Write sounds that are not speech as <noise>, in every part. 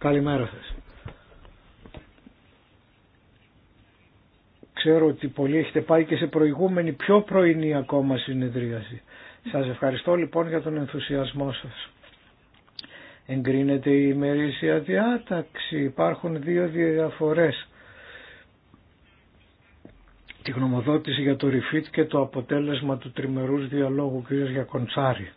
Καλημέρα σας. Ξέρω ότι πολλοί έχετε πάει και σε προηγούμενη πιο πρωινή ακόμα συνεδρίαση. Σας ευχαριστώ λοιπόν για τον ενθουσιασμό σας. Εγκρίνεται η ημερήσια διάταξη. Υπάρχουν δύο διαφορές τη γνωμοδότηση για το refit και το αποτέλεσμα του τριμερούς διαλόγου κ. Γιακοντσάρη.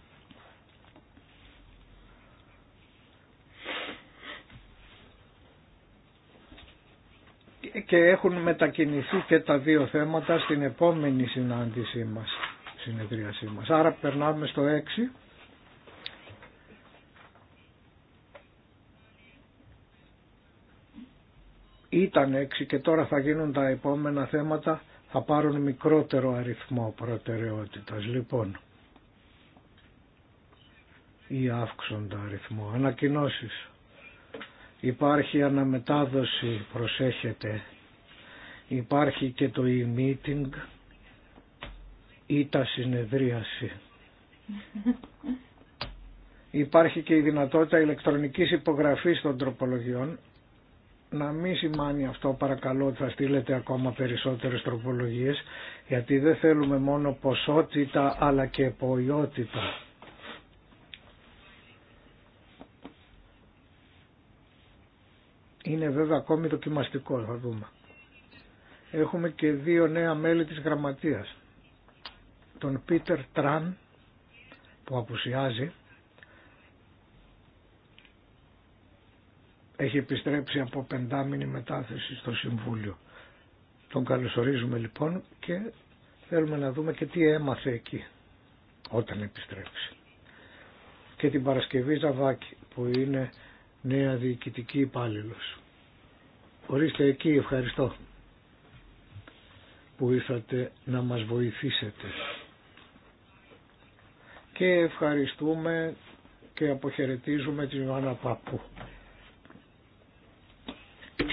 Και έχουν μετακινηθεί και τα δύο θέματα στην επόμενη συνάντησή μας, συνεδρίασή μας. Άρα περνάμε στο 6. Ήταν 6 και τώρα θα γίνουν τα επόμενα θέματα θα πάρουν μικρότερο αριθμό προτεραιότητας. Λοιπόν, ή αύξοντα αριθμό. Ανακοινώσεις. Υπάρχει αναμετάδοση, προσέχετε. Υπάρχει και το e-meeting ή τα συνεδρίαση. <laughs> Υπάρχει και η δυνατότητα ηλεκτρονικής υπογραφής των τροπολογιών να μην σημάνει αυτό παρακαλώ ότι θα στείλετε ακόμα περισσότερες τροπολογίες γιατί δεν θέλουμε μόνο ποσότητα αλλά και ποιότητα. Είναι βέβαια ακόμη δοκιμαστικό θα δούμε. Έχουμε και δύο νέα μέλη της γραμματείας. Τον Πίτερ Τραν που απουσιάζει έχει επιστρέψει από πεντάμινη μετάθεση στο Συμβούλιο. Τον καλωσορίζουμε λοιπόν και θέλουμε να δούμε και τι έμαθε εκεί όταν επιστρέψει. Και την Παρασκευή Ζαβάκη που είναι νέα διοικητική υπάλληλο. Ορίστε εκεί, ευχαριστώ που ήρθατε να μας βοηθήσετε. Και ευχαριστούμε και αποχαιρετίζουμε την Ιωάννα Παππού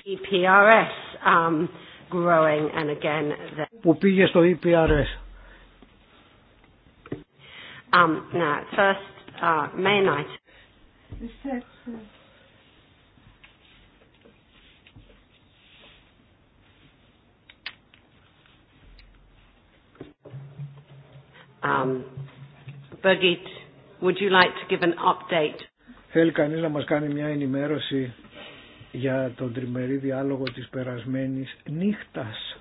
EPRS, um, growing and again the... που πήγε στο EPRS. Um, now, first, uh, main item. Um, Birgit, would you like to give an update? Θέλει κανείς να μας κάνει μια ενημέρωση για τον τριμερή διάλογο της περασμένης νύχτας.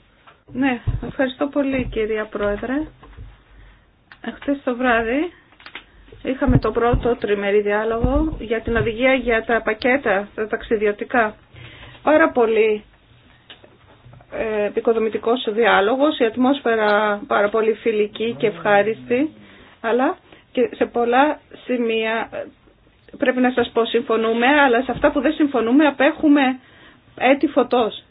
Ναι, ευχαριστώ πολύ κυρία Πρόεδρε. Χτες το βράδυ είχαμε το πρώτο τριμερή διάλογο για την οδηγία για τα πακέτα, τα ταξιδιωτικά. Πάρα πολύ ε, επικοδομητικός ο διάλογος, η ατμόσφαιρα πάρα πολύ φιλική και ευχάριστη, αλλά και σε πολλά σημεία πρέπει να σας πω συμφωνούμε, αλλά σε αυτά που δεν συμφωνούμε απέχουμε έτη φωτός.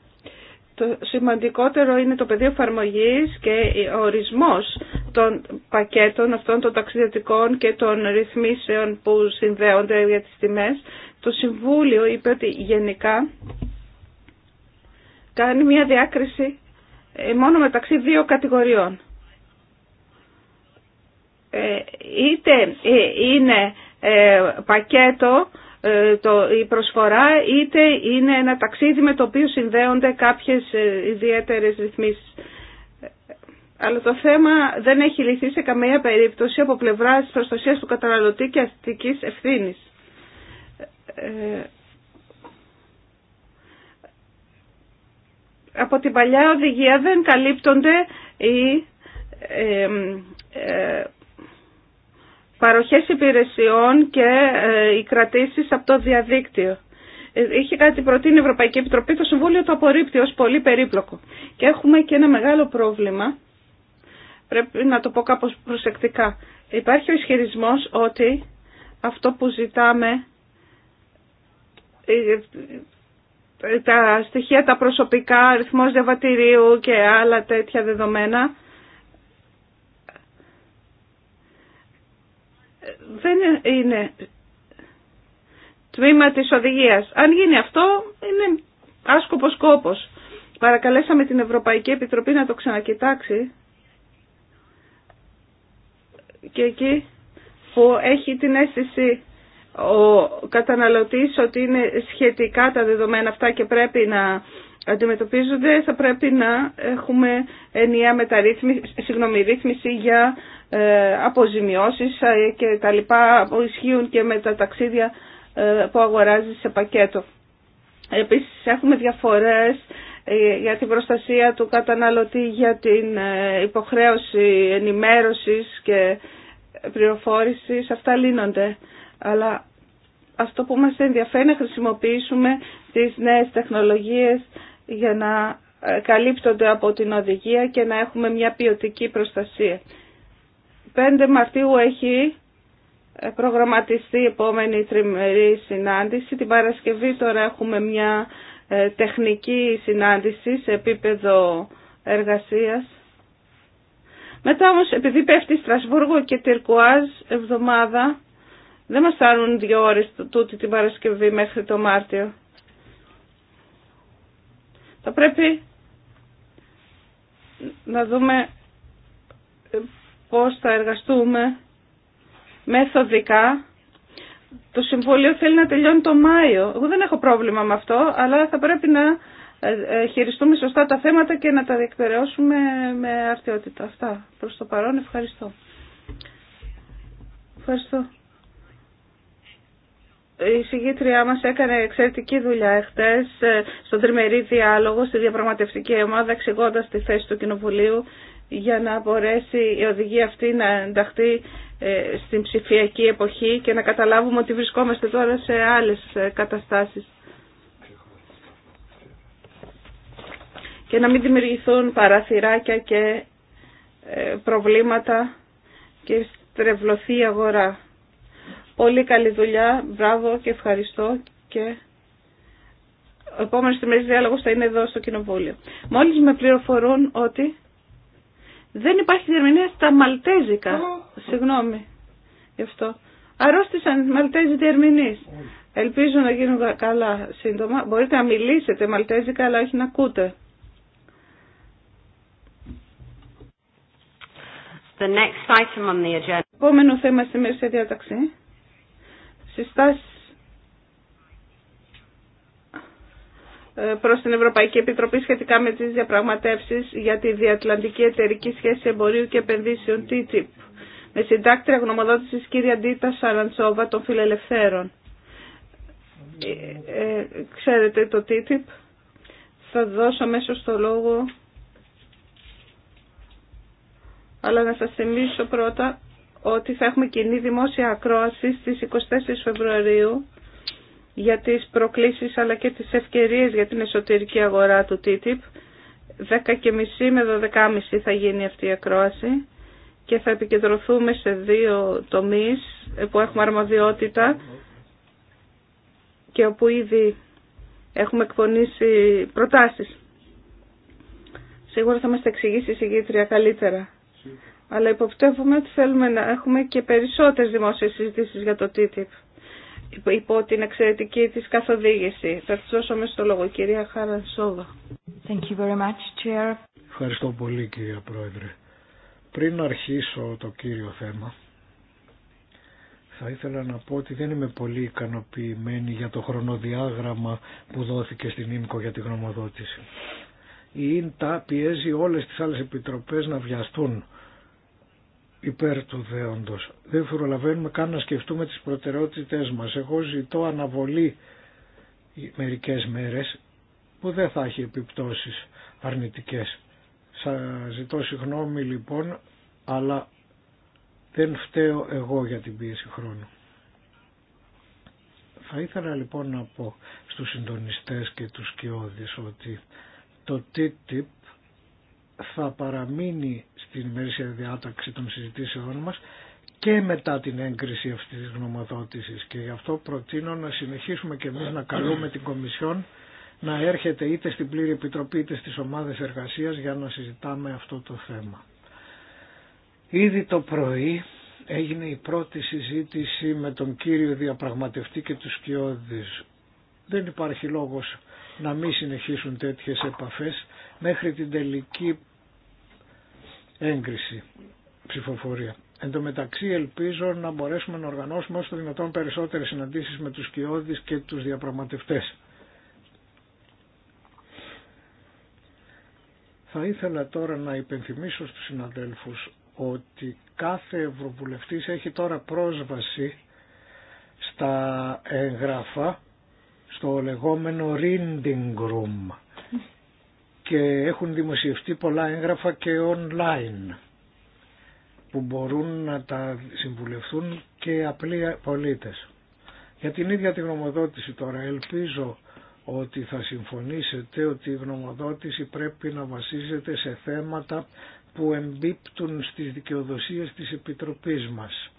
Το σημαντικότερο είναι το πεδίο εφαρμογή και ο ορισμός των πακέτων αυτών των ταξιδιωτικών και των ρυθμίσεων που συνδέονται για τις τιμές. Το Συμβούλιο είπε ότι γενικά κάνει μια διάκριση ε, μόνο μεταξύ δύο κατηγοριών. Ε, είτε ε, είναι ε, πακέτο ε, το, η προσφορά είτε είναι ένα ταξίδι με το οποίο συνδέονται κάποιες ε, ιδιαίτερες ρυθμίσεις. Αλλά το θέμα δεν έχει λυθεί σε καμία περίπτωση από τη προστασία του καταναλωτή και αστικής ευθύνης. από την παλιά οδηγία δεν καλύπτονται οι παροχές υπηρεσιών και ε, οι κρατήσεις από το διαδίκτυο. Ε, είχε κάτι προτείνει η Ευρωπαϊκή Επιτροπή, το Συμβούλιο το απορρίπτει ως πολύ περίπλοκο. Και έχουμε και ένα μεγάλο πρόβλημα, πρέπει να το πω κάπως προσεκτικά. Υπάρχει ο ισχυρισμός ότι αυτό που ζητάμε, ε, τα στοιχεία τα προσωπικά, αριθμός διαβατηρίου και άλλα τέτοια δεδομένα, δεν είναι τμήμα της οδηγίας. Αν γίνει αυτό, είναι άσκοπος κόπος. Παρακαλέσαμε την Ευρωπαϊκή Επιτροπή να το ξανακοιτάξει και εκεί που έχει την αίσθηση ο καταναλωτής ότι είναι σχετικά τα δεδομένα αυτά και πρέπει να αντιμετωπίζονται, θα πρέπει να έχουμε ενιαία μεταρρύθμιση, για ε, αποζημιώσεις ε, και τα λοιπά που ισχύουν και με τα ταξίδια ε, που αγοράζει σε πακέτο. Επίσης έχουμε διαφορές για την προστασία του καταναλωτή, για την υποχρέωση ενημέρωσης και πληροφόρηση. Αυτά λύνονται. Αλλά αυτό που μας ενδιαφέρει να χρησιμοποιήσουμε τις νέες τεχνολογίες για να καλύπτονται από την οδηγία και να έχουμε μια ποιοτική προστασία. 5 Μαρτίου έχει ε, προγραμματιστεί η επόμενη τριμερή συνάντηση. Την Παρασκευή τώρα έχουμε μια ε, τεχνική συνάντηση σε επίπεδο εργασίας. Μετά όμως επειδή πέφτει Στρασβούργο και Τυρκουάζ εβδομάδα, δεν μας φτάνουν δύο ώρες τούτη την Παρασκευή μέχρι το Μάρτιο. Θα πρέπει να δούμε πώς θα εργαστούμε μεθοδικά. Το Συμβούλιο θέλει να τελειώνει το Μάιο. Εγώ δεν έχω πρόβλημα με αυτό, αλλά θα πρέπει να ε, ε, χειριστούμε σωστά τα θέματα και να τα διεκπαιρεώσουμε με αρτιότητα. Αυτά προς το παρόν. Ευχαριστώ. Ευχαριστώ. Η συγγήτριά μας έκανε εξαιρετική δουλειά εχθές ε, στον τριμερή διάλογο στη διαπραγματευτική ομάδα εξηγώντα τη θέση του Κοινοβουλίου για να μπορέσει η οδηγία αυτή να ενταχθεί ε, στην ψηφιακή εποχή και να καταλάβουμε ότι βρισκόμαστε τώρα σε άλλες ε, καταστάσεις. Και να μην δημιουργηθούν παραθυράκια και ε, προβλήματα και στρεβλωθεί η αγορά. Πολύ καλή δουλειά, μπράβο και ευχαριστώ και ο επόμενος τριμμένος διάλογος θα είναι εδώ στο Κοινοβούλιο. Μόλις με πληροφορούν ότι δεν υπάρχει διερμηνία στα μαλτέζικα. Oh. Συγγνώμη γι' αυτό. Αρρώστησαν οι μαλτέζοι διερμηνείς. Ε. Ελπίζω να γίνουν καλά σύντομα. Μπορείτε να μιλήσετε μαλτέζικα αλλά όχι να ακούτε. The Επόμενο θέμα στη σε διάταξη. Συστάσεις προς την Ευρωπαϊκή Επιτροπή σχετικά με τις διαπραγματεύσεις για τη Διατλαντική Εταιρική Σχέση Εμπορίου και Επενδύσεων TTIP με συντάκτρια γνωμοδότησης κύρια Ντίτα Σαραντσόβα των Φιλελευθέρων. Ε, ε, ξέρετε το TTIP. Θα δώσω μέσω στο λόγο. Αλλά να σας θυμίσω πρώτα ότι θα έχουμε κοινή δημόσια ακρόαση στις 24 Φεβρουαρίου για τις προκλήσεις αλλά και τις ευκαιρίες για την εσωτερική αγορά του TTIP. 10.30 με 12.30 θα γίνει αυτή η ακρόαση και θα επικεντρωθούμε σε δύο τομείς που έχουμε αρμοδιότητα και όπου ήδη έχουμε εκπονήσει προτάσεις. Σίγουρα θα μας τα εξηγήσει η συγκήτρια καλύτερα. Αλλά υποπτεύουμε ότι θέλουμε να έχουμε και περισσότερες δημόσιες συζητήσεις για το TTIP υπό την εξαιρετική της καθοδήγηση. Θα της δώσω μέσα το λόγο, κυρία Χαρανσόβα. Thank you very much, Chair. Ευχαριστώ πολύ, κυρία Πρόεδρε. Πριν αρχίσω το κύριο θέμα, θα ήθελα να πω ότι δεν είμαι πολύ ικανοποιημένη για το χρονοδιάγραμμα που δόθηκε στην ΙΜΚΟ για τη γνωμοδότηση. Η ΙΝΤΑ πιέζει όλες τις άλλες επιτροπές να βιαστούν υπέρ του δέοντος. Δεν φορολαβαίνουμε καν να σκεφτούμε τις προτεραιότητές μας. Εγώ ζητώ αναβολή μερικές μέρες που δεν θα έχει επιπτώσεις αρνητικές. Σα ζητώ συγγνώμη λοιπόν, αλλά δεν φταίω εγώ για την πίεση χρόνου. Θα ήθελα λοιπόν να πω στους συντονιστές και τους κοιόδης ότι το TTIP θα παραμείνει στην ημερήσια διάταξη των συζητήσεών μας και μετά την έγκριση αυτής της γνωμοδότησης και γι' αυτό προτείνω να συνεχίσουμε και εμείς να καλούμε την Κομισιόν να έρχεται είτε στην πλήρη επιτροπή είτε στις ομάδες εργασίας για να συζητάμε αυτό το θέμα. Ήδη το πρωί έγινε η πρώτη συζήτηση με τον κύριο διαπραγματευτή και τους κοιόδης. Δεν υπάρχει λόγος να μην συνεχίσουν τέτοιες επαφές μέχρι την τελική έγκριση ψηφοφορία. Εν τω μεταξύ ελπίζω να μπορέσουμε να οργανώσουμε όσο δυνατόν περισσότερες συναντήσεις με τους κοιόδης και τους διαπραγματευτές. Θα ήθελα τώρα να υπενθυμίσω στους συναδέλφους ότι κάθε ευρωβουλευτής έχει τώρα πρόσβαση στα έγγραφα στο λεγόμενο reading room και έχουν δημοσιευτεί πολλά έγγραφα και online που μπορούν να τα συμβουλευτούν και απλοί πολίτες. Για την ίδια τη γνωμοδότηση τώρα ελπίζω ότι θα συμφωνήσετε ότι η γνωμοδότηση πρέπει να βασίζεται σε θέματα που εμπίπτουν στις δικαιοδοσίες της Επιτροπής μας.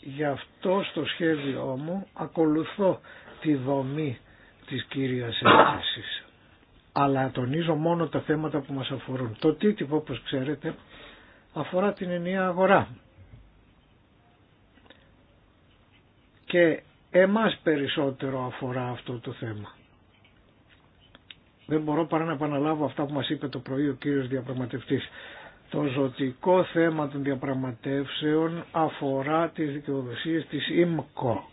Γι' αυτό στο σχέδιό μου ακολουθώ τη δομή της κύριας έκθεσης αλλά τονίζω μόνο τα θέματα που μας αφορούν. Το TTIP όπως ξέρετε αφορά την ενιαία αγορά και εμάς περισσότερο αφορά αυτό το θέμα. Δεν μπορώ παρά να επαναλάβω αυτά που μας είπε το πρωί ο κύριος διαπραγματευτής. Το ζωτικό θέμα των διαπραγματεύσεων αφορά τις δικαιοδοσίες της ΙΜΚΟ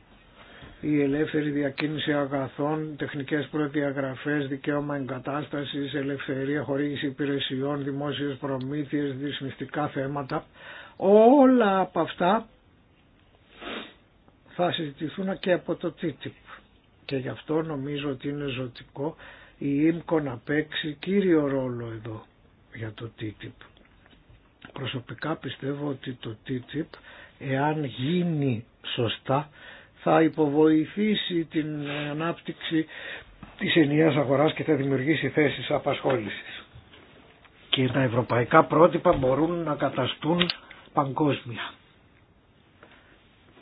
η ελεύθερη διακίνηση αγαθών, τεχνικές προδιαγραφές, δικαίωμα εγκατάστασης, ελευθερία χορήγηση υπηρεσιών, δημόσιες προμήθειες, δυσμιστικά θέματα. Όλα από αυτά θα συζητηθούν και από το TTIP. Και γι' αυτό νομίζω ότι είναι ζωτικό η ΙΜΚΟ να παίξει κύριο ρόλο εδώ για το TTIP. Προσωπικά πιστεύω ότι το TTIP εάν γίνει σωστά θα υποβοηθήσει την ανάπτυξη της ενιαίας αγοράς και θα δημιουργήσει θέσεις απασχόλησης. Και τα ευρωπαϊκά πρότυπα μπορούν να καταστούν παγκόσμια.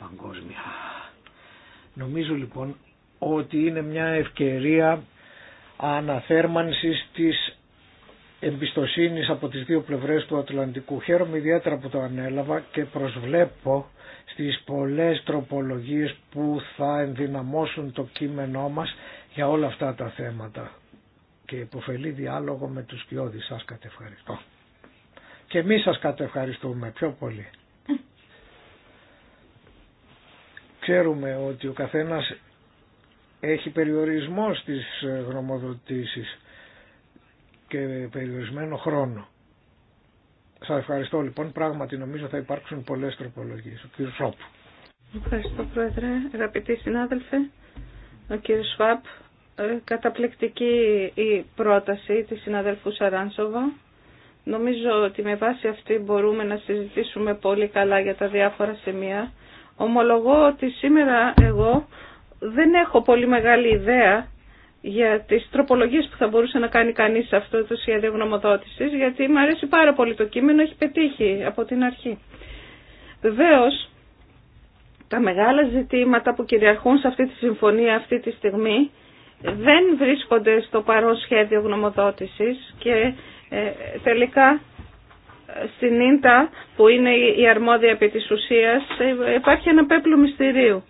Παγκόσμια. Νομίζω λοιπόν ότι είναι μια ευκαιρία αναθέρμανσης της εμπιστοσύνης από τις δύο πλευρές του Ατλαντικού. Χαίρομαι ιδιαίτερα που το ανέλαβα και προσβλέπω στις πολλές τροπολογίες που θα ενδυναμώσουν το κείμενό μας για όλα αυτά τα θέματα και υποφελεί διάλογο με τους ποιόδης. Σας κατευχαριστώ. Και εμείς σας κατευχαριστούμε πιο πολύ. Ξέρουμε ότι ο καθένας έχει περιορισμό στις γνωμοδοτήσεις και περιορισμένο χρόνο. Σας ευχαριστώ λοιπόν. Πράγματι νομίζω θα υπάρξουν πολλές τροπολογίες. Ο κύριος Σόπ. Ευχαριστώ Πρόεδρε. Αγαπητοί συνάδελφοι, ο κύριος Σφάπ, ε, καταπληκτική η πρόταση της συναδελφού Σαράνσοβα. Νομίζω ότι με βάση αυτή μπορούμε να συζητήσουμε πολύ καλά για τα διάφορα σημεία. Ομολογώ ότι σήμερα εγώ δεν έχω πολύ μεγάλη ιδέα για τις τροπολογίες που θα μπορούσε να κάνει κανείς σε αυτό το σχέδιο γνωμοδότησης, γιατί μου αρέσει πάρα πολύ το κείμενο, έχει πετύχει από την αρχή. Βεβαίω, τα μεγάλα ζητήματα που κυριαρχούν σε αυτή τη συμφωνία αυτή τη στιγμή δεν βρίσκονται στο παρόν σχέδιο γνωμοδότησης και ε, τελικά στην ίντα που είναι η αρμόδια επί της ουσίας ε, υπάρχει ένα πέπλο μυστηρίου.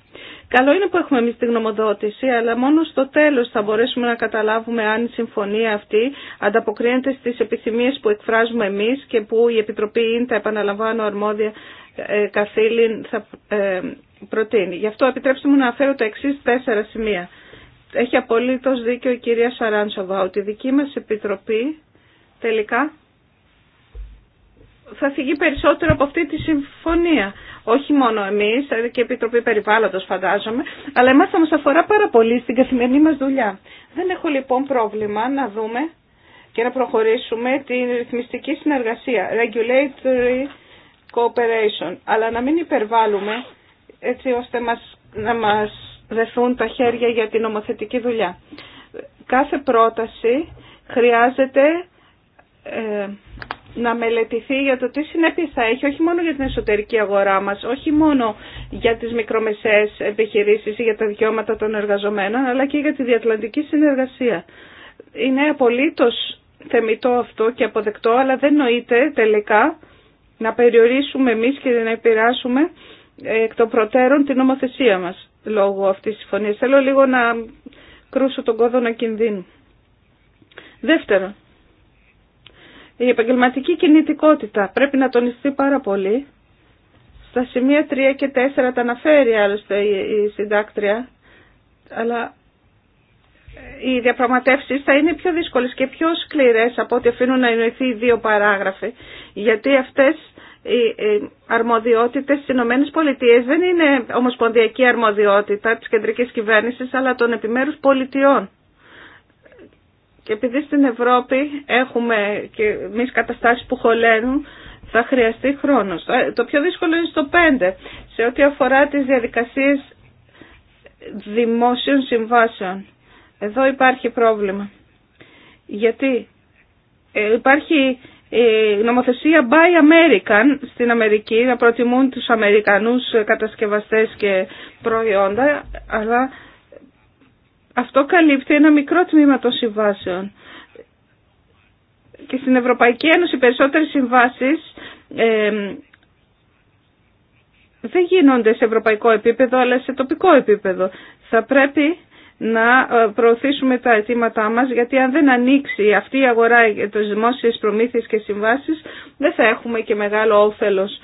Καλό είναι που έχουμε εμεί την γνωμοδότηση, αλλά μόνο στο τέλος θα μπορέσουμε να καταλάβουμε αν η συμφωνία αυτή ανταποκρίνεται στις επιθυμίες που εκφράζουμε εμείς και που η Επιτροπή ίντα, επαναλαμβάνω, αρμόδια ε, καθήλυν θα ε, προτείνει. Γι' αυτό επιτρέψτε μου να αναφέρω τα εξή τέσσερα σημεία. Έχει απολύτως δίκιο η κυρία Σαράνσοβα ότι η δική μας Επιτροπή τελικά θα φυγεί περισσότερο από αυτή τη συμφωνία. Όχι μόνο εμείς δηλαδή και η Επιτροπή Περιβάλλοντος φαντάζομαι, αλλά εμά θα μα αφορά πάρα πολύ στην καθημερινή μα δουλειά. Δεν έχω λοιπόν πρόβλημα να δούμε και να προχωρήσουμε την ρυθμιστική συνεργασία, regulatory cooperation, αλλά να μην υπερβάλλουμε έτσι ώστε να μας δεθούν τα χέρια για την νομοθετική δουλειά. Κάθε πρόταση χρειάζεται... Ε, να μελετηθεί για το τι συνέπειε θα έχει όχι μόνο για την εσωτερική αγορά μας, όχι μόνο για τις μικρομεσαίες επιχειρήσεις ή για τα δικαιώματα των εργαζομένων, αλλά και για τη διατλαντική συνεργασία. Είναι απολύτως θεμητό αυτό και αποδεκτό, αλλά δεν νοείται τελικά να περιορίσουμε εμείς και να επηρεάσουμε ε, εκ των προτέρων την νομοθεσία μας λόγω αυτή της συμφωνίας. Θέλω λίγο να κρούσω τον κόδωνα κινδύνου. Δεύτερον, η επαγγελματική κινητικότητα πρέπει να τονιστεί πάρα πολύ. Στα σημεία 3 και 4 τα αναφέρει άλλωστε η συντάκτρια, αλλά ε, οι διαπραγματεύσει θα είναι πιο δύσκολε και πιο σκληρέ από ό,τι αφήνουν να εννοηθεί οι δύο παράγραφοι. Γιατί αυτέ οι αρμοδιότητε στι ΗΠΑ δεν είναι ομοσπονδιακή αρμοδιότητα τη κεντρική κυβέρνηση, αλλά των επιμέρου πολιτιών. Και επειδή στην Ευρώπη έχουμε και εμεί καταστάσεις που χωλαίνουν, θα χρειαστεί χρόνος. Ε, το πιο δύσκολο είναι στο 5, σε ό,τι αφορά τις διαδικασίες δημόσιων συμβάσεων. Εδώ υπάρχει πρόβλημα. Γιατί ε, υπάρχει η ε, νομοθεσία by American στην Αμερική, να προτιμούν τους Αμερικανούς κατασκευαστές και προϊόντα, αλλά αυτό καλύπτει ένα μικρό τμήμα των συμβάσεων. Και στην Ευρωπαϊκή Ένωση περισσότερες συμβάσεις δεν γίνονται σε ευρωπαϊκό επίπεδο αλλά σε τοπικό επίπεδο. Θα πρέπει να ε, προωθήσουμε τα αιτήματά μας γιατί αν δεν ανοίξει αυτή η αγορά για τις δημόσιες προμήθειες και συμβάσεις δεν θα έχουμε και μεγάλο όφελος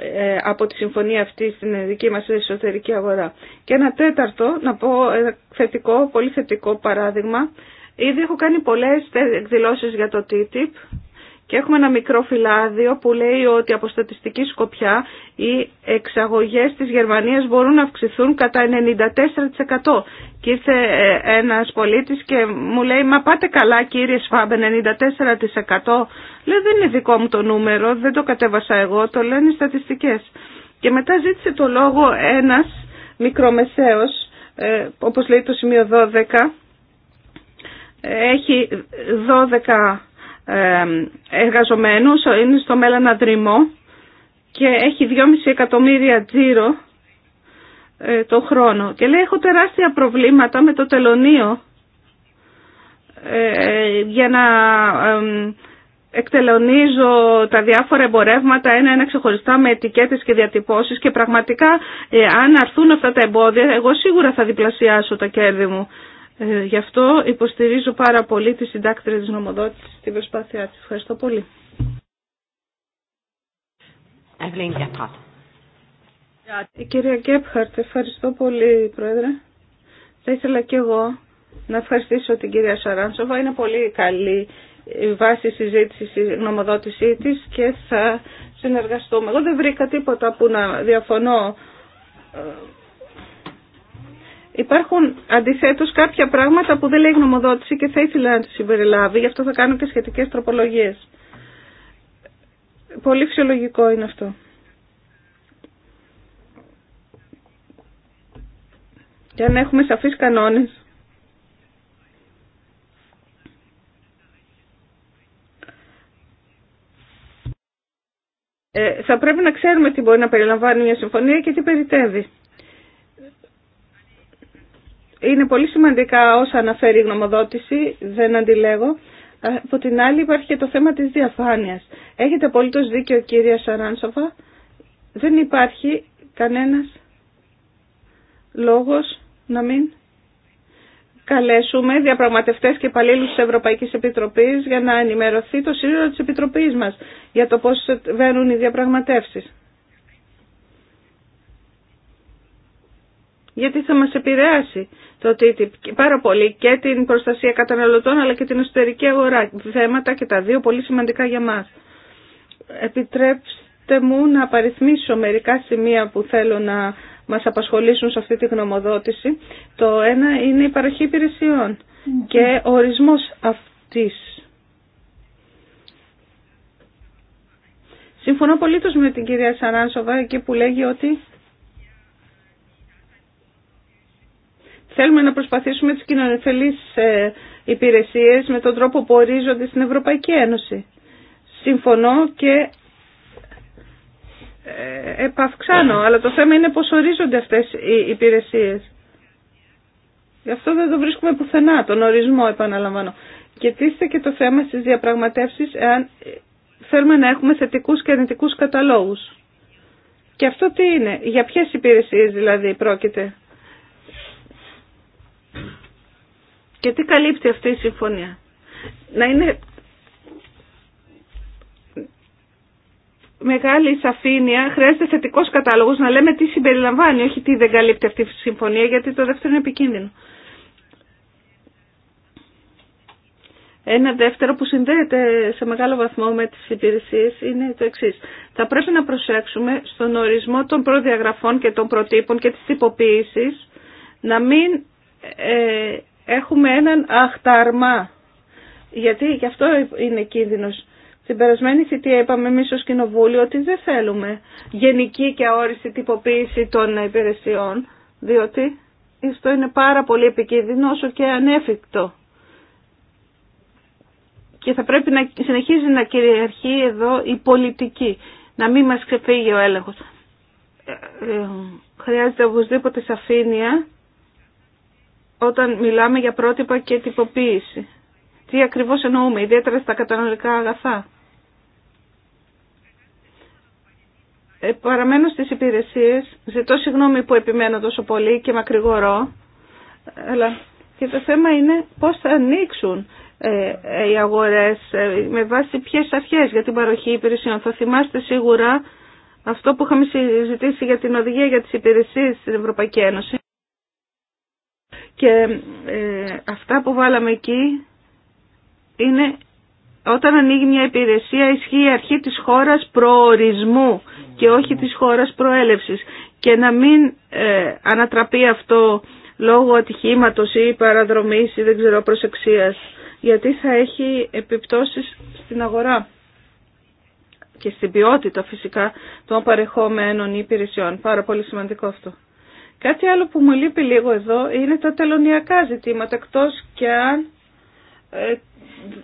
ε, από τη συμφωνία αυτή στην δική μας εσωτερική αγορά. Και ένα τέταρτο, να πω ένα ε, θετικό, πολύ θετικό παράδειγμα, ήδη έχω κάνει πολλές εκδηλώσεις για το TTIP και έχουμε ένα μικρό φυλάδιο που λέει ότι από στατιστική σκοπιά οι εξαγωγές της Γερμανίας μπορούν να αυξηθούν κατά 94%. Και ήρθε ε, ένας πολίτης και μου λέει «Μα πάτε καλά κύριε Σφάμπ, 94%». λέει «Δεν είναι δικό μου το νούμερο, δεν το κατέβασα εγώ, το λένε οι στατιστικές». Και μετά ζήτησε το λόγο ένας μικρομεσαίος, ε, όπως λέει το σημείο 12, ε, έχει 12 εργαζομένους, είναι στο μέλλον Δρυμό και έχει 2,5 εκατομμύρια τζίρο ε, το χρόνο. Και λέει έχω τεράστια προβλήματα με το τελωνίο ε, για να εκτελονίζω τα διάφορα εμπορεύματα ένα-ένα ξεχωριστά με ετικέτες και διατυπώσεις και πραγματικά ε, αν αρθούν αυτά τα εμπόδια εγώ σίγουρα θα διπλασιάσω τα κέρδη μου ε, γι' αυτό υποστηρίζω πάρα πολύ τη συντάκτρια της νομοδότησης στην προσπάθειά της. Ευχαριστώ πολύ. Η κυρία Γκέπχαρτ, ευχαριστώ πολύ, Πρόεδρε. Θα ήθελα και εγώ να ευχαριστήσω την κυρία Σαράνσοβα. Είναι πολύ καλή η βάση συζήτηση, η νομοδότησή της και θα συνεργαστούμε. Εγώ δεν βρήκα τίποτα που να διαφωνώ ε, Υπάρχουν αντιθέτω κάποια πράγματα που δεν λέει γνωμοδότηση και θα ήθελα να τη συμπεριλάβει, γι' αυτό θα κάνω και σχετικέ τροπολογίε. Πολύ φυσιολογικό είναι αυτό. Και αν έχουμε σαφείς κανόνες. Ε, θα πρέπει να ξέρουμε τι μπορεί να περιλαμβάνει μια συμφωνία και τι περιτεύει. Είναι πολύ σημαντικά όσα αναφέρει η γνωμοδότηση, δεν αντιλέγω. Ε, από την άλλη υπάρχει και το θέμα της διαφάνειας. Έχετε απολύτως δίκιο κυρία Σαράνσοβα. Δεν υπάρχει κανένας λόγος να μην καλέσουμε διαπραγματευτές και υπαλλήλους της Ευρωπαϊκής Επιτροπής για να ενημερωθεί το σύνολο της Επιτροπής μας για το πώς βαίνουν οι διαπραγματεύσεις. γιατί θα μας επηρεάσει το TTIP πάρα πολύ και την προστασία καταναλωτών αλλά και την εσωτερική αγορά. Θέματα και τα δύο πολύ σημαντικά για μας. Επιτρέψτε μου να απαριθμίσω μερικά σημεία που θέλω να μας απασχολήσουν σε αυτή τη γνωμοδότηση. Το ένα είναι η παροχή υπηρεσιών και ο ορισμός αυτής. Συμφωνώ πολύ με την κυρία Σαράνσοβα εκεί που λέγει ότι Θέλουμε να προσπαθήσουμε τις κοινωνιοφελείς ε, υπηρεσίες με τον τρόπο που ορίζονται στην Ευρωπαϊκή Ένωση. Συμφωνώ και ε, επαυξάνω, αλλά το θέμα είναι πώς ορίζονται αυτές οι υπηρεσίες. Γι' αυτό δεν το βρίσκουμε πουθενά, τον ορισμό επαναλαμβάνω. Και τίστε και το θέμα στις διαπραγματεύσεις, εάν ε, θέλουμε να έχουμε θετικούς και αρνητικούς καταλόγους. Και αυτό τι είναι, για ποιες υπηρεσίες δηλαδή πρόκειται. Και τι καλύπτει αυτή η συμφωνία. Να είναι μεγάλη σαφήνεια, χρειάζεται θετικό κατάλογο να λέμε τι συμπεριλαμβάνει, όχι τι δεν καλύπτει αυτή η συμφωνία, γιατί το δεύτερο είναι επικίνδυνο. Ένα δεύτερο που συνδέεται σε μεγάλο βαθμό με τις υπηρεσίες είναι το εξής. Θα πρέπει να προσέξουμε στον ορισμό των προδιαγραφών και των προτύπων και της τυποποίησης να μην ε, έχουμε έναν αχταρμά. Γιατί γι' αυτό είναι κίνδυνος. Στην περασμένη θητεία είπαμε εμεί ως Κοινοβούλιο ότι δεν θέλουμε γενική και αόριστη τυποποίηση των υπηρεσιών, διότι αυτό είναι πάρα πολύ επικίνδυνο όσο και ανέφικτο. Και θα πρέπει να συνεχίζει να κυριαρχεί εδώ η πολιτική, να μην μας ξεφύγει ο έλεγχος. Ε, ε, χρειάζεται οπωσδήποτε σαφήνεια όταν μιλάμε για πρότυπα και τυποποίηση. Τι ακριβώς εννοούμε, ιδιαίτερα στα κατανοητικά αγαθά. Ε, παραμένω στις υπηρεσίες, ζητώ συγγνώμη που επιμένω τόσο πολύ και μακρηγορώ, αλλά και το θέμα είναι πώς θα ανοίξουν ε, ε, οι αγορές ε, με βάση ποιες αρχές για την παροχή υπηρεσιών. Θα θυμάστε σίγουρα αυτό που είχαμε συζητήσει για την οδηγία για τις υπηρεσίες στην Ευρωπαϊκή Ένωση. Και ε, αυτά που βάλαμε εκεί είναι όταν ανοίγει μια υπηρεσία ισχύει η αρχή της χώρας προορισμού και όχι της χώρας προέλευσης και να μην ε, ανατραπεί αυτό λόγω ατυχήματος ή παραδρομής ή δεν ξέρω προσεξίας γιατί θα έχει επιπτώσεις στην αγορά και στην ποιότητα φυσικά των παρεχόμενων υπηρεσιών. Πάρα πολύ σημαντικό αυτό. Κάτι άλλο που μου λείπει λίγο εδώ είναι τα τελωνιακά ζητήματα, εκτός και αν ε,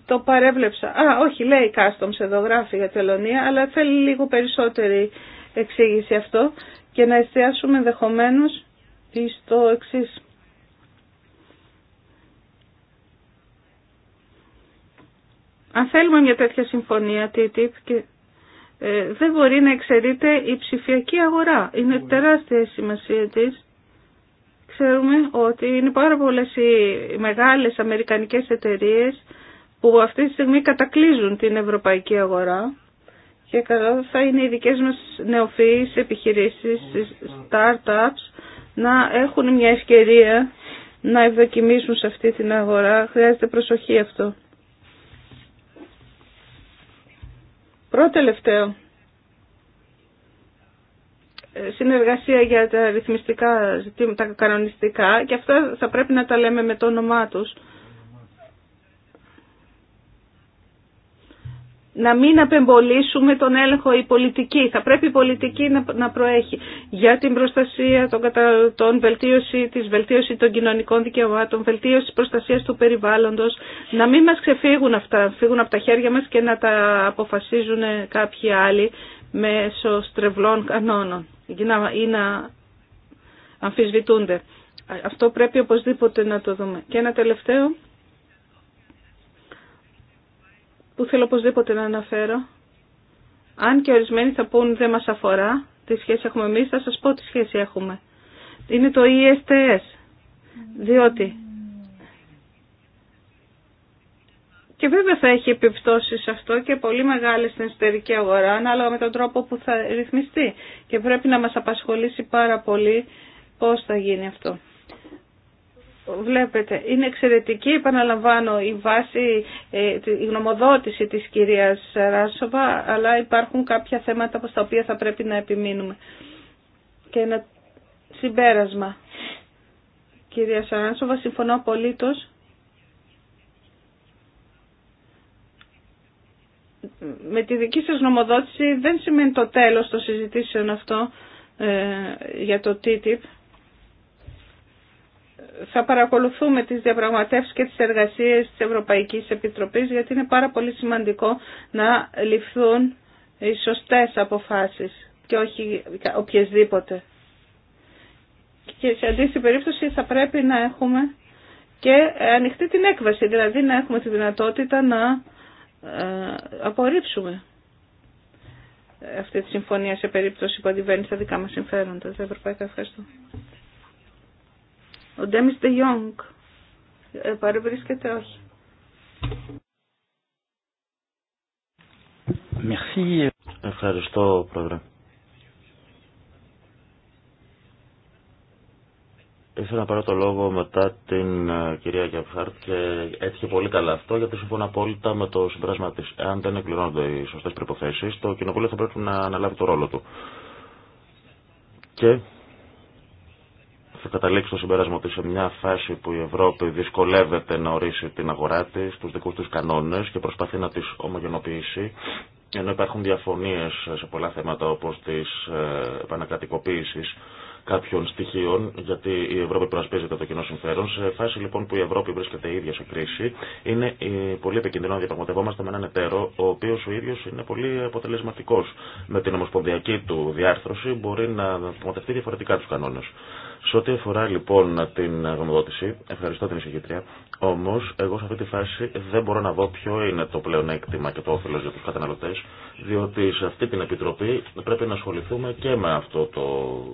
το παρέβλεψα. Α, όχι, λέει customs εδώ, γράφει για τελωνία, αλλά θέλει λίγο περισσότερη εξήγηση αυτό και να εστιάσουμε ενδεχομένω στο εξή. Αν θέλουμε μια τέτοια συμφωνία, TTIP, και, ε, δεν μπορεί να εξαιρείται η ψηφιακή αγορά. Είναι τεράστια η σημασία της Ξέρουμε ότι είναι πάρα πολλές οι μεγάλες αμερικανικές εταιρείες που αυτή τη στιγμή κατακλείζουν την ευρωπαϊκή αγορά και καλό θα είναι οι δικές μας νεοφυείς επιχειρήσεις, startups, να έχουν μια ευκαιρία να ευδοκιμήσουν σε αυτή την αγορά. Χρειάζεται προσοχή αυτό. Πρώτο τελευταίο συνεργασία για τα ρυθμιστικά ζητήματα, τα κανονιστικά και αυτά θα πρέπει να τα λέμε με το όνομά τους. Να μην απεμπολίσουμε τον έλεγχο η πολιτική. Θα πρέπει η πολιτική να προέχει για την προστασία των καταναλωτών, βελτίωση της βελτίωση των κοινωνικών δικαιωμάτων, βελτίωση τη προστασίας του περιβάλλοντος. Να μην μας ξεφύγουν αυτά, φύγουν από τα χέρια μας και να τα αποφασίζουν κάποιοι άλλοι μέσω στρεβλών κανόνων ή να αμφισβητούνται. Αυτό πρέπει οπωσδήποτε να το δούμε. Και ένα τελευταίο που θέλω οπωσδήποτε να αναφέρω. Αν και ορισμένοι θα πούν δεν μας αφορά, τι σχέση έχουμε εμείς, θα σας πω τι σχέση έχουμε. Είναι το ESTS, διότι Και βέβαια θα έχει επιπτώσεις αυτό και πολύ μεγάλη στην εσωτερική αγορά ανάλογα με τον τρόπο που θα ρυθμιστεί. Και πρέπει να μας απασχολήσει πάρα πολύ πώς θα γίνει αυτό. Βλέπετε, είναι εξαιρετική, επαναλαμβάνω, η βάση, ε, η γνωμοδότηση της κυρίας Ράσοβα, αλλά υπάρχουν κάποια θέματα στα οποία θα πρέπει να επιμείνουμε. Και ένα συμπέρασμα. Κυρία Σαράνσοβα, συμφωνώ απολύτως με τη δική σας νομοδότηση δεν σημαίνει το τέλος των συζητήσεων αυτό ε, για το TTIP. Θα παρακολουθούμε τις διαπραγματεύσεις και τις εργασίες της Ευρωπαϊκής Επιτροπής γιατί είναι πάρα πολύ σημαντικό να ληφθούν οι σωστές αποφάσεις και όχι οποιασδήποτε. Και σε αντίστοιχη περίπτωση θα πρέπει να έχουμε και ανοιχτή την έκβαση, δηλαδή να έχουμε τη δυνατότητα να ε, απορρίψουμε αυτή τη συμφωνία σε περίπτωση που αντιβαίνει στα δικά μας συμφέροντα. Τα ευρωπαϊκά ευχαριστώ. Ο Ντέμις Ντε Ιόγκ ε, παρευρίσκεται όχι. Ευχαριστώ πρόεδρε. Ήθελα να πάρω το λόγο μετά την ε, κυρία Γκέπχαρτ και έτυχε πολύ καλά αυτό γιατί συμφωνώ απόλυτα με το συμπέρασμα τη. Αν δεν εκπληρώνονται οι σωστέ προποθέσει, το κοινοβούλιο θα πρέπει να αναλάβει το ρόλο του. Και θα καταλήξει το συμπέρασμα ότι σε μια φάση που η Ευρώπη δυσκολεύεται να ορίσει την αγορά τη, του δικού τη κανόνε και προσπαθεί να τι ομογενοποιήσει, ενώ υπάρχουν διαφωνίε σε πολλά θέματα όπω τη ε, επανακρατικοποίηση κάποιων στοιχείων, γιατί η Ευρώπη προασπίζεται το κοινό συμφέρον. Σε φάση λοιπόν που η Ευρώπη βρίσκεται ίδια σε κρίση, είναι πολύ επικίνδυνο να διαπραγματευόμαστε με έναν εταίρο, ο οποίο ο ίδιο είναι πολύ αποτελεσματικό. Με την ομοσπονδιακή του διάρθρωση μπορεί να διαπραγματευτεί διαφορετικά του κανόνε. Σε ό,τι αφορά λοιπόν την γνωμοδότηση, ευχαριστώ την εισηγητρία. Όμω, εγώ σε αυτή τη φάση δεν μπορώ να δω ποιο είναι το πλεονέκτημα και το όφελο για του καταναλωτέ, διότι σε αυτή την επιτροπή πρέπει να ασχοληθούμε και με αυτό το,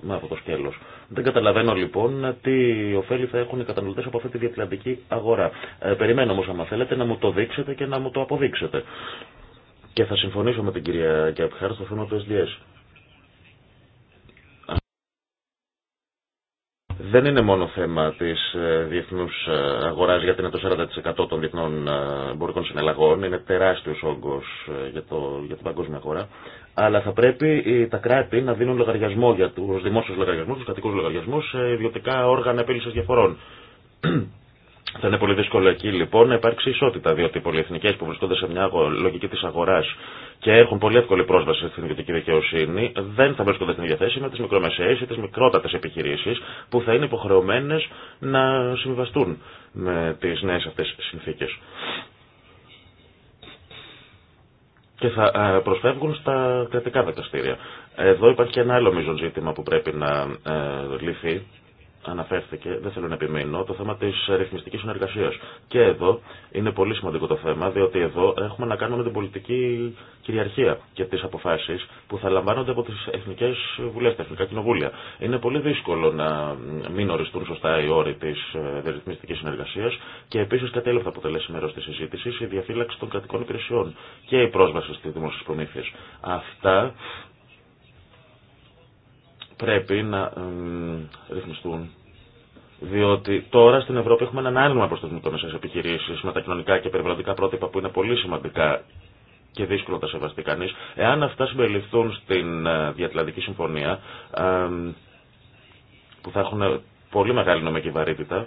με αυτό το σκέλο. Δεν καταλαβαίνω λοιπόν τι ωφέλη θα έχουν οι καταναλωτέ από αυτή τη διατλαντική αγορά. Ε, περιμένω όμω, αν θέλετε, να μου το δείξετε και να μου το αποδείξετε. Και θα συμφωνήσω με την κυρία Γκέπχαρτ στο θέμα του SDS. δεν είναι μόνο θέμα της ε, διεθνού ε, αγοράς γιατί είναι το 40% των διεθνών ε, εμπορικών συναλλαγών, είναι τεράστιο όγκο για, για την παγκόσμια αγορά, αλλά θα πρέπει τα κράτη να δίνουν λογαριασμό για τους δημόσιου λογαριασμού, του κατοικούς λογαριασμού, σε ιδιωτικά όργανα επίλυσης διαφορών. Θα είναι πολύ δύσκολο εκεί λοιπόν να υπάρξει ισότητα, διότι οι πολυεθνικέ που βρισκόνται σε μια λογική τη αγορά και έχουν πολύ εύκολη πρόσβαση στην ιδιωτική δικαιοσύνη δεν θα βρίσκονται στην ίδια θέση με τι μικρομεσαίε ή τι μικρότατε επιχειρήσει που θα είναι υποχρεωμένε να συμβαστούν με τι νέε αυτέ συνθήκε. Και θα ε, προσφεύγουν στα κρατικά δικαστήρια. Εδώ υπάρχει και ένα άλλο μείζον ζήτημα που πρέπει να ε, λυθεί αναφέρθηκε, δεν θέλω να επιμείνω, το θέμα τη ρυθμιστική συνεργασία. Και εδώ είναι πολύ σημαντικό το θέμα, διότι εδώ έχουμε να κάνουμε την πολιτική κυριαρχία και τι αποφάσει που θα λαμβάνονται από τι εθνικέ βουλέ, τα εθνικά κοινοβούλια. Είναι πολύ δύσκολο να μην οριστούν σωστά οι όροι τη ε, ρυθμιστικής συνεργασία και επίση κάτι άλλο θα αποτελέσει μέρο τη συζήτηση η διαφύλαξη των κρατικών υπηρεσιών και η πρόσβαση στι δημόσιε προμήθειε. Αυτά πρέπει να ρυθμιστούν. Διότι τώρα στην Ευρώπη έχουμε έναν άνοιγμα προ τι μικρομεσαίε επιχειρήσει με τα κοινωνικά και περιβαλλοντικά πρότυπα που είναι πολύ σημαντικά και δύσκολο να τα σεβαστεί κανεί. Εάν αυτά συμπεριληφθούν στην ε, Διατλαντική Συμφωνία, που θα έχουν πολύ μεγάλη νομική βαρύτητα,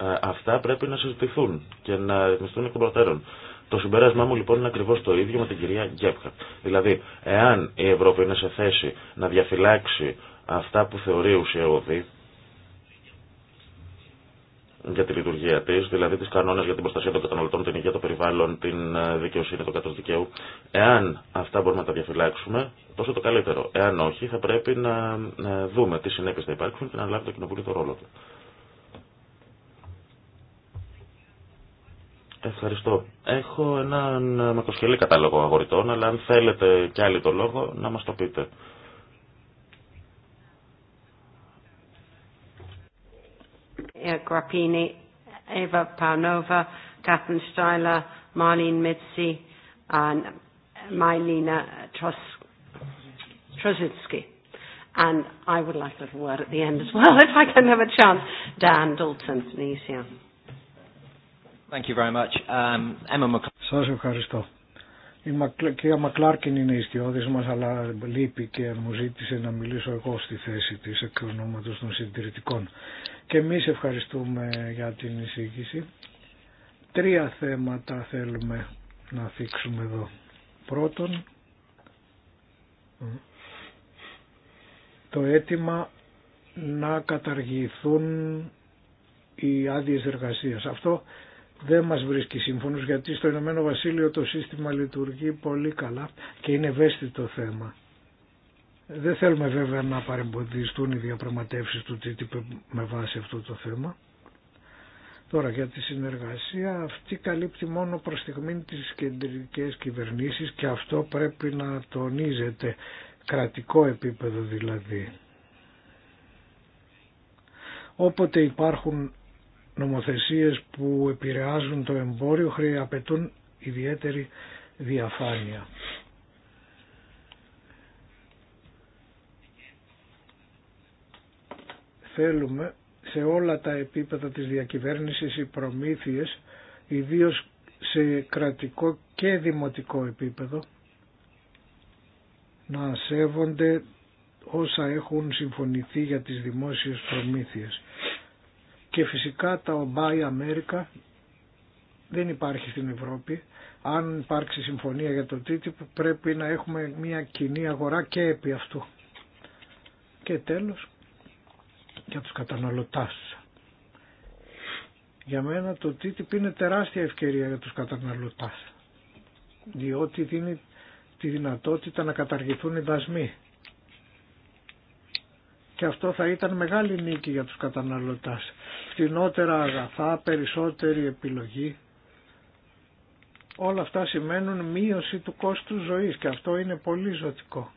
ε, αυτά πρέπει να συζητηθούν και να ρυθμιστούν εκ των προτέρων. Το συμπέρασμά μου λοιπόν είναι ακριβώ το ίδιο με την κυρία Γκέπχαρτ. Δηλαδή, εάν η Ευρώπη είναι σε θέση να διαφυλάξει αυτά που θεωρεί ουσιαώδη για τη λειτουργία τη, δηλαδή τι κανόνε για την προστασία των καταναλωτών, την υγεία των περιβάλλων, την ε, δικαιοσύνη, του κράτο δικαίου. Εάν αυτά μπορούμε να τα διαφυλάξουμε, τόσο το καλύτερο. Εάν όχι, θα πρέπει να δούμε τι συνέπειε θα υπάρξουν και να λάβει το κοινοβούλιο το ρόλο του. Ευχαριστώ. Έχω έναν μακροσκελή κατάλογο αγορητών, αλλά αν θέλετε κι άλλοι το λόγο, να μα το πείτε. Grappini, Eva Paunova, Catherine Steiler, Marlene Mitzi, and Mylena Trozitsky. And I would like to have a word at the end as well, if I can have a chance. Dan Dalton, Tunisia. Thank you very much. Um, Emma Σας Η κυρία Μακλάρκιν είναι η στιώδης μας, αλλά λείπει και μου ζήτησε να μιλήσω εγώ στη θέση τη εκ των συντηρητικών. Και εμεί ευχαριστούμε για την εισήγηση. Τρία θέματα θέλουμε να θίξουμε εδώ. Πρώτον, το αίτημα να καταργηθούν οι άδειε εργασία. Αυτό δεν μας βρίσκει σύμφωνος γιατί στο Ηνωμένο Βασίλειο το σύστημα λειτουργεί πολύ καλά και είναι ευαίσθητο θέμα. Δεν θέλουμε βέβαια να παρεμποδιστούν οι διαπραγματεύσει του ΤΤΠ με βάση αυτό το θέμα. Τώρα για τη συνεργασία αυτή καλύπτει μόνο προς στιγμή τις κεντρικές κυβερνήσεις και αυτό πρέπει να τονίζεται κρατικό επίπεδο δηλαδή. Όποτε υπάρχουν νομοθεσίες που επηρεάζουν το εμπόριο χρειαπετούν ιδιαίτερη διαφάνεια. θέλουμε σε όλα τα επίπεδα της διακυβέρνησης οι προμήθειες, ιδίως σε κρατικό και δημοτικό επίπεδο, να σέβονται όσα έχουν συμφωνηθεί για τις δημόσιες προμήθειες. Και φυσικά τα Buy Αμέρικα δεν υπάρχει στην Ευρώπη. Αν υπάρξει συμφωνία για το TTIP πρέπει να έχουμε μια κοινή αγορά και επί αυτού. Και τέλος, για τους καταναλωτάς. Για μένα το TTIP είναι τεράστια ευκαιρία για τους καταναλωτάς, διότι δίνει τη δυνατότητα να καταργηθούν οι δασμοί. Και αυτό θα ήταν μεγάλη νίκη για τους καταναλωτάς. Φτηνότερα αγαθά, περισσότερη επιλογή. Όλα αυτά σημαίνουν μείωση του κόστου ζωής και αυτό είναι πολύ ζωτικό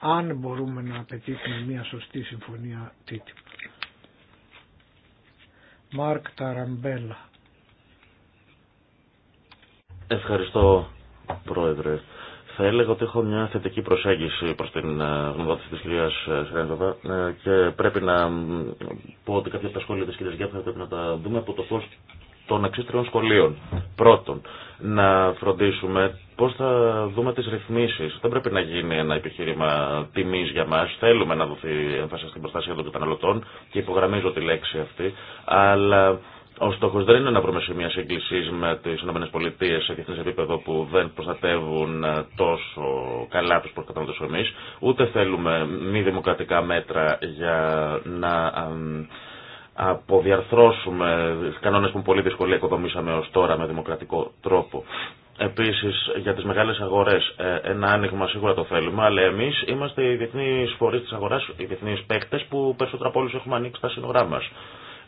αν μπορούμε να απαιτήσουμε μια σωστή συμφωνία τίτλου. Μάρκ Ταραμπέλα. Ευχαριστώ Πρόεδρε. Θα έλεγα ότι έχω μια θετική προσέγγιση προς την ε, γνωμοδότηση της κυρία ε, Σρέντοβα ε, και πρέπει να πω ότι κάποια από τα σχόλια της κυρίας Γιάννη θα πρέπει να τα δούμε από το φω των εξή τριών σχολείων. Πρώτον, να φροντίσουμε Πώ θα δούμε τι ρυθμίσει. Δεν πρέπει να γίνει ένα επιχείρημα τιμή για μα. Θέλουμε να δοθεί έμφαση στην προστασία των καταναλωτών και υπογραμμίζω τη λέξη αυτή. Αλλά ο στόχο δεν είναι να βρούμε σημεία σύγκληση με τι ΗΠΑ σε διεθνέ επίπεδο που δεν προστατεύουν τόσο καλά του προκαταναλωτέ εμεί. Ούτε θέλουμε μη δημοκρατικά μέτρα για να αποδιαρθρώσουμε κανόνε που πολύ δυσκολία οικοδομήσαμε ω τώρα με δημοκρατικό τρόπο. Επίσης για τις μεγάλες αγορές ε, ένα άνοιγμα σίγουρα το θέλουμε, αλλά εμείς είμαστε οι διεθνείς φορείς της αγοράς, οι διεθνείς παίκτες που περισσότερα από όλους έχουμε ανοίξει τα σύνορά μας.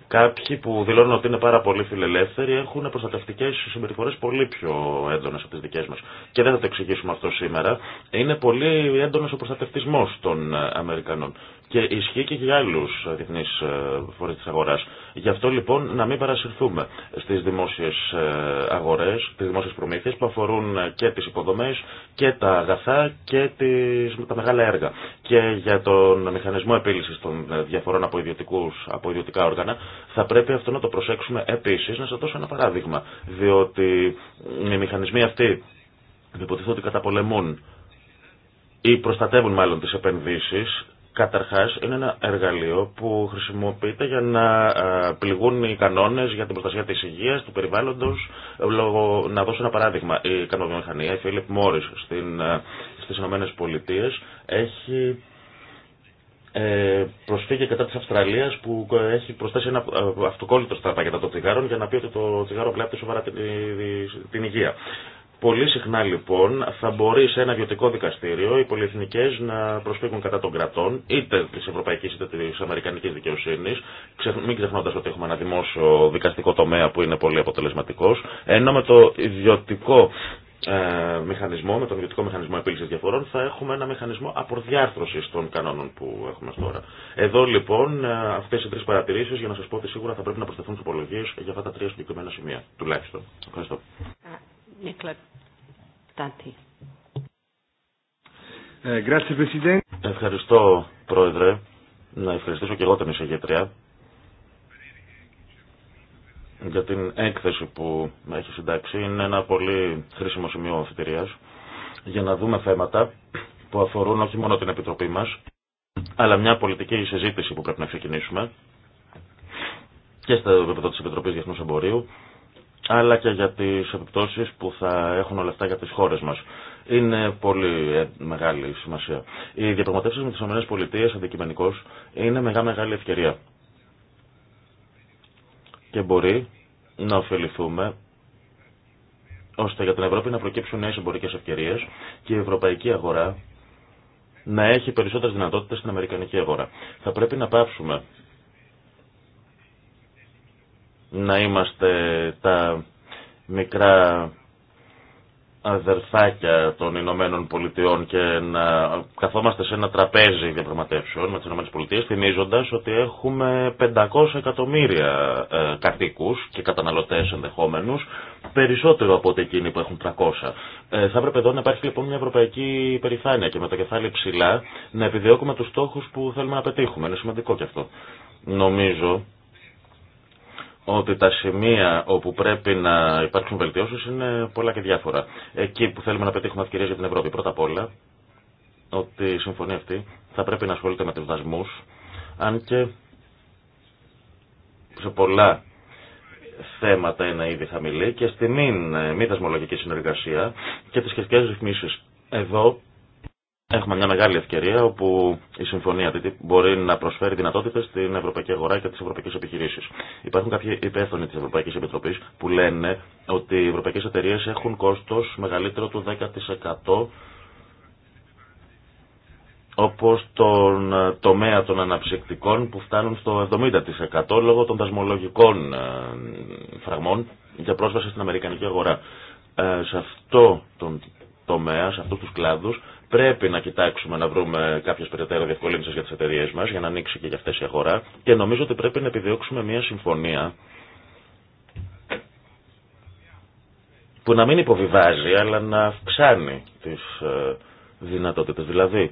Κάποιοι που δηλώνουν ότι είναι πάρα πολύ φιλελεύθεροι έχουν προστατευτικέ συμπεριφορέ πολύ πιο έντονε από τι δικέ μα. Και δεν θα το εξηγήσουμε αυτό σήμερα. Είναι πολύ έντονο ο προστατευτισμό των ε, Αμερικανών. Και ισχύει και για άλλου ε, διεθνεί ε, φορεί τη αγορά. Γι' αυτό λοιπόν να μην παρασυρθούμε στι δημόσιε ε, αγορέ, τι δημόσιε προμήθειε που αφορούν και τι υποδομέ και τα αγαθά και τις, τα μεγάλα έργα. Και για τον μηχανισμό επίλυση των διαφορών από, από ιδιωτικά όργανα θα πρέπει αυτό να το προσέξουμε επίση. Να σα δώσω ένα παράδειγμα. Διότι οι μηχανισμοί αυτοί υποτίθεται ότι καταπολεμούν ή προστατεύουν μάλλον τις επενδύσεις Καταρχάς, είναι ένα εργαλείο που χρησιμοποιείται για να ε, πληγούν οι κανόνες για την προστασία της υγείας, του περιβάλλοντος. Ε, λόγω, να δώσω ένα παράδειγμα. Η κανοβιομηχανία, η Φίλιπ Μόρις στην, ε, στις ΗΠΑ έχει ε, προσφύγει κατά της Αυστραλίας που έχει προσθέσει ένα αυτοκόλλητο στα πακέτα των τσιγάρων για να πει ότι το τσιγάρο βλάπτει σοβαρά την, υγεία. Πολύ συχνά λοιπόν θα μπορεί σε ένα ιδιωτικό δικαστήριο οι πολυεθνικές να προσφύγουν κατά των κρατών, είτε τη ευρωπαϊκή είτε τη αμερικανική δικαιοσύνη, μην ξεχνώντα ότι έχουμε ένα δημόσιο δικαστικό τομέα που είναι πολύ αποτελεσματικό, ενώ με το ιδιωτικό ε, μηχανισμό, με τον ιδιωτικό μηχανισμό επίλυση διαφορών, θα έχουμε ένα μηχανισμό απορδιάρθρωση των κανόνων που έχουμε τώρα. Εδώ λοιπόν ε, αυτέ οι τρει παρατηρήσει για να σα πω ότι σίγουρα θα πρέπει να προσθεθούν τροπολογίε για αυτά τα τρία συγκεκριμένα σημεία. Τουλάχιστον. Ευχαριστώ. Ε, ε, Ευχαριστώ, Πρόεδρε. Να ευχαριστήσω και εγώ την εισηγήτρια για την έκθεση που με έχει συντάξει. Είναι ένα πολύ χρήσιμο σημείο αφιτηρίας για να δούμε θέματα που αφορούν όχι μόνο την Επιτροπή μας, αλλά μια πολιτική συζήτηση που πρέπει να ξεκινήσουμε και στα επίπεδο της Επιτροπής Διεθνούς Εμπορίου αλλά και για τις επιπτώσεις που θα έχουν όλα αυτά για τις χώρες μας. Είναι πολύ ε, μεγάλη σημασία. Οι διαπραγματεύσεις με τις ΗΠΑ αντικειμενικώς είναι μεγάλη μεγάλη ευκαιρία. Και μπορεί να ωφεληθούμε ώστε για την Ευρώπη να προκύψουν νέες εμπορικές ευκαιρίες και η ευρωπαϊκή αγορά να έχει περισσότερες δυνατότητες στην αμερικανική αγορά. Θα πρέπει να πάψουμε να είμαστε τα μικρά αδερφάκια των Ηνωμένων Πολιτειών και να καθόμαστε σε ένα τραπέζι διαπραγματεύσεων με τις Ηνωμένες Πολιτείες θυμίζοντας ότι έχουμε 500 εκατομμύρια ε, κατοίκους και καταναλωτές ενδεχόμενους περισσότερο από ότι εκείνοι που έχουν 300. Ε, θα έπρεπε εδώ να υπάρχει λοιπόν μια ευρωπαϊκή υπερηφάνεια και με το κεφάλι ψηλά να επιδιώκουμε τους στόχους που θέλουμε να πετύχουμε. Είναι σημαντικό και αυτό. Νομίζω ότι τα σημεία όπου πρέπει να υπάρξουν βελτιώσει είναι πολλά και διάφορα. Εκεί που θέλουμε να πετύχουμε ευκαιρίε για την Ευρώπη. Πρώτα απ' όλα, ότι η συμφωνία αυτή θα πρέπει να ασχολείται με του δασμού, αν και σε πολλά θέματα είναι ήδη χαμηλή και στη ε, μη δασμολογική συνεργασία και τι σχετικέ ρυθμίσει Εδώ Έχουμε μια μεγάλη ευκαιρία όπου η συμφωνία αυτή μπορεί να προσφέρει δυνατότητε στην ευρωπαϊκή αγορά και τι ευρωπαϊκέ επιχειρήσει. Υπάρχουν κάποιοι υπεύθυνοι τη Ευρωπαϊκή Επιτροπή που λένε ότι οι ευρωπαϊκέ εταιρείε έχουν κόστο μεγαλύτερο του 10% όπω τον τομέα των αναψυκτικών που φτάνουν στο 70% λόγω των δασμολογικών ε, φραγμών για πρόσβαση στην Αμερικανική αγορά. Ε, σε αυτό τον τομέα, σε αυτού του κλάδου. Πρέπει να κοιτάξουμε να βρούμε κάποιε περαιτέρω διευκολύνσει για τι εταιρείε μα για να ανοίξει και για αυτέ η αγορά και νομίζω ότι πρέπει να επιδιώξουμε μια συμφωνία που να μην υποβιβάζει αλλά να αυξάνει τι ε, δυνατότητε. Δηλαδή,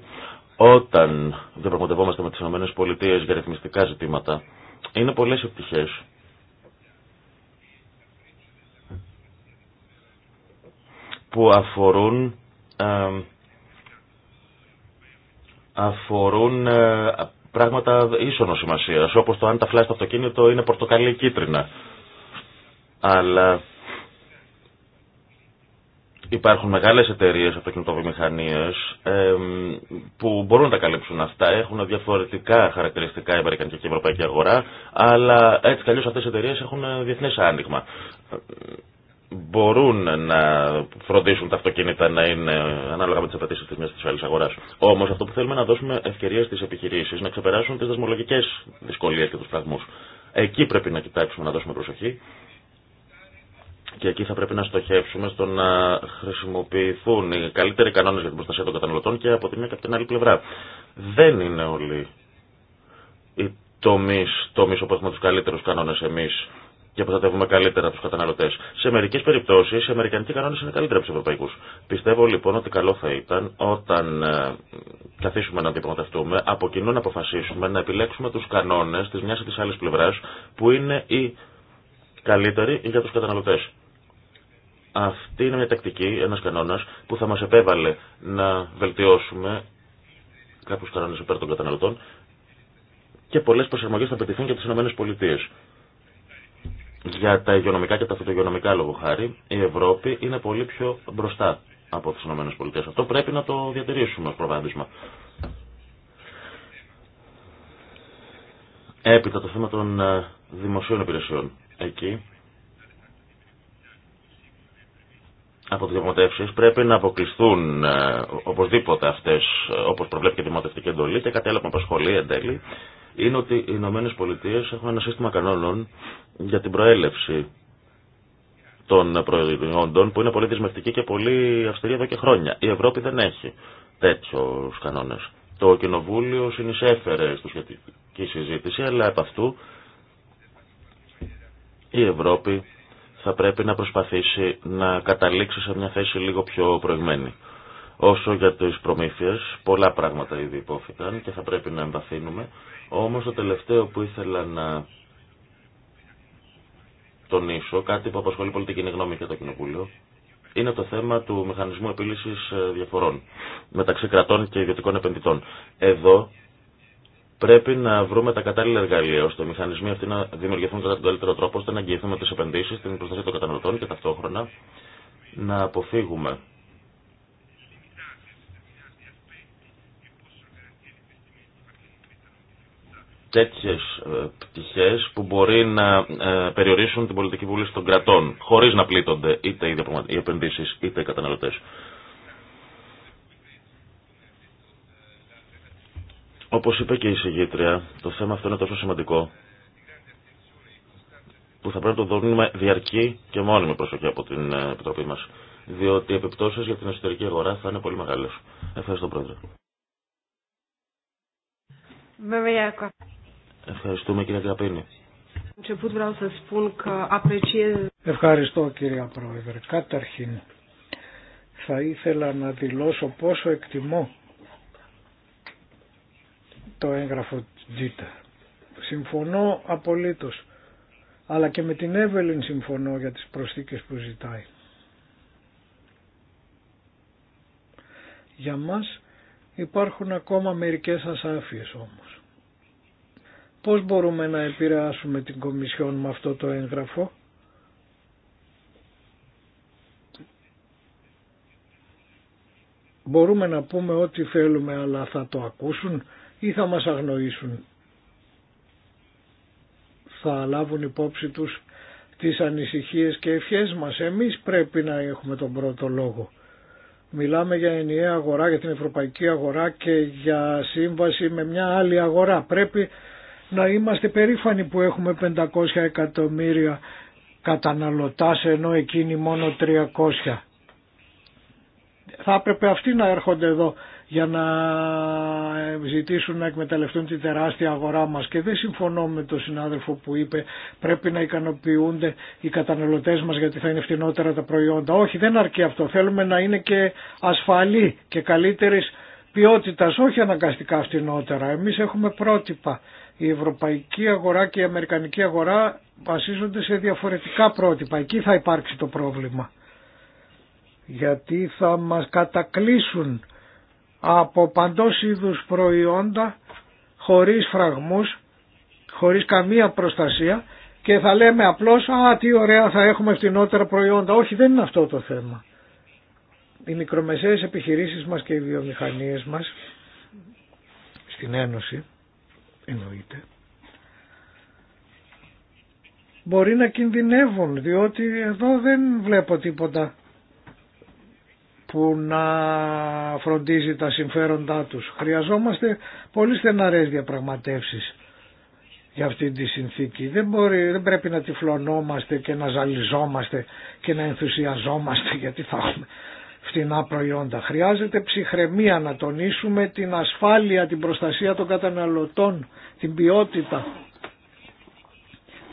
όταν διαπραγματευόμαστε με τι ΗΠΑ για ρυθμιστικά ζητήματα, είναι πολλέ οι που αφορούν ε, αφορούν ε, πράγματα ίσονο σημασία, Όπω το αν τα φλάστα αυτοκίνητο είναι πορτοκαλί κίτρινα. Αλλά υπάρχουν μεγάλες εταιρείες αυτοκινητοβιομηχανίες ε, που μπορούν να τα καλύψουν αυτά. Έχουν διαφορετικά χαρακτηριστικά η Αμερικανική και η Ευρωπαϊκή αγορά, αλλά έτσι καλώς αυτές οι εταιρείες έχουν ε, διεθνέ άνοιγμα μπορούν να φροντίσουν τα αυτοκίνητα να είναι ανάλογα με τι απαιτήσει τη μια τη άλλη αγορά. Όμω αυτό που θέλουμε να δώσουμε ευκαιρία στι επιχειρήσει να ξεπεράσουν τι δασμολογικέ δυσκολίε και του φραγμού. Εκεί πρέπει να κοιτάξουμε να δώσουμε προσοχή και εκεί θα πρέπει να στοχεύσουμε στο να χρησιμοποιηθούν οι καλύτεροι κανόνε για την προστασία των καταναλωτών και από τη μια και από την άλλη πλευρά. Δεν είναι όλοι οι τομεί, τομεί όπου έχουμε του καλύτερου κανόνε εμεί και προστατεύουμε καλύτερα του καταναλωτέ. Σε μερικέ περιπτώσει οι Αμερικανικοί κανόνε είναι καλύτερα από του Ευρωπαϊκού. Πιστεύω λοιπόν ότι καλό θα ήταν όταν ε, καθίσουμε να αντιπροσωπευτούμε από κοινού να αποφασίσουμε να επιλέξουμε του κανόνε τη μια ή τη άλλη πλευρά που είναι οι καλύτεροι για του καταναλωτέ. Αυτή είναι μια τακτική, ένα κανόνα που θα μα επέβαλε να βελτιώσουμε κάποιου κανόνε υπέρ των καταναλωτών και πολλέ προσαρμογέ θα πετυχθούν και από τι ΗΠΑ. Για τα υγειονομικά και τα φυτογειονομικά λόγω χάρη, η Ευρώπη είναι πολύ πιο μπροστά από τις ΗΠΑ. Αυτό πρέπει να το διατηρήσουμε ως προβάδισμα. Έπειτα το θέμα των ε, δημοσίων υπηρεσιών. Εκεί από τι διαπραγματεύσεις, πρέπει να αποκλειστούν ε, οπωσδήποτε αυτές, ε, όπως προβλέπει και η δημοτευτική εντολή, και κατέλαβαν εν τέλει είναι ότι οι Ηνωμένε Πολιτείες έχουν ένα σύστημα κανόνων για την προέλευση των προϊόντων που είναι πολύ δυσμευτική και πολύ αυστηρή εδώ και χρόνια. Η Ευρώπη δεν έχει τέτοιους κανόνες. Το Κοινοβούλιο συνεισέφερε στη σχετική συζήτηση, αλλά από αυτού η Ευρώπη θα πρέπει να προσπαθήσει να καταλήξει σε μια θέση λίγο πιο προηγμένη. Όσο για τις προμήθειες, πολλά πράγματα ήδη υπόθηκαν και θα πρέπει να εμβαθύνουμε. Όμως το τελευταίο που ήθελα να τονίσω, κάτι που απασχολεί πολύ την κοινή γνώμη και το Κοινοβούλιο, είναι το θέμα του μηχανισμού επίλυσης ε, διαφορών μεταξύ κρατών και ιδιωτικών επενδυτών. Εδώ πρέπει να βρούμε τα κατάλληλα εργαλεία ώστε οι μηχανισμοί αυτοί να δημιουργηθούν κατά τον καλύτερο τρόπο ώστε να εγγυηθούμε τι επενδύσει, την προστασία των καταναλωτών και ταυτόχρονα να αποφύγουμε τέτοιες ε, πτυχές που μπορεί να ε, περιορίσουν την πολιτική βούληση των κρατών χωρίς να πλήττονται είτε οι επενδύσεις είτε οι καταναλωτές. Όπως είπε και η συγγήτρια, το θέμα αυτό είναι τόσο σημαντικό που θα πρέπει να το δούμε διαρκή και μόνιμη προσοχή από την ε, Επιτροπή μας. Διότι οι επιπτώσεις για την εσωτερική αγορά θα είναι πολύ μεγάλες. Ευχαριστώ Πρόεδρε. Ευχαριστούμε κύριε Γραπίνη. Ευχαριστώ κύριε Πρόεδρε. Καταρχήν θα ήθελα να δηλώσω πόσο εκτιμώ το έγγραφο Τζίτα. Συμφωνώ απολύτως. Αλλά και με την Εύελιν συμφωνώ για τις προσθήκες που ζητάει. Για μας υπάρχουν ακόμα μερικές ασάφειες όμως. Πώς μπορούμε να επηρεάσουμε την Κομισιόν με αυτό το έγγραφο. Μπορούμε να πούμε ό,τι θέλουμε αλλά θα το ακούσουν ή θα μας αγνοήσουν. Θα λάβουν υπόψη τους τις ανησυχίες και ευχές μας. Εμείς πρέπει να έχουμε τον πρώτο λόγο. Μιλάμε για ενιαία αγορά, για την ευρωπαϊκή αγορά και για σύμβαση με μια άλλη αγορά. Πρέπει να είμαστε περήφανοι που έχουμε 500 εκατομμύρια καταναλωτάς ενώ εκείνοι μόνο 300. Θα έπρεπε αυτοί να έρχονται εδώ για να ζητήσουν να εκμεταλλευτούν τη τεράστια αγορά μας και δεν συμφωνώ με τον συνάδελφο που είπε πρέπει να ικανοποιούνται οι καταναλωτές μας γιατί θα είναι φτηνότερα τα προϊόντα. Όχι δεν αρκεί αυτό. Θέλουμε να είναι και ασφαλή και καλύτερης ποιότητας, όχι αναγκαστικά φτηνότερα. Εμείς έχουμε πρότυπα η ευρωπαϊκή αγορά και η αμερικανική αγορά βασίζονται σε διαφορετικά πρότυπα. Εκεί θα υπάρξει το πρόβλημα. Γιατί θα μας κατακλείσουν από παντός είδους προϊόντα χωρίς φραγμούς, χωρίς καμία προστασία και θα λέμε απλώς «Α, τι ωραία θα έχουμε φτηνότερα προϊόντα». Όχι, δεν είναι αυτό το θέμα. Οι μικρομεσαίες επιχειρήσεις μας και οι βιομηχανίες μας στην Ένωση μπορεί να κινδυνεύουν διότι εδώ δεν βλέπω τίποτα που να φροντίζει τα συμφέροντά τους. Χρειαζόμαστε πολύ στεναρές διαπραγματεύσεις για αυτή τη συνθήκη. Δεν, μπορεί, δεν πρέπει να τυφλωνόμαστε και να ζαλιζόμαστε και να ενθουσιαζόμαστε γιατί θα έχουμε στην προϊόντα. Χρειάζεται ψυχραιμία να τονίσουμε την ασφάλεια, την προστασία των καταναλωτών, την ποιότητα.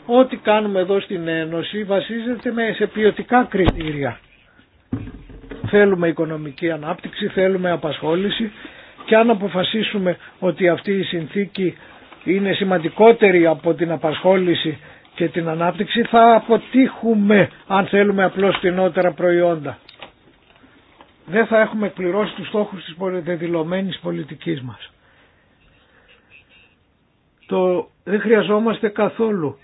Ό,τι κάνουμε εδώ στην Ένωση βασίζεται σε ποιοτικά κριτήρια. Θέλουμε οικονομική ανάπτυξη, θέλουμε απασχόληση και αν αποφασίσουμε ότι αυτή η συνθήκη είναι σημαντικότερη από την απασχόληση και την ανάπτυξη θα αποτύχουμε αν θέλουμε απλώς φθηνότερα προϊόντα δεν θα έχουμε εκπληρώσει τους στόχους της δηλωμένης πολιτικής μας. Το, δεν χρειαζόμαστε καθόλου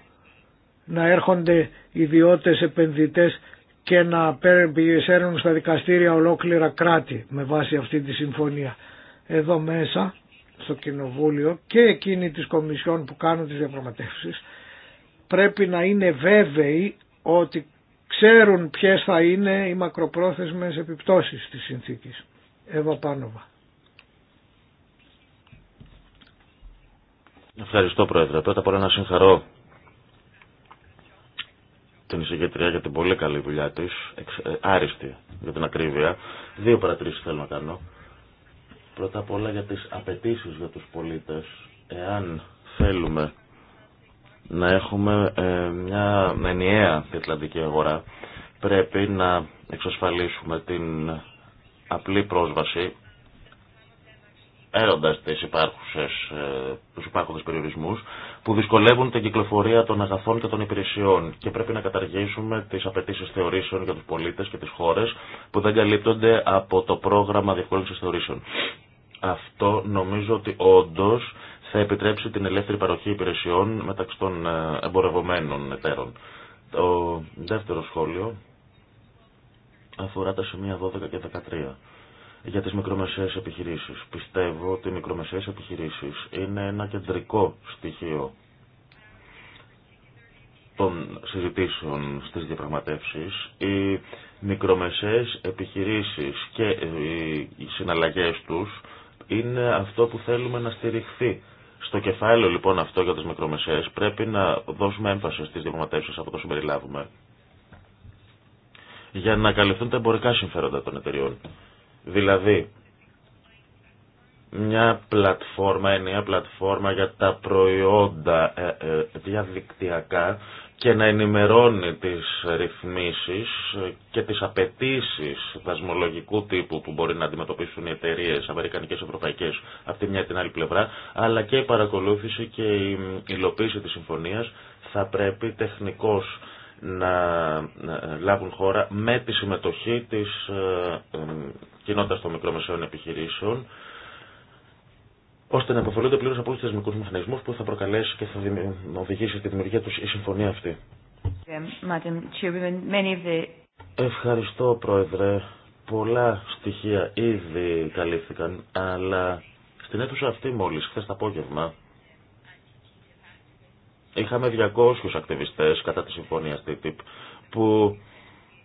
να έρχονται ιδιώτες επενδυτές και να παίρνουν στα δικαστήρια ολόκληρα κράτη με βάση αυτή τη συμφωνία. Εδώ μέσα στο Κοινοβούλιο και εκείνοι της Κομισιόν που κάνουν τις διαπραγματεύσεις πρέπει να είναι βέβαιοι ότι ξέρουν ποιες θα είναι οι μακροπρόθεσμες επιπτώσεις της συνθήκης. Εύα Πάνοβα. Ευχαριστώ Πρόεδρε. Πρώτα απ' όλα να συγχαρώ την εισηγητριά για την πολύ καλή δουλειά της, ε, άριστη για την ακρίβεια. Δύο παρατηρήσει θέλω να κάνω. Πρώτα απ' όλα για τις απαιτήσει για τους πολίτες. Εάν θέλουμε να έχουμε ε, μια ενιαία διατλαντική αγορά. Πρέπει να εξασφαλίσουμε την απλή πρόσβαση έροντας τις υπάρχουσες, ε, τους υπάρχοντες περιορισμούς που δυσκολεύουν την κυκλοφορία των αγαθών και των υπηρεσιών και πρέπει να καταργήσουμε τις απαιτήσεις θεωρήσεων για τους πολίτες και τις χώρες που δεν καλύπτονται από το πρόγραμμα διευκόλυνσης θεωρήσεων. Αυτό νομίζω ότι όντως θα επιτρέψει την ελεύθερη παροχή υπηρεσιών μεταξύ των ε, εμπορευμένων εταίρων. Το δεύτερο σχόλιο αφορά τα σημεία 12 και 13 για τις μικρομεσαίες επιχειρήσεις. Πιστεύω ότι οι μικρομεσαίες επιχειρήσεις είναι ένα κεντρικό στοιχείο των συζητήσεων στις διαπραγματεύσεις. Οι μικρομεσαίες επιχειρήσεις και οι συναλλαγές τους είναι αυτό που θέλουμε να στηριχθεί στο κεφάλαιο λοιπόν αυτό για τις μικρομεσαίες πρέπει να δώσουμε έμφαση στις διαπραγματεύσεις από το συμπεριλάβουμε για να καλυφθούν τα εμπορικά συμφέροντα των εταιριών. Δηλαδή, μια πλατφόρμα, ενιαία πλατφόρμα για τα προϊόντα ε, ε, διαδικτυακά και να ενημερώνει τις ρυθμίσεις και τις απαιτήσει δασμολογικού τύπου που μπορεί να αντιμετωπίσουν οι εταιρείε αμερικανικές και ευρωπαϊκές από τη μια την άλλη πλευρά, αλλά και η παρακολούθηση και η υλοποίηση της συμφωνίας θα πρέπει τεχνικώς να λάβουν χώρα με τη συμμετοχή της ε, ε, ε, κοινότητας των μικρομεσαίων επιχειρήσεων ώστε να αποφελούνται πλήρω από του θεσμικού μηχανισμού που θα προκαλέσει και θα οδηγήσει στη δημιουργία του η συμφωνία αυτή. Ευχαριστώ, Πρόεδρε. Πολλά στοιχεία ήδη καλύφθηκαν, αλλά στην αίθουσα αυτή μόλι, χθε το απόγευμα, είχαμε 200 ακτιβιστέ κατά τη συμφωνία TTIP, που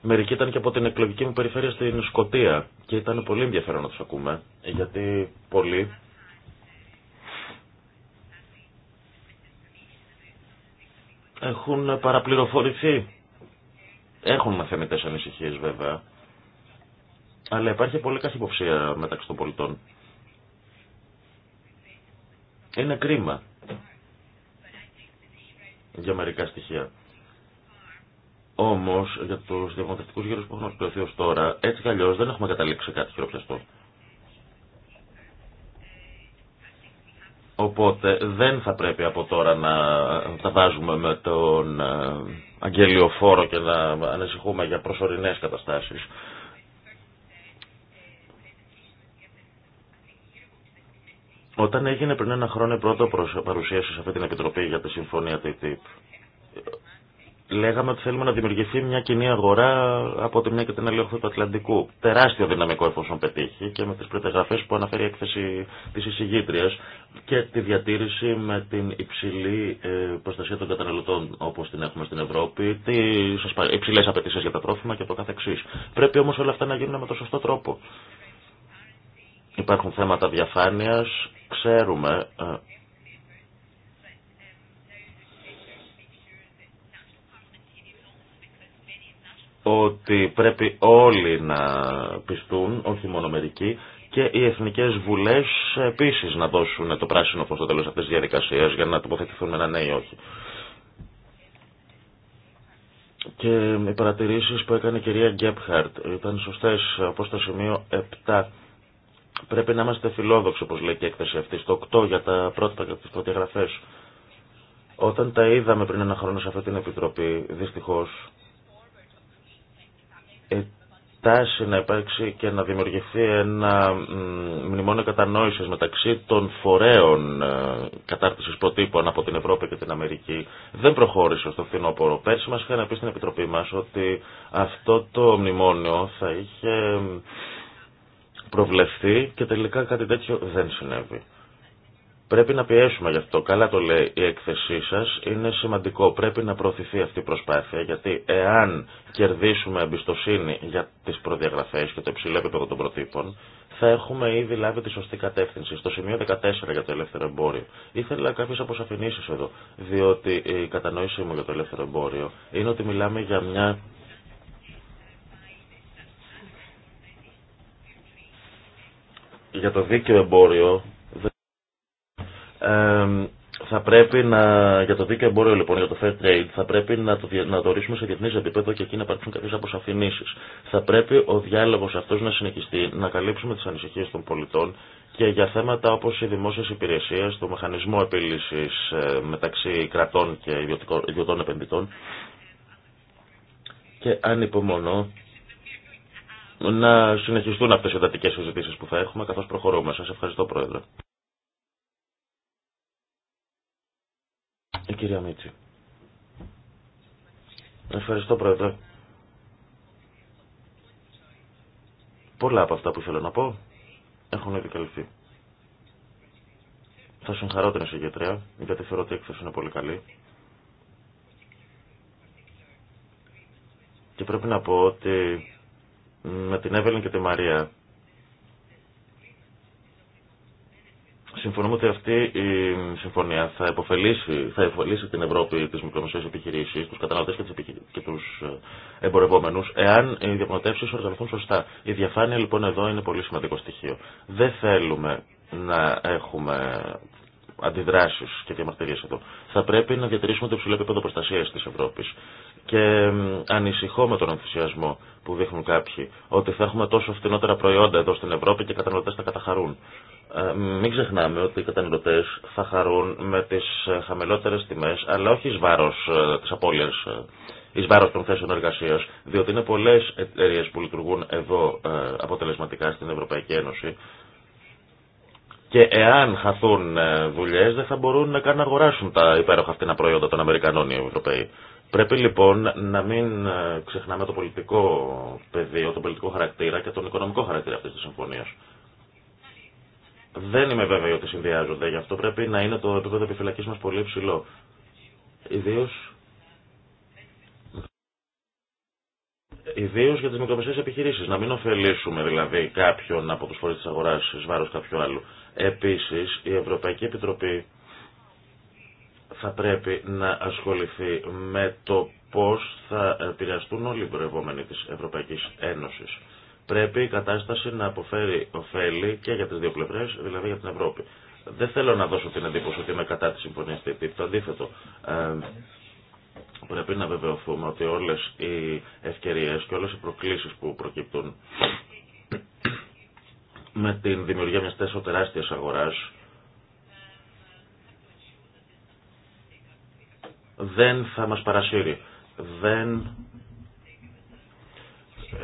μερικοί ήταν και από την εκλογική μου περιφέρεια στην Σκωτία και ήταν πολύ ενδιαφέρον να του ακούμε, γιατί πολλοί έχουν παραπληροφορηθεί. Έχουν μαθαίνετε ανησυχίε βέβαια. Αλλά υπάρχει πολύ υποψία μεταξύ των πολιτών. Είναι κρίμα για μερικά στοιχεία. Όμω για του διαπραγματευτικού γύρου που έχουν εκπληρωθεί ω τώρα, έτσι κι δεν έχουμε καταλήξει κάτι χειροπιαστό. Οπότε δεν θα πρέπει από τώρα να τα βάζουμε με τον ε, αγγελιοφόρο και να ανησυχούμε για προσωρινές καταστάσεις. Όταν έγινε πριν ένα χρόνο πρώτο πρώτη παρουσίαση σε αυτή την Επιτροπή για τη Συμφωνία TTIP, Λέγαμε ότι θέλουμε να δημιουργηθεί μια κοινή αγορά από τη μια και την άλλη όχθη του Ατλαντικού. Τεράστιο δυναμικό εφόσον πετύχει και με τι προτεγραφέ που αναφέρει η έκθεση τη εισηγήτρια και τη διατήρηση με την υψηλή ε, προστασία των καταναλωτών όπω την έχουμε στην Ευρώπη, τι υψηλέ απαιτήσει για τα τρόφιμα και το καθεξή. Πρέπει όμω όλα αυτά να γίνουν με τον σωστό τρόπο. Υπάρχουν θέματα διαφάνεια, ξέρουμε ε, ότι πρέπει όλοι να πιστούν, όχι μόνο μερικοί, και οι εθνικές βουλές επίσης να δώσουν το πράσινο φως στο τέλος αυτής της διαδικασίας για να τοποθετηθούν με ένα ναι ή όχι. Και οι παρατηρήσεις που έκανε η κυρία Γκέπχαρτ ήταν σωστές όπως το σημείο 7. Πρέπει να είμαστε φιλόδοξοι, όπως λέει και η έκθεση αυτή, στο 8 για τα πρώτα και τις προδιαγραφές. Όταν τα είδαμε πριν ένα χρόνο σε αυτή την Επιτροπή, δυστυχώς, τάση να υπάρξει και να δημιουργηθεί ένα μνημόνιο κατανόησης μεταξύ των φορέων ε, κατάρτισης προτύπων από την Ευρώπη και την Αμερική δεν προχώρησε στο φθινόπορο. Πέρσι μας είχαν πει στην Επιτροπή μας ότι αυτό το μνημόνιο θα είχε προβλεφθεί και τελικά κάτι τέτοιο δεν συνέβη. Πρέπει να πιέσουμε γι' αυτό. Καλά το λέει η έκθεσή σας. Είναι σημαντικό. Πρέπει να προωθηθεί αυτή η προσπάθεια γιατί εάν κερδίσουμε εμπιστοσύνη για τις προδιαγραφές και το υψηλό επίπεδο των προτύπων θα έχουμε ήδη λάβει τη σωστή κατεύθυνση. Στο σημείο 14 για το ελεύθερο εμπόριο. Ήθελα κάποιε αποσαφηνήσει εδώ. Διότι η κατανόησή μου για το ελεύθερο εμπόριο είναι ότι μιλάμε για μια για το δίκαιο εμπόριο θα πρέπει να, για το δίκαιο εμπόριο λοιπόν, για το fair trade, θα πρέπει να το, να το ορίσουμε σε διεθνή επίπεδο και εκεί να υπάρξουν κάποιε αποσαφηνήσει. Θα πρέπει ο διάλογο αυτό να συνεχιστεί, να καλύψουμε τι ανησυχίε των πολιτών και για θέματα όπω οι δημόσιε υπηρεσία, το μηχανισμό επίλυσης ε, μεταξύ κρατών και ιδιωτών επενδυτών. Και αν υπομονώ, να συνεχιστούν αυτές οι εντατικές συζητήσεις που θα έχουμε καθώς προχωρούμε. Σας ευχαριστώ Πρόεδρε. κυρία Μίτση. Ευχαριστώ πρόεδρε. Πολλά από αυτά που θέλω να πω έχουν ήδη Θα συγχαρώ την εισηγητρία, γιατί θεωρώ ότι η έκθεση είναι πολύ καλή. Και πρέπει να πω ότι με την Εύελιν και τη Μαρία Συμφωνούμε ότι αυτή η συμφωνία θα υποφελήσει, θα την Ευρώπη, τι μικρομεσαίε επιχειρήσει, του καταναλωτέ και, και του ε, εμπορευόμενου, εάν οι διαπραγματεύσει οργανωθούν σωστά. Η διαφάνεια λοιπόν εδώ είναι πολύ σημαντικό στοιχείο. Δεν θέλουμε να έχουμε αντιδράσει και διαμαρτυρίε εδώ. Θα πρέπει να διατηρήσουμε το υψηλό επίπεδο προστασία τη Ευρώπη. Και ανησυχώ με τον ενθουσιασμό που δείχνουν κάποιοι ότι θα έχουμε τόσο φθηνότερα προϊόντα εδώ στην Ευρώπη και οι καταναλωτέ θα καταχαρούν. Ε, μην ξεχνάμε ότι οι καταναλωτέ θα χαρούν με τι ε, χαμηλότερε τιμέ, αλλά όχι ει βάρο ε, τη απώλεια, ει βάρο των θέσεων εργασία, διότι είναι πολλέ εταιρείε που λειτουργούν εδώ αποτελεσματικά στην Ευρωπαϊκή Ένωση. Και εάν χαθούν δουλειέ, δεν θα μπορούν να καν να αγοράσουν τα υπέροχα αυτήνα προϊόντα των Αμερικανών οι Ευρωπαίοι. Πρέπει λοιπόν να μην ξεχνάμε το πολιτικό πεδίο, τον πολιτικό χαρακτήρα και τον οικονομικό χαρακτήρα αυτή τη συμφωνία. Δεν είμαι βέβαιο ότι συνδυάζονται, γι' αυτό πρέπει να είναι το επίπεδο επιφυλακή μα πολύ ψηλό. Ιδίω Ιδίω για τι μικρομεσαίε επιχειρήσει. Να μην ωφελήσουμε δηλαδή κάποιον από του φορεί τη αγορά ει βάρο κάποιου άλλου. Επίση, η Ευρωπαϊκή Επιτροπή θα πρέπει να ασχοληθεί με το πώ θα επηρεαστούν όλοι οι προηγούμενοι τη Ευρωπαϊκή Ένωση. Πρέπει η κατάσταση να αποφέρει ωφέλη και για τις δύο πλευρές, δηλαδή για την Ευρώπη. Δεν θέλω να δώσω την εντύπωση ότι είμαι κατά τη συμφωνία αυτή. Το αντίθετο. Ε, πρέπει να βεβαιωθούμε ότι όλες οι ευκαιρίες και όλες οι προκλήσεις που προκύπτουν με την δημιουργία μιας τέσσερα τεράστια αγοράς δεν θα μας παρασύρει. Δεν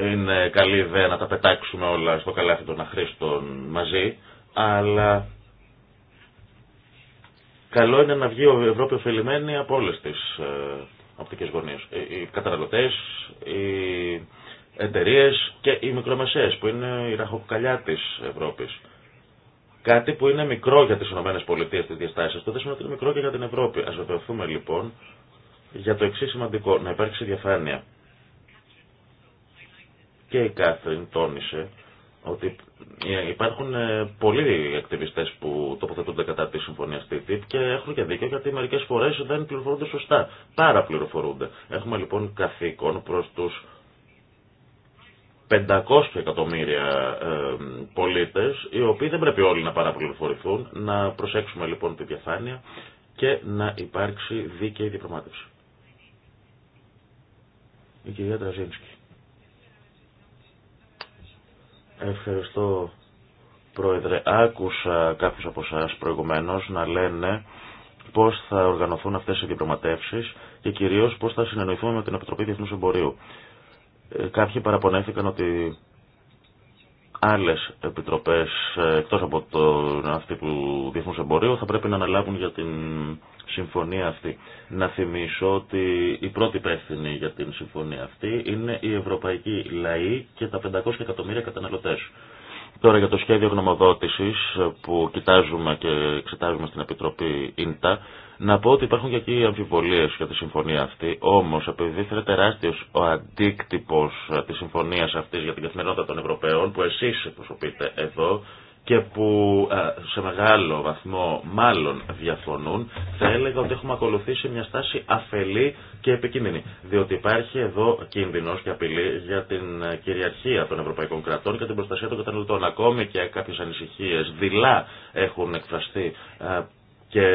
είναι καλή ιδέα να τα πετάξουμε όλα στο καλάθι των αχρήστων μαζί, αλλά καλό είναι να βγει η Ευρώπη ωφελημένη από όλες τις ε, οπτικέ γωνίες. Ε, οι καταναλωτέ, οι εταιρείε και οι μικρομεσαίες που είναι η ραχοκαλιά της Ευρώπης. Κάτι που είναι μικρό για τις ΗΠΑ τη διαστάσεις του, δεν σημαίνει ότι είναι μικρό και για την Ευρώπη. Α βεβαιωθούμε λοιπόν για το εξή σημαντικό, να υπάρξει διαφάνεια και η Κάθριν τόνισε ότι ε, υπάρχουν ε, πολλοί ακτιβιστέ που τοποθετούνται κατά τη συμφωνία TTIP και έχουν και δίκιο γιατί μερικέ φορέ δεν πληροφορούνται σωστά. Πάρα πληροφορούνται. Έχουμε λοιπόν καθήκον προ του 500 εκατομμύρια ε, πολίτε, οι οποίοι δεν πρέπει όλοι να παραπληροφορηθούν, να προσέξουμε λοιπόν τη διαφάνεια και να υπάρξει δίκαιη διπλωμάτευση. Η κυρία Τραζίνσκη. Ευχαριστώ Πρόεδρε. Άκουσα κάποιους από εσά προηγουμένως να λένε πώς θα οργανωθούν αυτές οι διαπραγματεύσεις και κυρίως πώς θα συνεννοηθούμε με την Επιτροπή Διεθνούς Εμπορίου. Ε, κάποιοι παραπονέθηκαν ότι άλλες επιτροπές ε, εκτός από το αυτή του Διεθνούς Εμπορίου θα πρέπει να αναλάβουν για την συμφωνία αυτή. Να θυμίσω ότι η πρώτη υπεύθυνη για την συμφωνία αυτή είναι η ευρωπαϊκή Λαή και τα 500 εκατομμύρια καταναλωτές. Τώρα για το σχέδιο γνωμοδότησης που κοιτάζουμε και εξετάζουμε στην Επιτροπή ΙΝΤΑ να πω ότι υπάρχουν και εκεί αμφιβολίες για τη συμφωνία αυτή, όμως επειδή θέλει τεράστιος ο αντίκτυπος ε, της συμφωνίας αυτής για την καθημερινότητα των Ευρωπαίων, που εσείς προσωπείτε εδώ, και που ε, σε μεγάλο βαθμό μάλλον διαφωνούν, θα έλεγα ότι έχουμε ακολουθήσει μια στάση αφελή και επικίνδυνη. Διότι υπάρχει εδώ κίνδυνο και απειλή για την ε, κυριαρχία των ευρωπαϊκών κρατών και την προστασία των καταναλωτών. Ακόμη και κάποιε ανησυχίε δειλά έχουν εκφραστεί και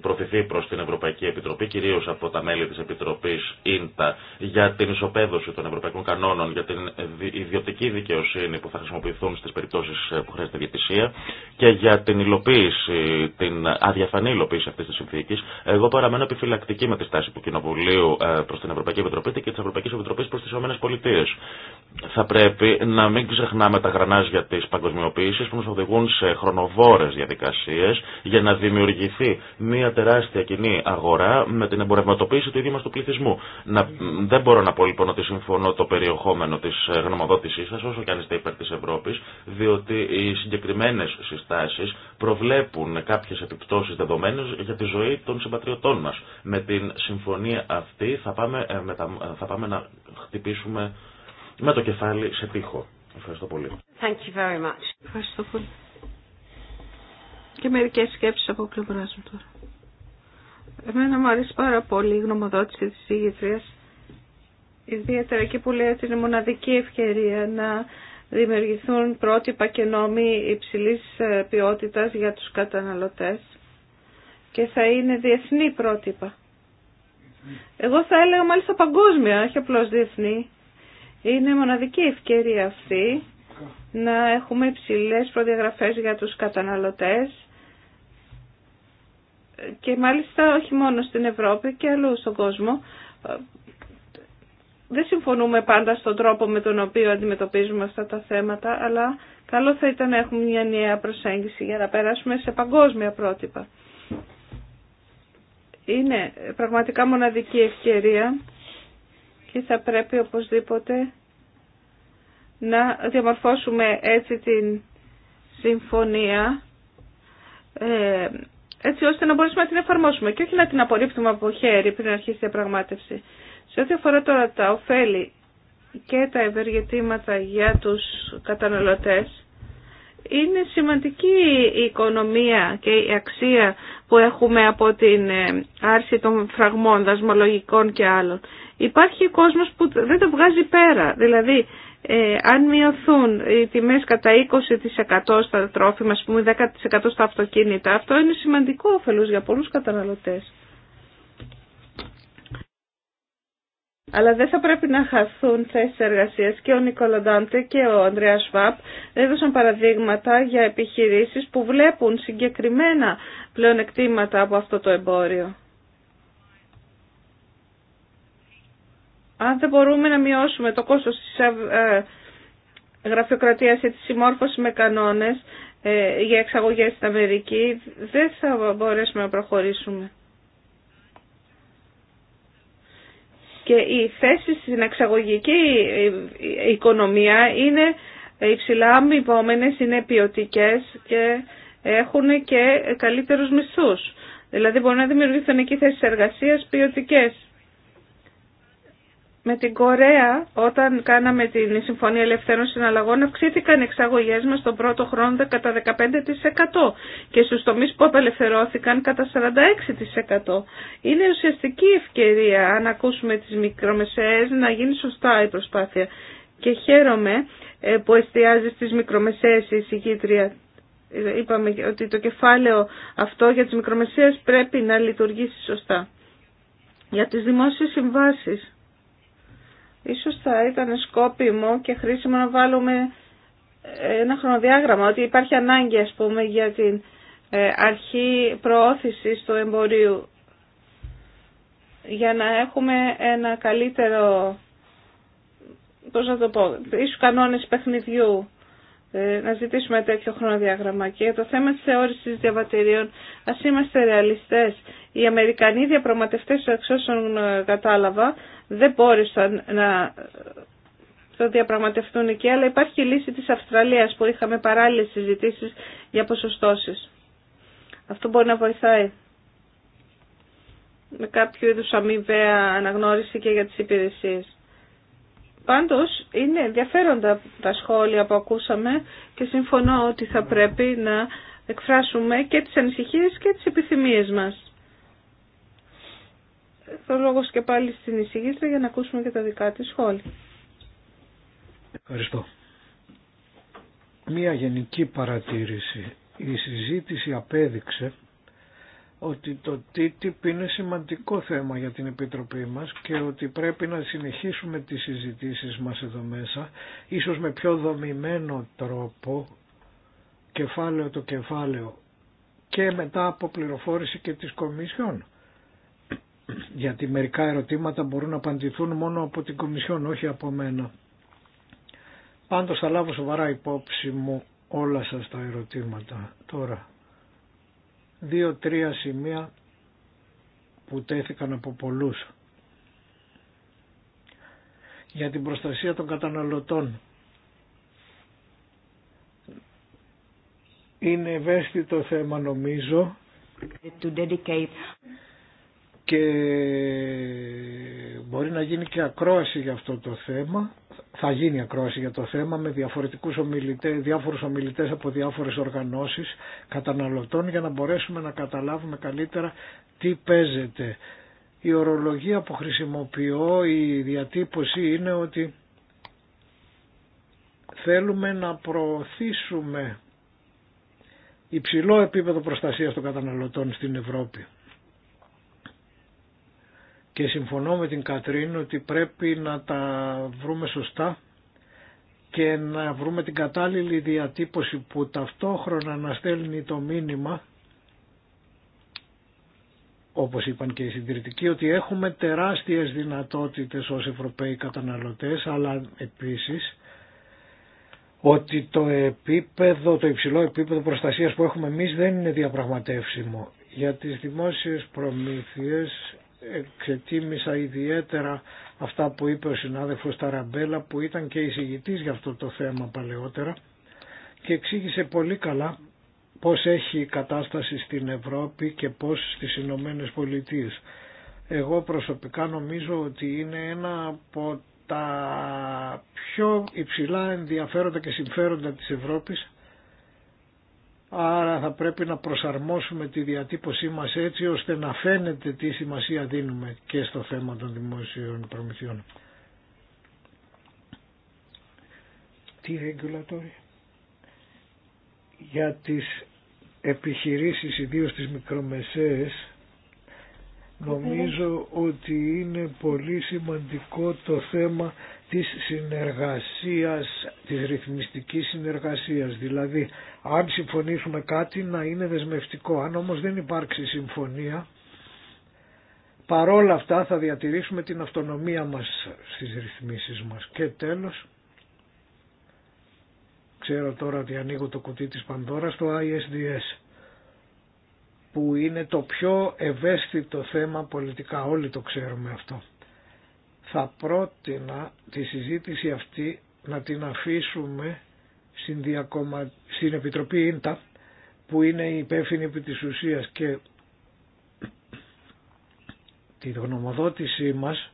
προθεθεί προς την Ευρωπαϊκή Επιτροπή, κυρίως από τα μέλη της Επιτροπής ΙΝΤΑ, για την ισοπαίδωση των ευρωπαϊκών κανόνων, για την ιδιωτική δικαιοσύνη που θα χρησιμοποιηθούν στις περιπτώσεις ε, που χρειάζεται διατησία και για την υλοποίηση, την αδιαφανή υλοποίηση αυτής της συνθήκης. Εγώ παραμένω επιφυλακτική με τη στάση του Κοινοβουλίου ε, προς την Ευρωπαϊκή Επιτροπή και της Ευρωπαϊκής Επιτροπής προς τις ΗΠΑ. Θα πρέπει να μην ξεχνάμε τα γρανάζια της παγκοσμιοποίησης που μας οδηγούν σε χρονοβόρες διαδικασίες για να δημιουργηθεί μια τεράστια κοινή αγορά με την εμπορευματοποίηση του ίδιου μα του πληθυσμού. δεν μπορώ να πω λοιπόν ότι συμφωνώ το περιεχόμενο τη ε, γνωμοδότησή σα, όσο και αν είστε υπέρ τη Ευρώπη, διότι οι συγκεκριμένε συστάσει προβλέπουν κάποιε επιπτώσει δεδομένε για τη ζωή των συμπατριωτών μα. Με την συμφωνία αυτή ε, θα πάμε, να χτυπήσουμε με το κεφάλι σε τείχο. Ευχαριστώ πολύ. Ευχαριστώ πολύ και μερικέ σκέψεις από πλευρά μου τώρα. Εμένα μου αρέσει πάρα πολύ η γνωμοδότηση τη ηγητρίας, ιδιαίτερα εκεί που λέει ότι είναι μοναδική ευκαιρία να δημιουργηθούν πρότυπα και νόμοι υψηλή ε, ποιότητας για τους καταναλωτές και θα είναι διεθνή πρότυπα. Εγώ θα έλεγα μάλιστα παγκόσμια, όχι απλώ διεθνή. Είναι μοναδική ευκαιρία αυτή να έχουμε υψηλέ προδιαγραφές για τους καταναλωτές και μάλιστα όχι μόνο στην Ευρώπη και αλλού στον κόσμο. Δεν συμφωνούμε πάντα στον τρόπο με τον οποίο αντιμετωπίζουμε αυτά τα θέματα, αλλά καλό θα ήταν να έχουμε μια νέα προσέγγιση για να περάσουμε σε παγκόσμια πρότυπα. Είναι πραγματικά μοναδική ευκαιρία και θα πρέπει οπωσδήποτε να διαμορφώσουμε έτσι την συμφωνία ε, έτσι ώστε να μπορέσουμε να την εφαρμόσουμε και όχι να την απορρίπτουμε από χέρι πριν αρχίσει η διαπραγμάτευση. Σε ό,τι αφορά τώρα τα ωφέλη και τα ευεργετήματα για τους καταναλωτές, είναι σημαντική η οικονομία και η αξία που έχουμε από την ε, άρση των φραγμών δασμολογικών και άλλων. Υπάρχει κόσμος που δεν το βγάζει πέρα. Δηλαδή ε, αν μειωθούν οι τιμές κατά 20% στα τρόφιμα, ας πούμε 10% στα αυτοκίνητα, αυτό είναι σημαντικό όφελος για πολλούς καταναλωτές. Αλλά δεν θα πρέπει να χαθούν θέσει εργασία και ο Νικολοντάντε και ο Ανδρέα Σβάπ έδωσαν παραδείγματα για επιχειρήσεις που βλέπουν συγκεκριμένα πλεονεκτήματα από αυτό το εμπόριο. Αν δεν μπορούμε να μειώσουμε το κόστος της ε, ε, γραφειοκρατίας ή της συμμόρφωσης με κανόνες ε, για εξαγωγές στην Αμερική, δεν θα μπορέσουμε να προχωρήσουμε. Και η θέση στην εξαγωγική οικονομία είναι υψηλά αμοιβόμενες, είναι ποιοτικέ και έχουν και καλύτερους μισθούς. Δηλαδή μπορεί να δημιουργηθούν εκεί θέσεις εργασίας ποιοτικέ με την Κορέα, όταν κάναμε την Συμφωνία Ελευθέρων Συναλλαγών, αυξήθηκαν οι εξαγωγέ μα τον πρώτο χρόνο κατά 15% και στου τομεί που απελευθερώθηκαν κατά 46%. Είναι ουσιαστική ευκαιρία, αν ακούσουμε τι μικρομεσαίε, να γίνει σωστά η προσπάθεια. Και χαίρομαι ε, που εστιάζει στι μικρομεσαίε η συγκήτρια. Είπαμε ότι το κεφάλαιο αυτό για τι μικρομεσαίε πρέπει να λειτουργήσει σωστά. Για τις δημόσιες συμβάσεις Ίσως θα ήταν σκόπιμο και χρήσιμο να βάλουμε ε, ένα χρονοδιάγραμμα, ότι υπάρχει ανάγκη ας πούμε για την ε, αρχή προώθησης του εμπορίου για να έχουμε ένα καλύτερο, πώς να το πω, ίσως κανόνες παιχνιδιού ε, να ζητήσουμε τέτοιο χρονοδιάγραμμα. Και για το θέμα της θεώρησης διαβατηρίων, α είμαστε ρεαλιστέ. Οι Αμερικανοί διαπραγματευτέ εξ όσων ε, κατάλαβα, δεν μπόρεσαν να ε, το διαπραγματευτούν εκεί, αλλά υπάρχει η λύση της Αυστραλίας που είχαμε παράλληλε συζητήσει για ποσοστώσει. Αυτό μπορεί να βοηθάει με κάποιο είδους αμοιβαία αναγνώριση και για τις υπηρεσίες. Πάντως είναι ενδιαφέροντα τα σχόλια που ακούσαμε και συμφωνώ ότι θα πρέπει να εκφράσουμε και τις ανησυχίες και τις επιθυμίες μας. Θα λόγω και πάλι στην εισηγήτρια για να ακούσουμε και τα δικά της σχόλια. Ευχαριστώ. Μία γενική παρατήρηση. Η συζήτηση απέδειξε ότι το TTIP είναι σημαντικό θέμα για την Επιτροπή μας και ότι πρέπει να συνεχίσουμε τις συζητήσεις μας εδώ μέσα, ίσως με πιο δομημένο τρόπο, κεφάλαιο το κεφάλαιο και μετά από πληροφόρηση και της Κομισιόν. Γιατί μερικά ερωτήματα μπορούν να απαντηθούν μόνο από την Κομισιόν, όχι από μένα. Πάντως θα λάβω σοβαρά υπόψη μου όλα σας τα ερωτήματα τώρα δύο-τρία σημεία που τέθηκαν από πολλούς. Για την προστασία των καταναλωτών. Είναι ευαίσθητο θέμα νομίζω και μπορεί να γίνει και ακρόαση για αυτό το θέμα θα γίνει ακρόαση για το θέμα με διαφορετικούς ομιλητές, διάφορους ομιλητές από διάφορες οργανώσεις καταναλωτών για να μπορέσουμε να καταλάβουμε καλύτερα τι παίζεται. Η ορολογία που χρησιμοποιώ, η διατύπωση είναι ότι θέλουμε να προωθήσουμε υψηλό επίπεδο προστασίας των καταναλωτών στην Ευρώπη και συμφωνώ με την Κατρίν ότι πρέπει να τα βρούμε σωστά και να βρούμε την κατάλληλη διατύπωση που ταυτόχρονα να στέλνει το μήνυμα όπως είπαν και οι συντηρητικοί, ότι έχουμε τεράστιες δυνατότητες ως Ευρωπαίοι καταναλωτές, αλλά επίσης ότι το επίπεδο, το υψηλό επίπεδο προστασίας που έχουμε εμείς δεν είναι διαπραγματεύσιμο. Για τις δημόσιες προμήθειες εξετίμησα ιδιαίτερα αυτά που είπε ο συνάδελφος Ταραμπέλα που ήταν και εισηγητής για αυτό το θέμα παλαιότερα και εξήγησε πολύ καλά πώς έχει η κατάσταση στην Ευρώπη και πώς στις Ηνωμένε Πολιτείες. Εγώ προσωπικά νομίζω ότι είναι ένα από τα πιο υψηλά ενδιαφέροντα και συμφέροντα της Ευρώπης Άρα θα πρέπει να προσαρμόσουμε τη διατύπωσή μας έτσι ώστε να φαίνεται τι σημασία δίνουμε και στο θέμα των δημόσιων προμηθειών. Τι regulatory. Για τις επιχειρήσεις, ιδίως τις μικρομεσαίες, νομίζω ότι είναι πολύ σημαντικό το θέμα της συνεργασίας, της ρυθμιστικής συνεργασίας. Δηλαδή, αν συμφωνήσουμε κάτι να είναι δεσμευτικό. Αν όμως δεν υπάρξει συμφωνία, παρόλα αυτά θα διατηρήσουμε την αυτονομία μας στις ρυθμίσεις μας. Και τέλος, ξέρω τώρα ότι ανοίγω το κουτί της Πανδώρας, το ISDS που είναι το πιο ευαίσθητο θέμα πολιτικά, όλοι το ξέρουμε αυτό θα πρότεινα τη συζήτηση αυτή να την αφήσουμε στην, διακομα... στην Επιτροπή Ίντα που είναι η υπεύθυνη επί της ουσίας και τη γνωμοδότησή μας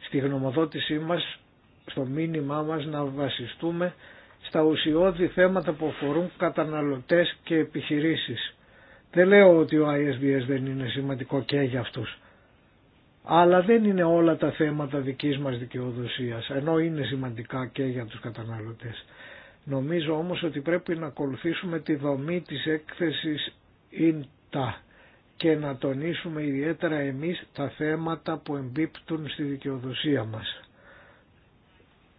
στη γνωμοδότησή μας στο μήνυμά μας να βασιστούμε στα ουσιώδη θέματα που αφορούν καταναλωτές και επιχειρήσεις. Δεν λέω ότι ο ISBS δεν είναι σημαντικό και για αυτούς αλλά δεν είναι όλα τα θέματα δικής μας δικαιοδοσίας, ενώ είναι σημαντικά και για τους καταναλωτές. Νομίζω όμως ότι πρέπει να ακολουθήσουμε τη δομή της έκθεσης ΙΝΤΑ και να τονίσουμε ιδιαίτερα εμείς τα θέματα που εμπίπτουν στη δικαιοδοσία μας.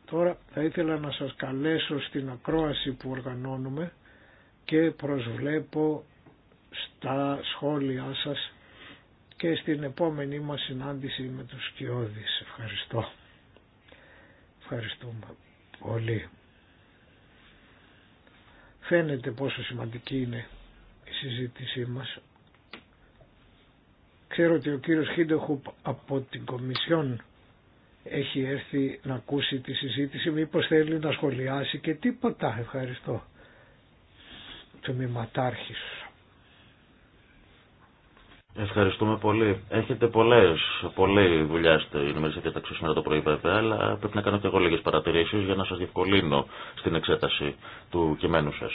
Τώρα θα ήθελα να σας καλέσω στην ακρόαση που οργανώνουμε και προσβλέπω στα σχόλιά σας και στην επόμενή μας συνάντηση με τους Σκιώδης. Ευχαριστώ. Ευχαριστούμε πολύ. Φαίνεται πόσο σημαντική είναι η συζήτησή μας. Ξέρω ότι ο κύριος Χίντεχουπ από την Κομισιόν έχει έρθει να ακούσει τη συζήτηση. Μήπως θέλει να σχολιάσει και τίποτα. Ευχαριστώ. Τμήματάρχης. Ευχαριστούμε πολύ. Έχετε πολλές, πολλή δουλειά στην ημερήσια διαταξή σήμερα το πρωί βέβαια, αλλά πρέπει να κάνω και εγώ λίγε παρατηρήσει για να σα διευκολύνω στην εξέταση του κειμένου σα.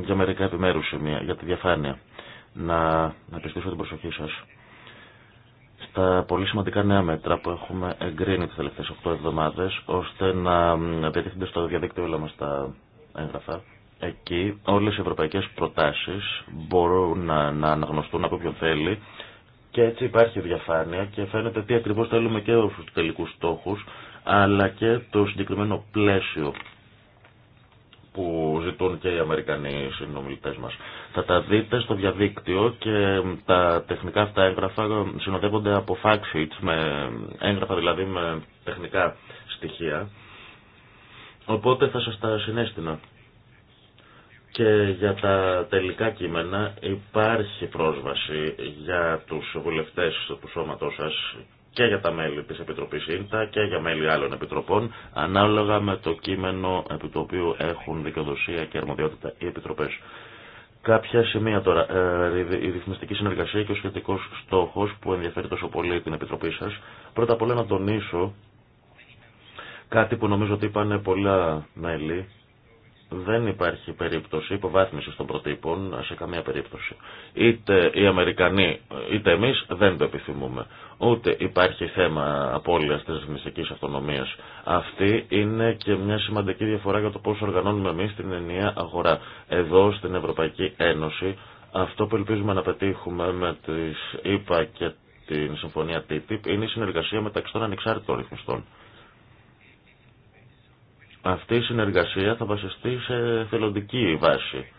Για μερικά επιμέρου σημεία, για τη διαφάνεια. Να επιστήσω την προσοχή σα. στα πολύ σημαντικά νέα μέτρα που έχουμε εγκρίνει τι τελευταίε 8 εβδομάδε, ώστε να διατίθενται στο διαδίκτυο όλα μα τα έγγραφα Εκεί όλες οι ευρωπαϊκές προτάσεις μπορούν να, να αναγνωστούν από όποιον θέλει και έτσι υπάρχει διαφάνεια και φαίνεται τι ακριβώς θέλουμε και στους τελικούς στόχους αλλά και το συγκεκριμένο πλαίσιο που ζητούν και οι Αμερικανοί συνομιλητέ μα. Θα τα δείτε στο διαδίκτυο και τα τεχνικά αυτά έγγραφα συνοδεύονται από fact sheets, με έγγραφα δηλαδή με τεχνικά στοιχεία. Οπότε θα σας τα συνέστηνα. Και για τα τελικά κείμενα υπάρχει πρόσβαση για τους βουλευτές του σώματός σας και για τα μέλη της Επιτροπής ΙΝΤΑ και για μέλη άλλων επιτροπών ανάλογα με το κείμενο επί το οποίο έχουν δικαιοδοσία και αρμοδιότητα οι επιτροπές. Κάποια σημεία τώρα. Ε, η ρυθμιστική συνεργασία και ο σχετικό στόχο που ενδιαφέρει τόσο πολύ την Επιτροπή σα. Πρώτα απ' όλα να τονίσω κάτι που νομίζω ότι είπαν πολλά μέλη δεν υπάρχει περίπτωση υποβάθμιση των προτύπων σε καμία περίπτωση. Είτε οι Αμερικανοί είτε εμείς δεν το επιθυμούμε. Ούτε υπάρχει θέμα απώλειας της ρυθμιστικής αυτονομίας. Αυτή είναι και μια σημαντική διαφορά για το πώς οργανώνουμε εμείς την ενιαία αγορά. Εδώ στην Ευρωπαϊκή Ένωση αυτό που ελπίζουμε να πετύχουμε με τις ΕΠΑ και την Συμφωνία TTIP είναι η συνεργασία μεταξύ των ανεξάρτητων ρυθμιστών. Αυτή η συνεργασία θα βασιστεί σε θελοντική βάση.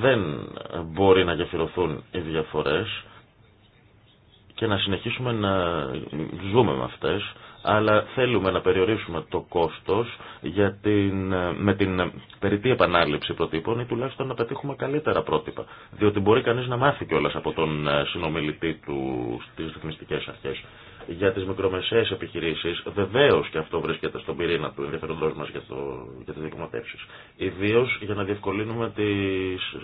Δεν μπορεί να γεφυρωθούν οι διαφορές και να συνεχίσουμε να ζούμε με αυτές, αλλά θέλουμε να περιορίσουμε το κόστος για την, με την περιττή επανάληψη προτύπων ή τουλάχιστον να πετύχουμε καλύτερα πρότυπα. Διότι μπορεί κανείς να μάθει κιόλας από τον συνομιλητή του στις ρυθμιστικές αρχές για τις μικρομεσαίες επιχειρήσεις, βεβαίως και αυτό βρίσκεται στον πυρήνα του ενδιαφέροντός μας για, το, για τις δικαιωματεύσεις. Ιδίως για να διευκολύνουμε τις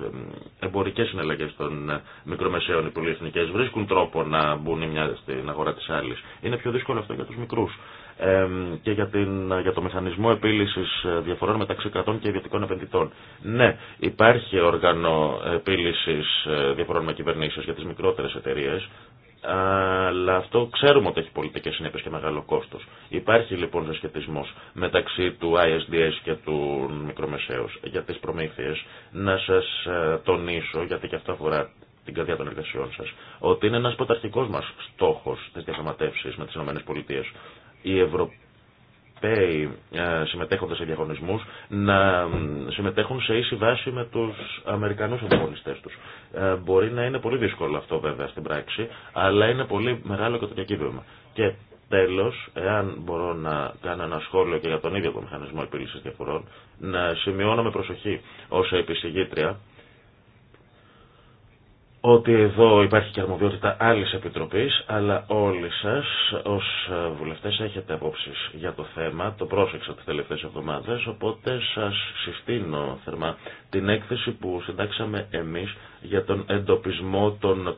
εμπορικές συναλλαγές των ε, μικρομεσαίων οι Βρίσκουν τρόπο να μπουν οι μια στην αγορά της άλλης. Είναι πιο δύσκολο αυτό για τους μικρούς. Ε, και για, την, για το μηχανισμό επίλυσης ε, διαφορών μεταξύ κρατών και ιδιωτικών επενδυτών. Ναι, υπάρχει όργανο επίλυσης ε, διαφορών με κυβερνήσεις για τις μικρότερες εταιρείες, αλλά αυτό ξέρουμε ότι έχει πολιτικές συνέπειες και μεγάλο κόστος. Υπάρχει λοιπόν συσχετισμός μεταξύ του ISDS και του μικρομεσαίου για τις προμήθειες. Να σας ε, τονίσω, γιατί και αυτό αφορά την καρδιά των εργασιών σας, ότι είναι ένας πρωταρχικός μας στόχος της διαφαματεύσης με τις ΗΠΑ. Η Ευρωπαίοι ε, συμμετέχοντας σε διαγωνισμούς να συμμετέχουν σε ίση βάση με τους Αμερικανούς ανταγωνιστές τους. Ε, μπορεί να είναι πολύ δύσκολο αυτό βέβαια στην πράξη, αλλά είναι πολύ μεγάλο και το διακύβευμα. Και τέλος, εάν μπορώ να κάνω ένα σχόλιο και για τον ίδιο το μηχανισμό επίλυσης διαφορών, να σημειώνω με προσοχή όσα επισηγήτρια ότι εδώ υπάρχει και αρμοδιότητα άλλης επιτροπής, αλλά όλοι σας ως βουλευτές έχετε απόψεις για το θέμα, το πρόσεξα τις τελευταίες εβδομάδες, οπότε σας συστήνω θερμά την έκθεση που συντάξαμε εμείς για τον εντοπισμό των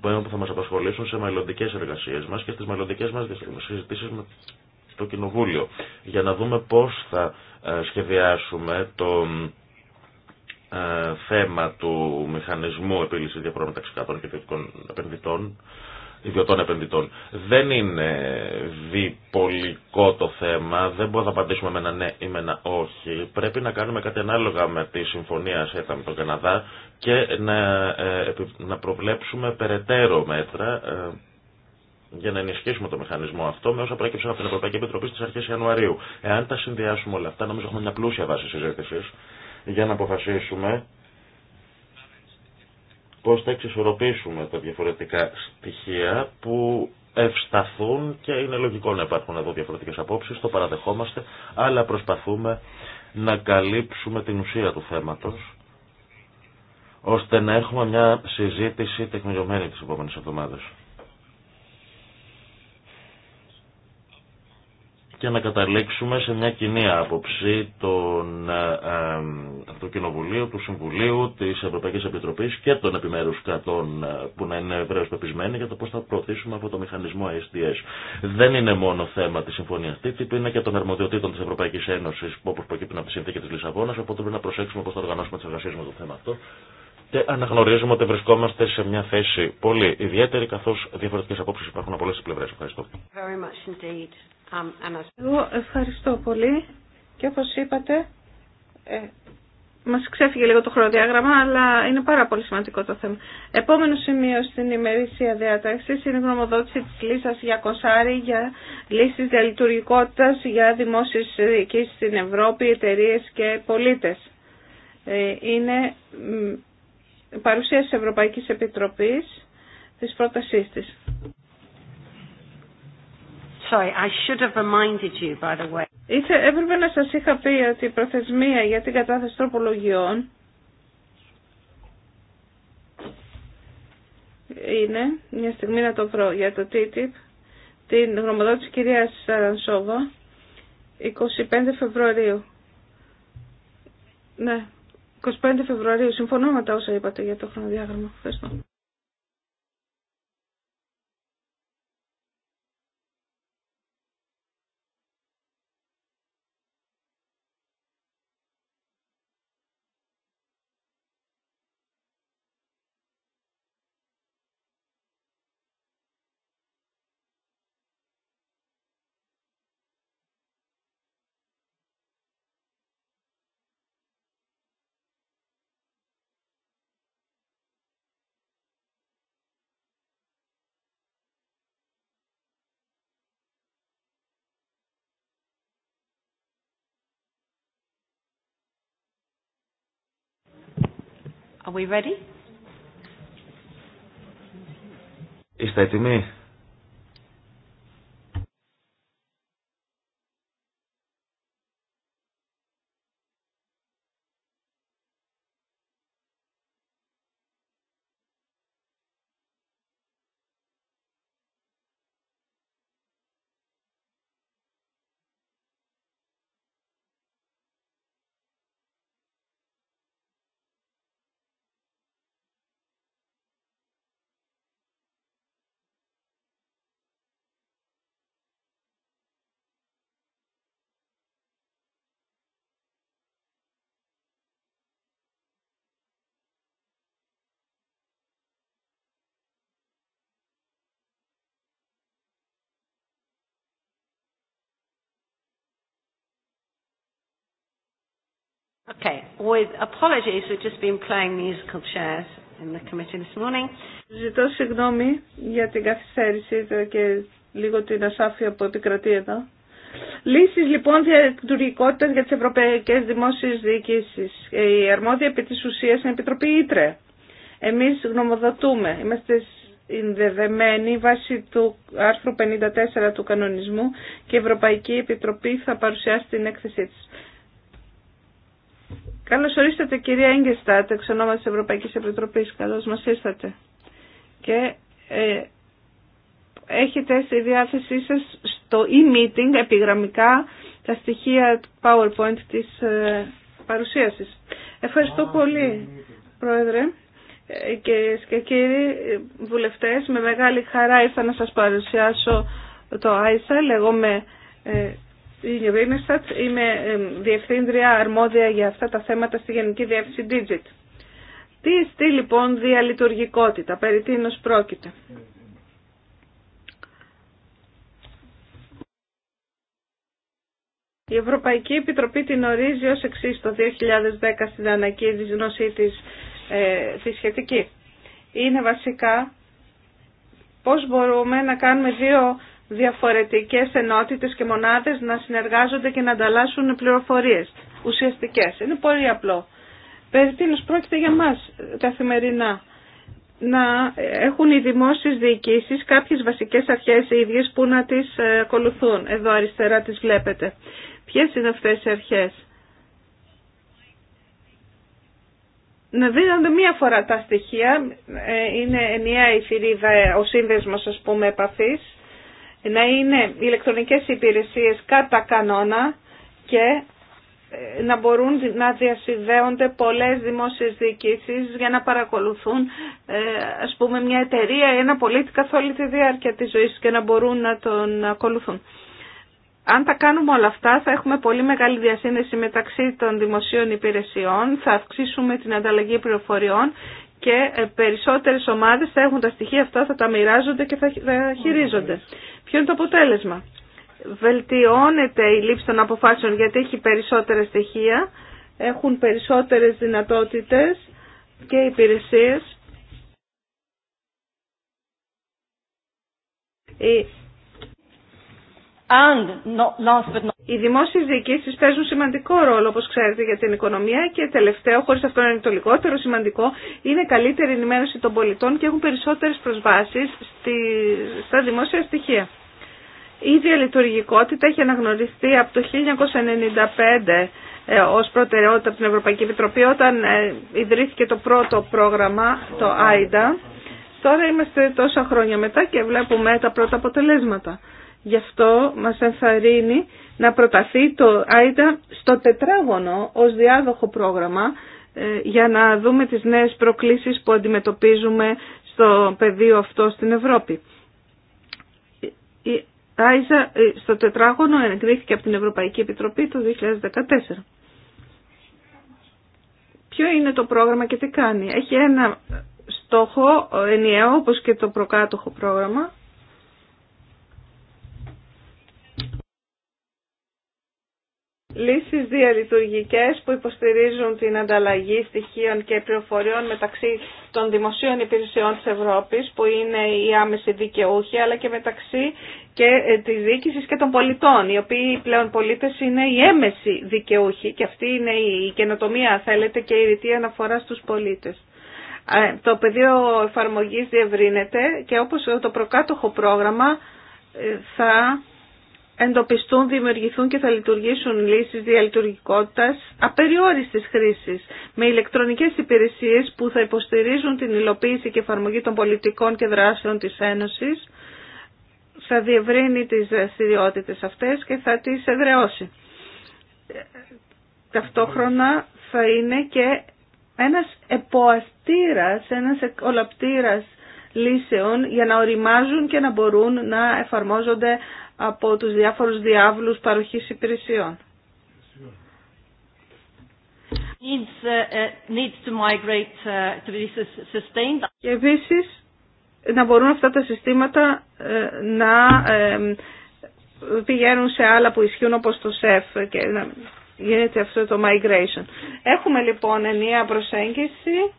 που θα μας απασχολήσουν σε μελλοντικέ εργασίες μας και στις μελλοντικές μας συζητήσεις με το Κοινοβούλιο, για να δούμε πώς θα ε, σχεδιάσουμε το ε, θέμα του μηχανισμού επίλυσης διαφορών μεταξύ κρατών και επενδυτών, ιδιωτών επενδυτών. Δεν είναι διπολικό το θέμα, δεν μπορούμε να απαντήσουμε με ένα ναι ή με ένα όχι. Πρέπει να κάνουμε κάτι ανάλογα με τη συμφωνία ΣΕΤΑ με τον Καναδά και να, ε, να προβλέψουμε περαιτέρω μέτρα ε, για να ενισχύσουμε το μηχανισμό αυτό με όσα προέκυψαν από την Ευρωπαϊκή Επιτροπή στις αρχές Ιανουαρίου. Εάν τα συνδυάσουμε όλα αυτά, νομίζω έχουμε μια πλούσια βάση συζήτηση για να αποφασίσουμε πώς θα εξισορροπήσουμε τα διαφορετικά στοιχεία που ευσταθούν και είναι λογικό να υπάρχουν εδώ διαφορετικές απόψεις, το παραδεχόμαστε, αλλά προσπαθούμε να καλύψουμε την ουσία του θέματος, ώστε να έχουμε μια συζήτηση τεκμηριωμένη τις επόμενες εβδομάδες. και να καταλήξουμε σε μια κοινή άποψη των, ε, του Κοινοβουλίου, του Συμβουλίου, της Ευρωπαϊκής Επιτροπής και των επιμέρους κρατών ε, που να είναι ευρέως πεπισμένοι για το πώς θα προωθήσουμε αυτό το μηχανισμό ISDS. Δεν είναι μόνο θέμα της συμφωνίας TTIP, είναι και των αρμοδιοτήτων της Ευρωπαϊκής Ένωσης που όπως προκύπτουν από τη συνθήκη της Λισαβόνας, οπότε πρέπει να προσέξουμε πώς θα οργανώσουμε τις εργασίες με το θέμα αυτό. Και αναγνωρίζουμε ότι βρισκόμαστε σε μια θέση πολύ ιδιαίτερη, καθώς διαφορετικές απόψεις υπάρχουν από όλες τις Ευχαριστώ. Um, Εγώ ευχαριστώ πολύ και όπως είπατε ε, μας ξέφυγε λίγο το χρονοδιάγραμμα αλλά είναι πάρα πολύ σημαντικό το θέμα. Επόμενο σημείο στην ημερήσια διάταξη είναι η γνωμοδότηση της λύσης για κοσάρι για λύσεις διαλειτουργικότητας για δημόσιες διοικήσεις στην Ευρώπη, εταιρείε και πολίτες. Ε, είναι παρουσίαση Ευρωπαϊκής Επιτροπής της πρότασής Sorry, I should have reminded you, by the way. Ήθε, έπρεπε να σας είχα πει ότι η προθεσμία για την κατάθεση τροπολογιών είναι, μια στιγμή να το βρω για το TTIP, την γνωμοδότηση κυρίας Σαρανσόβα, 25 Φεβρουαρίου. Ναι, 25 Φεβρουαρίου. Συμφωνώ με τα όσα είπατε για το χρονοδιάγραμμα. Ευχαριστώ. Are we ready? Είστε έτοιμοι? Okay, with apologies, we've just been playing musical chairs in the committee this morning. Ζητώ συγγνώμη για την καθυστέρηση και λίγο την ασάφεια που επικρατεί εδώ. Λύσεις λοιπόν διατουργικότητας για τι ευρωπαϊκέ δημόσιες διοικήσει. Ε, η αρμόδια επί τη ουσία είναι η Επιτροπή Ήτρε. Εμεί γνωμοδοτούμε, είμαστε συνδεδεμένοι βάσει του άρθρου 54 του κανονισμού και η Ευρωπαϊκή Επιτροπή θα παρουσιάσει την έκθεσή τη. Καλώς ορίσατε κυρία Έγκεστάτ, εξ ονόματος της Ευρωπαϊκής Επιτροπής. Καλώς μας ήρθατε. Και ε, έχετε στη διάθεσή σας στο e-meeting επιγραμμικά τα στοιχεία PowerPoint της ε, παρουσίασης. Ευχαριστώ πολύ, Πρόεδρε. Ε, και κύριοι βουλευτές, με μεγάλη χαρά ήρθα να σας παρουσιάσω το ΆΙΣΑ. Λέγομαι είμαι διευθύντρια αρμόδια για αυτά τα θέματα στη Γενική Διεύθυνση Digit. Τι εστί λοιπόν διαλειτουργικότητα, περί τίνος πρόκειται. Η Ευρωπαϊκή Επιτροπή την ορίζει ως εξής το 2010 στην ανακοίνωσή της ε, τη σχετική. Είναι βασικά πώς μπορούμε να κάνουμε δύο διαφορετικές ενότητες και μονάδες να συνεργάζονται και να ανταλλάσσουν πληροφορίες ουσιαστικές. Είναι πολύ απλό. Περί πρόκειται για μας καθημερινά να έχουν οι δημόσιες διοικήσεις κάποιες βασικές αρχές οι ίδιες που να τις ε, ακολουθούν. Εδώ αριστερά τις βλέπετε. Ποιες είναι αυτές οι αρχές. Να δίνονται μία φορά τα στοιχεία, ε, είναι ενιαία η θηρίδα, ε, ο σύνδεσμος ας πούμε επαφής να είναι ηλεκτρονικές υπηρεσίες κατά κανόνα και ε, να μπορούν να διασυνδέονται πολλές δημόσιες διοικήσεις για να παρακολουθούν ε, ας πούμε μια εταιρεία ή ένα πολίτη καθ' όλη τη διάρκεια της ζωής και να μπορούν να τον ακολουθούν. Αν τα κάνουμε όλα αυτά θα έχουμε πολύ μεγάλη διασύνδεση μεταξύ των δημοσίων υπηρεσιών, θα αυξήσουμε την ανταλλαγή πληροφοριών και ε, περισσότερες ομάδες θα έχουν τα στοιχεία αυτά, θα τα μοιράζονται και θα χειρίζονται. Ποιο είναι το αποτέλεσμα. Βελτιώνεται η λήψη των αποφάσεων γιατί έχει περισσότερα στοιχεία, έχουν περισσότερες δυνατότητες και υπηρεσίες. And last οι δημόσιε διοικήσει παίζουν σημαντικό ρόλο, όπω ξέρετε, για την οικονομία και τελευταίο, χωρί αυτό να είναι το λιγότερο σημαντικό, είναι καλύτερη ενημέρωση των πολιτών και έχουν περισσότερε προσβάσει στα δημόσια στοιχεία. Η διαλειτουργικότητα έχει αναγνωριστεί από το 1995 ε, ως προτεραιότητα από την Ευρωπαϊκή Επιτροπή όταν ε, ιδρύθηκε το πρώτο πρόγραμμα, το AIDA. Τώρα είμαστε τόσα χρόνια μετά και βλέπουμε τα πρώτα αποτελέσματα. Γι' αυτό μας ενθαρρύνει να προταθεί το ΆΙΤΑ στο τετράγωνο ως διάδοχο πρόγραμμα ε, για να δούμε τις νέες προκλήσεις που αντιμετωπίζουμε στο πεδίο αυτό στην Ευρώπη. Η ΆΙΖΑ ε, στο τετράγωνο εγκρίθηκε από την Ευρωπαϊκή Επιτροπή το 2014. Ποιο είναι το πρόγραμμα και τι κάνει. Έχει ένα στόχο ενιαίο όπως και το προκάτοχο πρόγραμμα λύσεις διαλειτουργικές που υποστηρίζουν την ανταλλαγή στοιχείων και πληροφοριών μεταξύ των δημοσίων υπηρεσιών της Ευρώπης που είναι οι άμεση δικαιούχοι αλλά και μεταξύ και ε, της διοίκηση και των πολιτών οι οποίοι πλέον πολίτες είναι οι έμεση δικαιούχοι και αυτή είναι η καινοτομία θέλετε και η ρητή αναφορά στους πολίτες. Ε, το πεδίο εφαρμογής διευρύνεται και όπως το προκάτοχο πρόγραμμα ε, θα εντοπιστούν, δημιουργηθούν και θα λειτουργήσουν λύσεις διαλειτουργικότητας απεριόριστης χρήσης με ηλεκτρονικές υπηρεσίες που θα υποστηρίζουν την υλοποίηση και εφαρμογή των πολιτικών και δράσεων της Ένωσης θα διευρύνει τις δραστηριότητες αυτές και θα τις εδραιώσει. Ταυτόχρονα θα είναι και ένας εποαστήρας, ένας ολαπτήρας λύσεων για να οριμάζουν και να μπορούν να εφαρμόζονται από τους διάφορους διάβλους παροχής υπηρεσιών. Και επίση να μπορούν αυτά τα συστήματα ε, να πηγαίνουν σε άλλα που ισχύουν όπως το ΣΕΦ και να γίνεται αυτό το migration. Έχουμε λοιπόν ενιαία προσέγγιση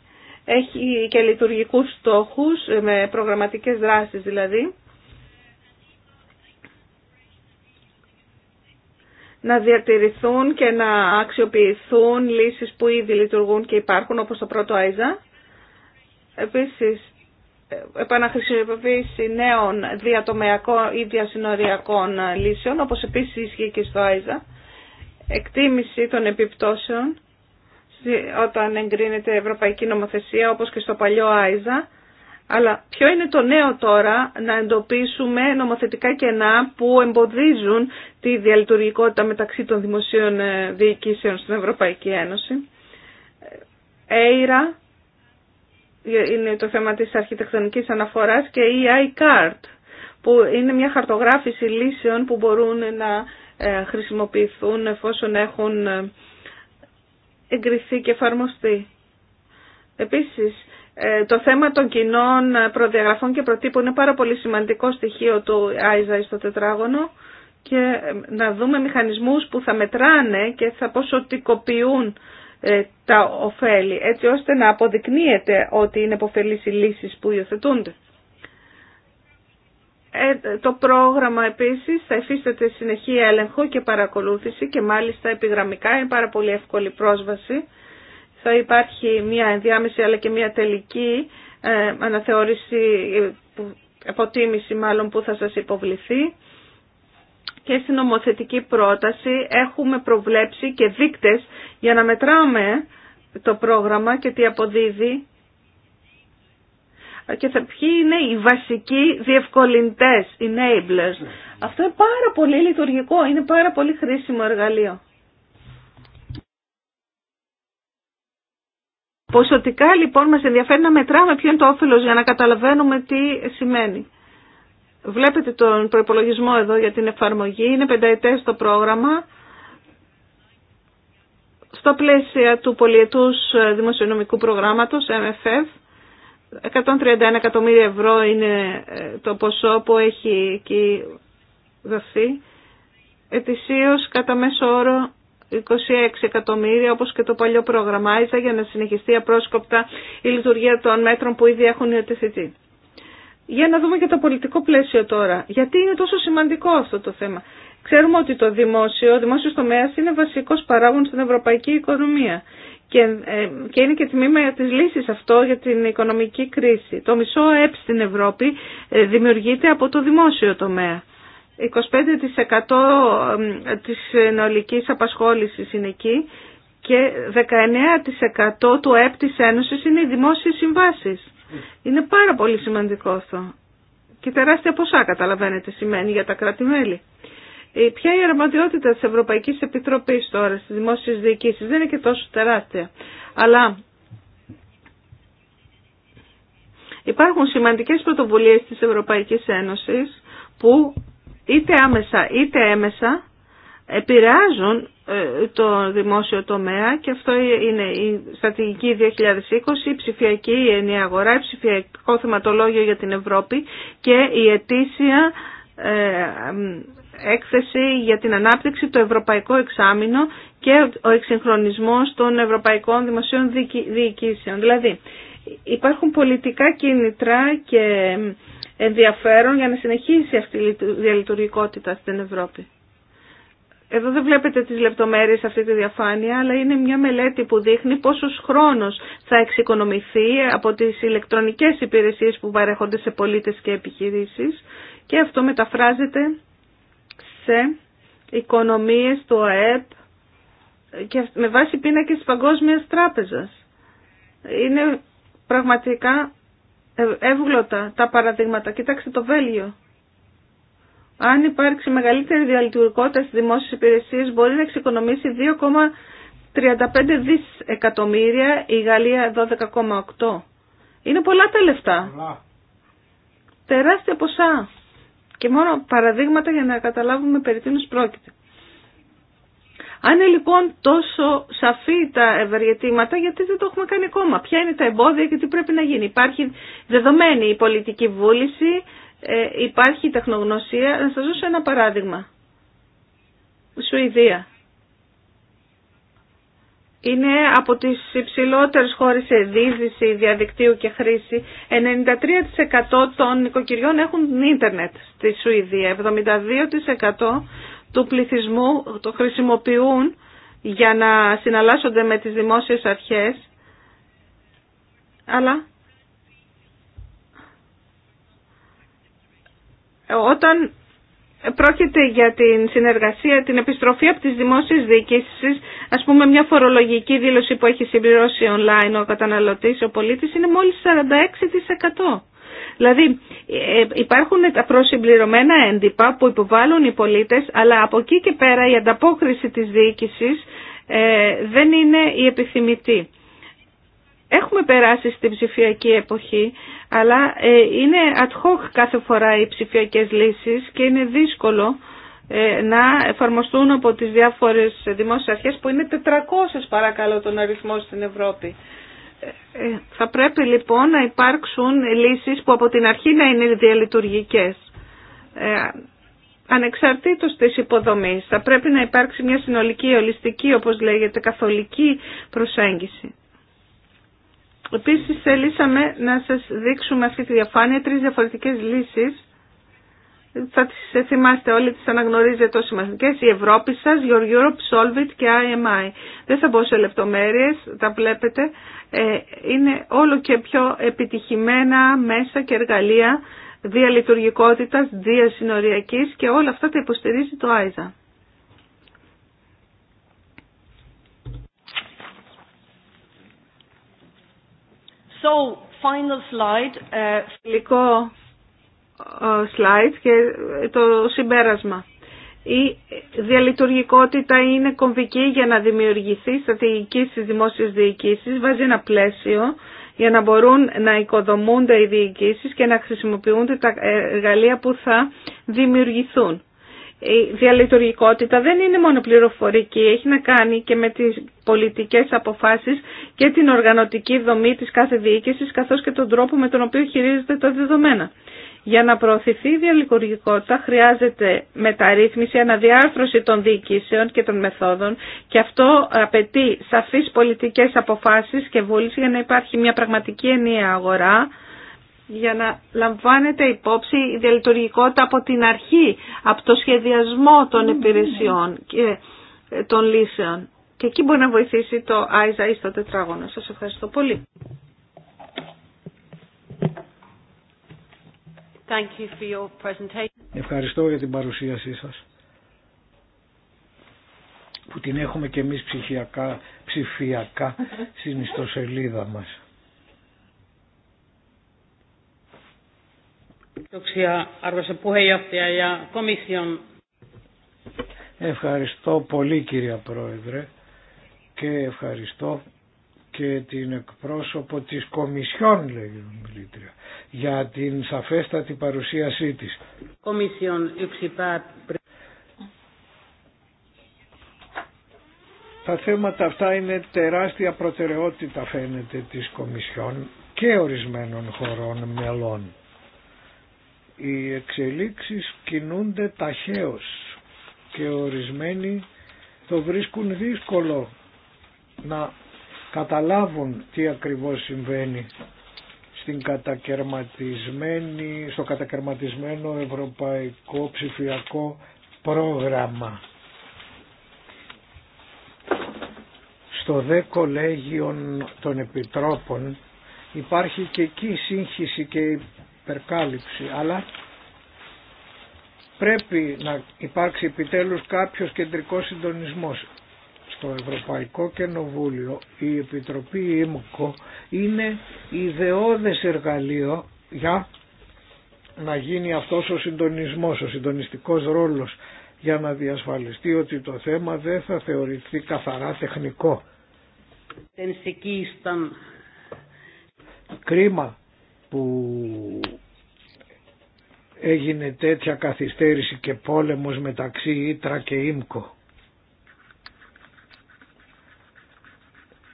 έχει και λειτουργικούς στόχους με προγραμματικές δράσεις δηλαδή. να διατηρηθούν και να αξιοποιηθούν λύσεις που ήδη λειτουργούν και υπάρχουν όπως το πρώτο ΆΙΖΑ. Επίσης, επαναχρησιμοποίηση νέων διατομεακών ή διασυνοριακών λύσεων όπως επίσης ισχύει και στο ΆΙΖΑ. Εκτίμηση των επιπτώσεων όταν εγκρίνεται η ευρωπαϊκή νομοθεσία όπως και στο παλιό Άιζα. Αλλά ποιο είναι το νέο τώρα να εντοπίσουμε νομοθετικά κενά που εμποδίζουν τη διαλειτουργικότητα μεταξύ των δημοσίων ε, διοικήσεων στην Ευρωπαϊκή Ένωση. Έιρα ε, είναι το θέμα της αρχιτεκτονικής αναφοράς και η iCard που είναι μια χαρτογράφηση λύσεων που μπορούν να ε, χρησιμοποιηθούν εφόσον έχουν εγκριθεί και εφαρμοστεί. Επίσης, ε, το θέμα των κοινών προδιαγραφών και προτύπων είναι πάρα πολύ σημαντικό στοιχείο του ΆΙΖΑ στο τετράγωνο και ε, να δούμε μηχανισμούς που θα μετράνε και θα ποσοτικοποιούν ε, τα ωφέλη, έτσι ώστε να αποδεικνύεται ότι είναι υποφελείς οι λύσεις που υιοθετούνται. Ε, το πρόγραμμα επίσης θα υφίσταται συνεχή έλεγχο και παρακολούθηση και μάλιστα επιγραμμικά είναι πάρα πολύ εύκολη πρόσβαση. Θα υπάρχει μια ενδιάμεση αλλά και μια τελική ε, αναθεώρηση, ε, αποτίμηση μάλλον που θα σας υποβληθεί. Και στην νομοθετική πρόταση έχουμε προβλέψει και δείκτες για να μετράμε το πρόγραμμα και τι αποδίδει και θα, ποιοι είναι οι βασικοί διευκολυντές, enablers. Ναι. Αυτό είναι πάρα πολύ λειτουργικό, είναι πάρα πολύ χρήσιμο εργαλείο. Ποσοτικά λοιπόν μας ενδιαφέρει να μετράμε ποιο είναι το όφελος για να καταλαβαίνουμε τι σημαίνει. Βλέπετε τον προπολογισμό εδώ για την εφαρμογή, είναι πενταετές το πρόγραμμα. Στο πλαίσιο του πολιετούς δημοσιονομικού προγράμματος MFF 131 εκατομμύρια ευρώ είναι ε, το ποσό που έχει εκεί δοθεί. Ετησίως κατά μέσο όρο 26 εκατομμύρια όπως και το παλιό πρόγραμμα ΆΙΖΑ για να συνεχιστεί απρόσκοπτα η λειτουργία των μέτρων που ήδη έχουν υιοθετηθεί. Για να δούμε και το πολιτικό πλαίσιο τώρα. Γιατί είναι τόσο σημαντικό αυτό το θέμα. Ξέρουμε ότι το δημόσιο, ο δημόσιο τομέα είναι βασικός παράγον στην ευρωπαϊκή οικονομία. Και, ε, και είναι και τμήμα της λύσης αυτό για την οικονομική κρίση. Το μισό ΕΠ στην Ευρώπη ε, δημιουργείται από το δημόσιο τομέα. 25% της νεολικής απασχόλησης είναι εκεί και 19% του ΕΠ της Ένωσης είναι οι δημόσιες συμβάσεις. Είναι πάρα πολύ σημαντικό αυτό. Και τεράστια ποσά καταλαβαίνετε σημαίνει για τα κράτη-μέλη. Ε, ποια είναι η αρμοδιότητα της Ευρωπαϊκής Επιτροπής τώρα στις δημόσιες διοικήσεις. Δεν είναι και τόσο τεράστια. Αλλά υπάρχουν σημαντικές πρωτοβουλίες της Ευρωπαϊκής Ένωσης που είτε άμεσα είτε έμεσα επηρεάζουν ε, το δημόσιο τομέα και αυτό είναι η στρατηγική 2020, η ψηφιακή η αγορά, η ψηφιακό θεματολόγιο για την Ευρώπη και η ετήσια ε, έκθεση για την ανάπτυξη το Ευρωπαϊκό Εξάμεινο και ο εξυγχρονισμός των Ευρωπαϊκών Δημοσίων Διοικήσεων. Δηλαδή, υπάρχουν πολιτικά κίνητρα και ενδιαφέρον για να συνεχίσει αυτή η διαλειτουργικότητα στην Ευρώπη. Εδώ δεν βλέπετε τις λεπτομέρειες αυτή τη διαφάνεια, αλλά είναι μια μελέτη που δείχνει πόσος χρόνος θα εξοικονομηθεί από τις ηλεκτρονικές υπηρεσίες που παρέχονται σε πολίτες και επιχειρήσεις και αυτό μεταφράζεται σε οικονομίες του ΑΕΠ και με βάση πίνακες της Παγκόσμιας Τράπεζας. Είναι πραγματικά εύγλωτα τα παραδείγματα. Κοιτάξτε το Βέλγιο. Αν υπάρξει μεγαλύτερη διαλειτουργικότητα στις δημόσιες υπηρεσίες μπορεί να εξοικονομήσει 2,35 δισεκατομμύρια εκατομμύρια, η Γαλλία 12,8. Είναι πολλά τα λεφτά. Τεράστια ποσά. Και μόνο παραδείγματα για να καταλάβουμε περί τίνος πρόκειται. Αν είναι λοιπόν τόσο σαφή τα ευεργετήματα, γιατί δεν το έχουμε κάνει ακόμα. Ποια είναι τα εμπόδια και τι πρέπει να γίνει. Υπάρχει δεδομένη η πολιτική βούληση, ε, υπάρχει η τεχνογνωσία. Να σας δώσω ένα παράδειγμα. Σουηδία είναι από τις υψηλότερες χώρες σε διαδικτύου και χρήση. 93% των οικοκυριών έχουν ίντερνετ στη Σουηδία. 72% του πληθυσμού το χρησιμοποιούν για να συναλλάσσονται με τις δημόσιες αρχές. Αλλά όταν πρόκειται για την συνεργασία, την επιστροφή από τις δημόσιες διοικήσεις, ας πούμε μια φορολογική δήλωση που έχει συμπληρώσει online ο καταναλωτής, ο πολίτης, είναι μόλις 46%. Δηλαδή ε, υπάρχουν τα προσυμπληρωμένα έντυπα που υποβάλλουν οι πολίτες, αλλά από εκεί και πέρα η ανταπόκριση της διοίκησης ε, δεν είναι η επιθυμητή. Έχουμε περάσει στην ψηφιακή εποχή αλλά ε, είναι ad hoc κάθε φορά οι ψηφιακές λύσεις και είναι δύσκολο ε, να εφαρμοστούν από τις διάφορες δημόσιες αρχές που είναι 400 παρακαλώ τον αριθμό στην Ευρώπη. Ε, θα πρέπει λοιπόν να υπάρξουν λύσεις που από την αρχή να είναι διαλειτουργικές. Ανεξαρτήτως της υποδομής θα πρέπει να υπάρξει μια συνολική, ολιστική, όπως λέγεται, καθολική προσέγγιση. Επίσης θελήσαμε να σας δείξουμε αυτή τη διαφάνεια, τρεις διαφορετικές λύσεις. Θα τις θυμάστε όλοι, τις αναγνωρίζετε τόσο σημαντικέ Η Ευρώπη σας, Your Europe, It και IMI. Δεν θα μπω σε λεπτομέρειες, τα βλέπετε. Ε, είναι όλο και πιο επιτυχημένα μέσα και εργαλεία διαλειτουργικότητας, διασυνοριακής και όλα αυτά τα υποστηρίζει το ΆΙΖΑ. So, final uh, ε, και ε, το συμπέρασμα. Η διαλειτουργικότητα είναι κομβική για να δημιουργηθεί στρατηγική στις δημόσιες διοικήσεις, βάζει ένα πλαίσιο για να μπορούν να οικοδομούνται οι διοικήσεις και να χρησιμοποιούνται τα εργαλεία που θα δημιουργηθούν η διαλειτουργικότητα δεν είναι μόνο πληροφορική, έχει να κάνει και με τις πολιτικές αποφάσεις και την οργανωτική δομή της κάθε διοίκησης καθώς και τον τρόπο με τον οποίο χειρίζεται τα δεδομένα. Για να προωθηθεί η διαλειτουργικότητα χρειάζεται μεταρρύθμιση, αναδιάρθρωση των διοικήσεων και των μεθόδων και αυτό απαιτεί σαφείς πολιτικές αποφάσεις και βούληση για να υπάρχει μια πραγματική ενιαία αγορά για να λαμβάνεται υπόψη η διαλειτουργικότητα από την αρχή, από το σχεδιασμό των ναι, ναι, ναι. υπηρεσιών και ε, των λύσεων. Και εκεί μπορεί να βοηθήσει το ΆΙΖΑ στο τετράγωνο. Σας ευχαριστώ πολύ. Thank you Ευχαριστώ για την παρουσίασή σας που την έχουμε και εμείς ψηφιακά, ψηφιακά στην ιστοσελίδα μας. Ευχαριστώ πολύ κυρία Πρόεδρε και ευχαριστώ και την εκπρόσωπο της Κομισιόν, λέγει η Μιλήτρια, για την σαφέστατη παρουσίασή της. Κομισιόν, Τα θέματα αυτά είναι τεράστια προτεραιότητα φαίνεται της Κομισιόν και ορισμένων χωρών μελών. Οι εξελίξεις κινούνται ταχαίως και ορισμένοι το βρίσκουν δύσκολο να καταλάβουν τι ακριβώς συμβαίνει στην κατακερματισμένη, στο κατακερματισμένο ευρωπαϊκό ψηφιακό πρόγραμμα. Στο δε των επιτρόπων υπάρχει και εκεί σύγχυση και υπερκάλυψη, αλλά πρέπει να υπάρξει επιτέλους κάποιος κεντρικός συντονισμός. Στο Ευρωπαϊκό Κοινοβούλιο η Επιτροπή ΕΜΚΟ είναι ιδεώδες εργαλείο για να γίνει αυτός ο συντονισμός, ο συντονιστικός ρόλος για να διασφαλιστεί ότι το θέμα δεν θα θεωρηθεί καθαρά τεχνικό. Κρίμα που έγινε τέτοια καθυστέρηση και πόλεμος μεταξύ Ήτρα και Ήμκο.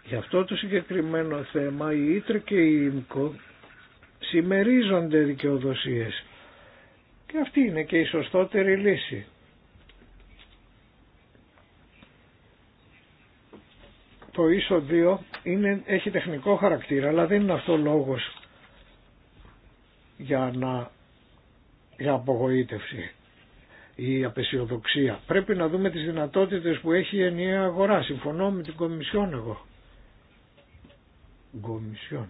Γι' αυτό το συγκεκριμένο θέμα η Ήτρα και η Ήμκο συμμερίζονται δικαιοδοσίες και αυτή είναι και η σωστότερη λύση. Το ίσο 2 είναι, έχει τεχνικό χαρακτήρα αλλά δεν είναι αυτό λόγος για, να, για απογοήτευση ή απεσιοδοξία. Πρέπει να δούμε τις δυνατότητες που έχει η ενιαία αγορά. Συμφωνώ με την Κομισιόν εγώ. Κομισιόν.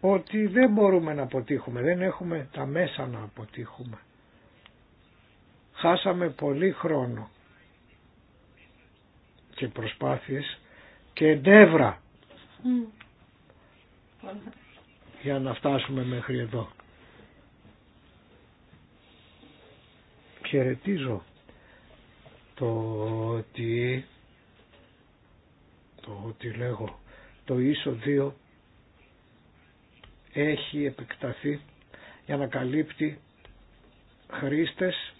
Ότι δεν μπορούμε να αποτύχουμε, δεν έχουμε τα μέσα να αποτύχουμε. Χάσαμε πολύ χρόνο και προσπάθειες και εντεύρα για να φτάσουμε μέχρι εδώ. Χαιρετίζω το ότι το ότι λέγω το ίσο 2 έχει επεκταθεί για να καλύπτει χρήστες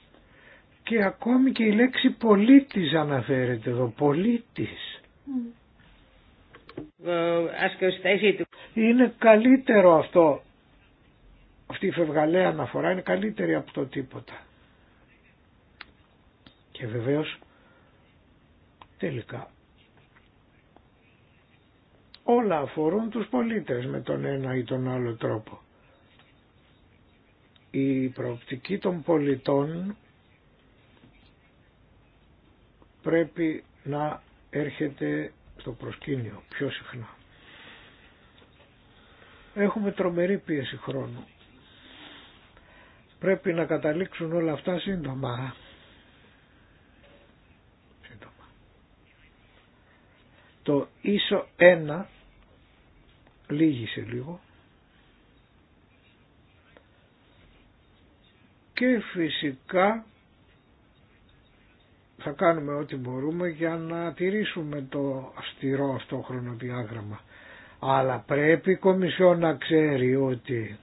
και ακόμη και η λέξη πολίτης αναφέρεται εδώ, πολίτης. Mm. Είναι καλύτερο αυτό, αυτή η φευγαλαία αναφορά είναι καλύτερη από το τίποτα. Και βεβαίως τελικά όλα αφορούν τους πολίτες με τον ένα ή τον άλλο τρόπο. Η προοπτική των πολιτών πρέπει να έρχεται στο προσκήνιο πιο συχνά. Έχουμε τρομερή πίεση χρόνου. Πρέπει να καταλήξουν όλα αυτά σύντομα. σύντομα. Το ίσο 1 λίγησε λίγο. Και φυσικά θα κάνουμε ό,τι μπορούμε για να τηρήσουμε το αυστηρό αυτό χρονοδιάγραμμα. Αλλά πρέπει η Κομισιό να ξέρει ότι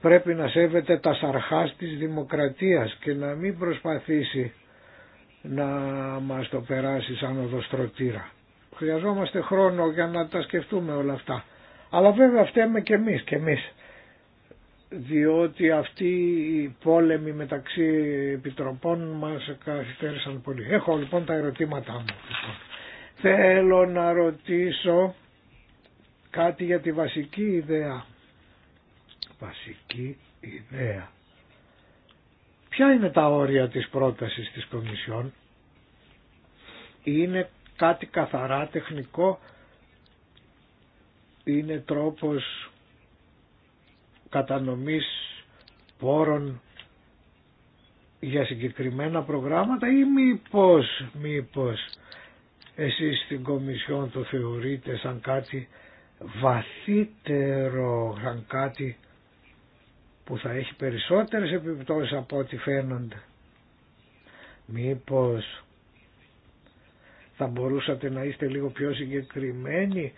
πρέπει να σέβεται τα σαρχάς της δημοκρατίας και να μην προσπαθήσει να μας το περάσει σαν οδοστρωτήρα. Χρειαζόμαστε χρόνο για να τα σκεφτούμε όλα αυτά. Αλλά βέβαια φταίμε και εμείς και εμείς. Διότι αυτοί οι πόλεμοι μεταξύ επιτροπών μας καθυστέρησαν πολύ. Έχω λοιπόν τα ερωτήματά μου. Θέλω να ρωτήσω κάτι για τη βασική ιδέα. Βασική ιδέα. Ποια είναι τα όρια της πρότασης της Κομισιόν. Είναι κάτι καθαρά τεχνικό. Είναι τρόπος κατανομής πόρων για συγκεκριμένα προγράμματα ή μήπως, μήπως εσείς στην Κομισιόν το θεωρείτε σαν κάτι βαθύτερο, σαν κάτι που θα έχει περισσότερες επιπτώσεις από ό,τι φαίνονται. Μήπως θα μπορούσατε να είστε λίγο πιο συγκεκριμένοι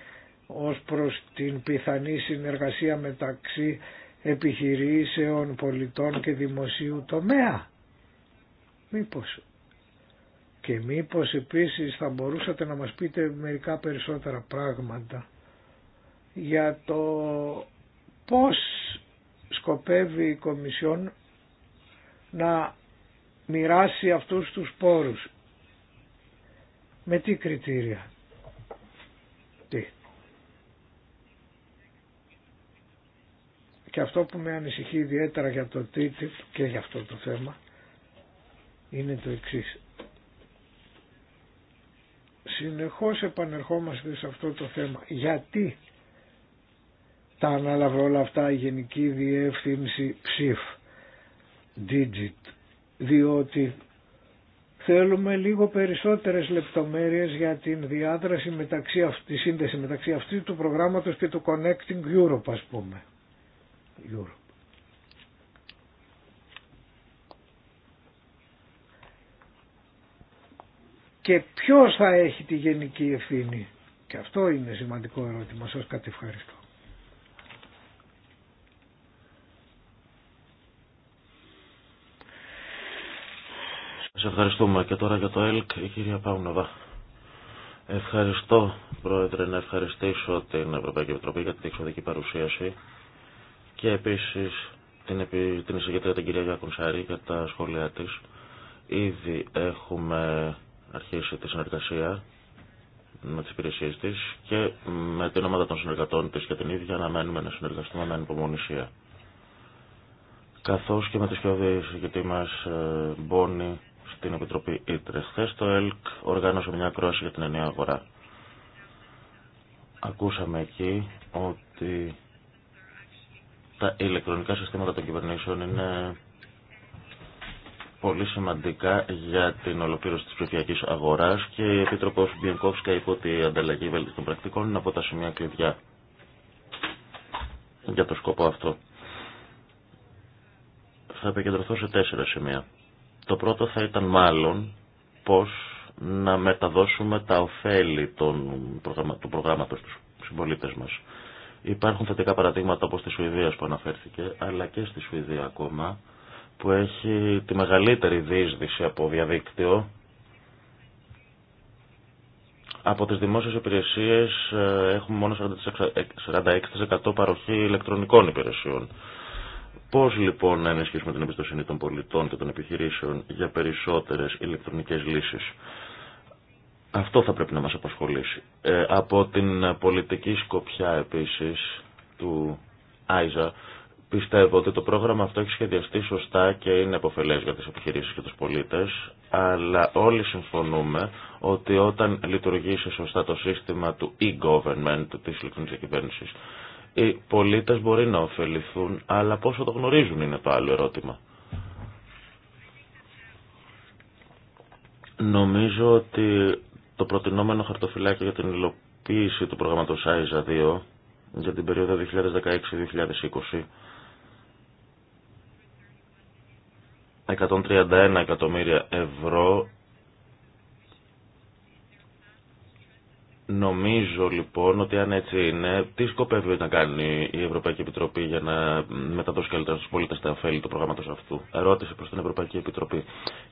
ως προς την πιθανή συνεργασία μεταξύ επιχειρήσεων, πολιτών και δημοσίου τομέα. Μήπως και μήπως επίσης θα μπορούσατε να μας πείτε μερικά περισσότερα πράγματα για το πώς σκοπεύει η Κομισιόν να μοιράσει αυτούς τους πόρους. Με τι κριτήρια. Τι. Και αυτό που με ανησυχεί ιδιαίτερα για το TTIP και για αυτό το θέμα είναι το εξής Συνεχώς επανερχόμαστε σε αυτό το θέμα. Γιατί τα ανάλαβε όλα αυτά η Γενική Διεύθυνση ΨΥΦ, digit, διότι θέλουμε λίγο περισσότερες λεπτομέρειες για την διάδραση μεταξύ αυτή, τη σύνδεση μεταξύ αυτού του προγράμματος και του Connecting Europe ας πούμε. Europe. και ποιος θα έχει τη γενική ευθύνη. Και αυτό είναι σημαντικό ερώτημα. Σας κατευχαριστώ. Σας ευχαριστούμε και τώρα για το ΕΛΚ η κυρία Πάουνοβα. Ευχαριστώ Πρόεδρε να ευχαριστήσω την Ευρωπαϊκή Επιτροπή για την εξωτική παρουσίαση και επίσης την, την εισηγήτρια την κυρία Κουνσάρη για τα σχόλιά της. Ήδη έχουμε αρχίσει τη συνεργασία με τις υπηρεσίε τη και με την ομάδα των συνεργατών της και την ίδια να μένουμε να συνεργαστούμε με ανυπομονησία. Καθώ και με τις πιο γιατί μας ε, μπώνει στην Επιτροπή Ήτρε. Χθε το ΕΛΚ οργάνωσε μια κρόση για την ενιαία αγορά. Ακούσαμε εκεί ότι τα ηλεκτρονικά συστήματα των κυβερνήσεων είναι πολύ σημαντικά για την ολοκλήρωση της ψηφιακής αγοράς και η Επίτροπος Μπιενκόφσκα είπε ότι η ανταλλαγή βέλτιστων πρακτικών είναι από τα σημεία κλειδιά για το σκοπό αυτό. Θα επικεντρωθώ σε τέσσερα σημεία. Το πρώτο θα ήταν μάλλον πώς να μεταδώσουμε τα ωφέλη των προγραμμα... του προγράμματος στους συμπολίτε μας. Υπάρχουν θετικά παραδείγματα όπως στη Σουηδία που αναφέρθηκε, αλλά και στη Σουηδία ακόμα που έχει τη μεγαλύτερη δίσδυση από διαδίκτυο από τις δημόσιες υπηρεσίες ε, έχουμε μόνο 46% παροχή ηλεκτρονικών υπηρεσιών. Πώς λοιπόν να ενισχύσουμε την εμπιστοσύνη των πολιτών και των επιχειρήσεων για περισσότερες ηλεκτρονικές λύσεις. Αυτό θα πρέπει να μας απασχολήσει. Ε, από την πολιτική σκοπιά επίσης του ΆΙΖΑ Πιστεύω ότι το πρόγραμμα αυτό έχει σχεδιαστεί σωστά και είναι αποφελές για τις επιχειρήσεις και τους πολίτες, αλλά όλοι συμφωνούμε ότι όταν λειτουργήσει σωστά το σύστημα του e-government τη ηλεκτρονικής κυβέρνηση, οι πολίτες μπορεί να ωφεληθούν, αλλά πόσο το γνωρίζουν είναι το άλλο ερώτημα. Νομίζω ότι το προτινόμενο χαρτοφυλάκι για την υλοποίηση του προγράμματος ΆΙΖΑ 2 για την περίοδο 2016-2020 131 εκατομμύρια ευρώ. Νομίζω λοιπόν ότι αν έτσι είναι, τι σκοπεύει να κάνει η Ευρωπαϊκή Επιτροπή για να μεταδώσει καλύτερα στους πολίτες τα ωφέλη του προγράμματος αυτού. Ερώτηση προς την Ευρωπαϊκή Επιτροπή.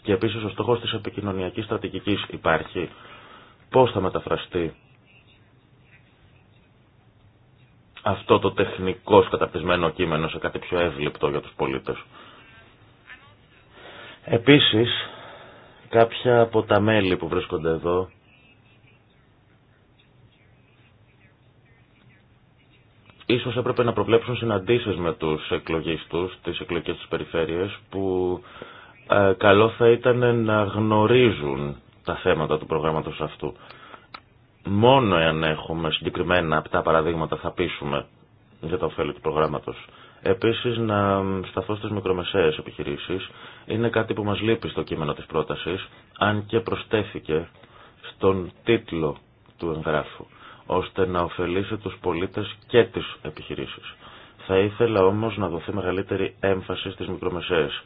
Και επίσης ο στόχος της επικοινωνιακής στρατηγικής υπάρχει. Πώς θα μεταφραστεί αυτό το τεχνικό καταπτυσμένο κείμενο σε κάτι πιο εύληπτο για τους πολίτες. Επίσης, κάποια από τα μέλη που βρίσκονται εδώ ίσως έπρεπε να προβλέψουν συναντήσεις με τους εκλογείς τους, τις εκλογικές της περιφέρειες, που ε, καλό θα ήταν να γνωρίζουν τα θέματα του προγράμματος αυτού. Μόνο εάν έχουμε συγκεκριμένα από τα παραδείγματα θα πείσουμε για τα ωφέλη του προγράμματος. Επίσης να σταθώ στις μικρομεσαίες επιχειρήσεις. Είναι κάτι που μας λείπει στο κείμενο της πρότασης, αν και προστέθηκε στον τίτλο του εγγράφου, ώστε να ωφελήσει τους πολίτες και τις επιχειρήσεις. Θα ήθελα όμως να δοθεί μεγαλύτερη έμφαση στις μικρομεσαίες.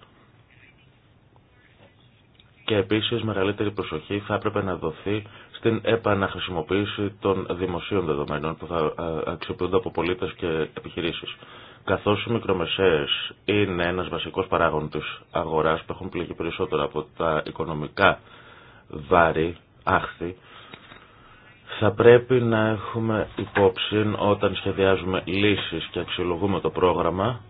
Και επίσης μεγαλύτερη προσοχή θα έπρεπε να δοθεί στην επαναχρησιμοποίηση των δημοσίων δεδομένων που θα ε, ε, αξιοποιούνται από πολίτες και επιχειρήσεις. Καθώς οι μικρομεσαίες είναι ένας βασικός παράγοντας της αγοράς που έχουν πληγεί περισσότερο από τα οικονομικά βάρη, άχθη, θα πρέπει να έχουμε υπόψη όταν σχεδιάζουμε λύσεις και αξιολογούμε το πρόγραμμα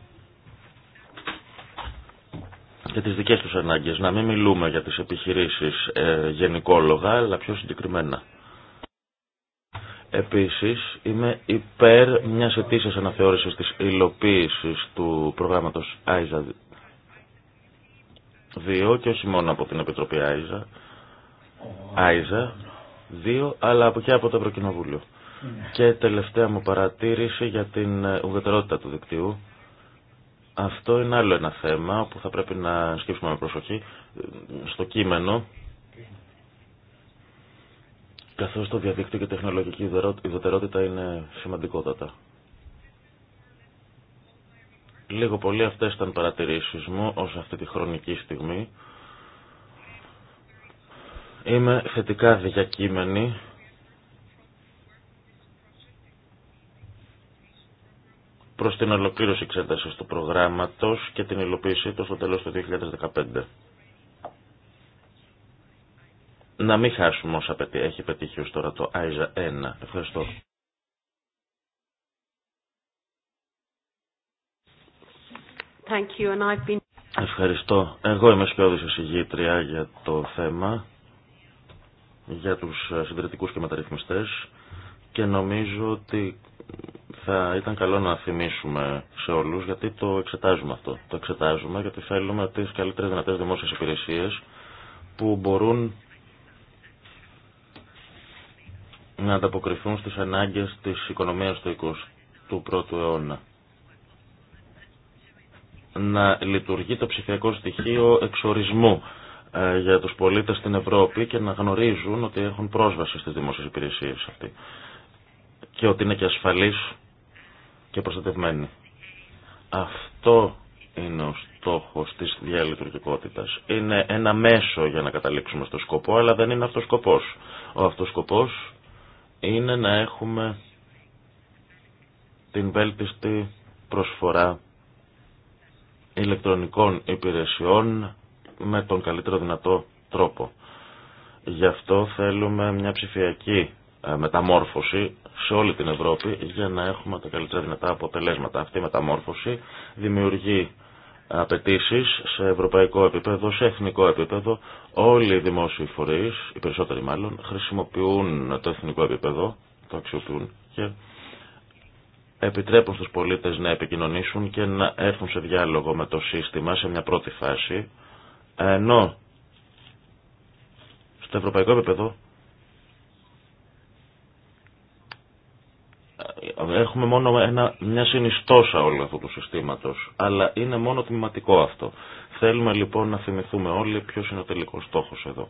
και τις δικές τους ανάγκες. Να μην μιλούμε για τις επιχειρήσεις ε, γενικόλογα, αλλά πιο συγκεκριμένα. Επίσης, είμαι υπέρ μιας αιτήσεως αναθεώρησης της υλοποίησης του προγράμματος ΆΙΖΑ 2 και όχι μόνο από την Επιτροπή ΆΙΖΑ, ΆΙΖΑ 2, αλλά και από το Ευρωκοινοβούλιο. Και τελευταία μου παρατήρηση για την ουδετερότητα του δικτύου. Αυτό είναι άλλο ένα θέμα που θα πρέπει να σκύψουμε με προσοχή. Στο κείμενο καθώς το διαδίκτυο και η τεχνολογική ιδιωτερότητα είναι σημαντικότατα. Λίγο πολύ αυτές ήταν παρατηρήσεις μου ως αυτή τη χρονική στιγμή. Είμαι θετικά διακείμενη προς την ολοκλήρωση εξέτασης του προγράμματος και την υλοποίησή του στο τέλος του 2015 να μην χάσουμε όσα έχει πετύχει ως τώρα το ΆΙΖΑ 1. Ευχαριστώ. Thank you and I've been... Ευχαριστώ. Εγώ είμαι σκιώδης εισηγήτρια για το θέμα, για τους συντηρητικούς και μεταρρυθμιστές και νομίζω ότι θα ήταν καλό να θυμίσουμε σε όλους γιατί το εξετάζουμε αυτό. Το εξετάζουμε γιατί θέλουμε τις καλύτερες δυνατές δημόσιες υπηρεσίες που μπορούν να ανταποκριθούν στις ανάγκες της οικονομίας του 21ου αιώνα. Να λειτουργεί το ψηφιακό στοιχείο εξορισμού ε, για τους πολίτες στην Ευρώπη και να γνωρίζουν ότι έχουν πρόσβαση στις δημόσιες υπηρεσίες αυτή και ότι είναι και ασφαλής και προστατευμένοι. Αυτό είναι ο στόχος της διαλειτουργικότητας. Είναι ένα μέσο για να καταλήξουμε στο σκοπό, αλλά δεν είναι αυτός σκοπός. Ο αυτός σκοπός είναι να έχουμε την βέλτιστη προσφορά ηλεκτρονικών υπηρεσιών με τον καλύτερο δυνατό τρόπο. Γι' αυτό θέλουμε μια ψηφιακή ε, μεταμόρφωση σε όλη την Ευρώπη για να έχουμε τα καλύτερα δυνατά αποτελέσματα. Αυτή η μεταμόρφωση δημιουργεί απαιτήσει σε ευρωπαϊκό επίπεδο, σε εθνικό επίπεδο. Όλοι οι δημόσιοι φορεί, οι περισσότεροι μάλλον, χρησιμοποιούν το εθνικό επίπεδο, το αξιοποιούν και επιτρέπουν στους πολίτες να επικοινωνήσουν και να έρθουν σε διάλογο με το σύστημα σε μια πρώτη φάση, ενώ στο ευρωπαϊκό επίπεδο έχουμε μόνο ένα, μια συνιστόσα όλου αυτού του συστήματος, αλλά είναι μόνο τμηματικό αυτό. Θέλουμε λοιπόν να θυμηθούμε όλοι ποιος είναι ο τελικός στόχος εδώ.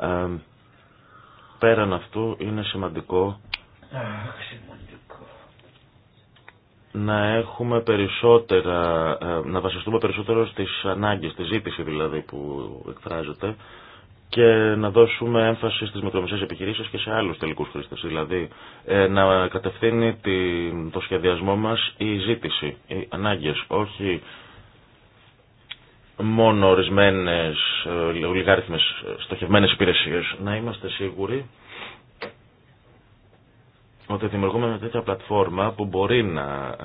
Ε, πέραν αυτού είναι σημαντικό να έχουμε περισσότερα, ε, να βασιστούμε περισσότερο στις ανάγκες, στη ζήτηση δηλαδή που εκφράζεται, και να δώσουμε έμφαση στις μικρομεσαίες επιχειρήσεις και σε άλλους τελικούς χρήστες. Δηλαδή ε, να κατευθύνει το σχεδιασμό μας η ζήτηση, οι ανάγκες, όχι μόνο ορισμένε ε, λιγάριθμες ε, στοχευμένες υπηρεσίες. Να είμαστε σίγουροι ότι δημιουργούμε μια τέτοια πλατφόρμα που μπορεί να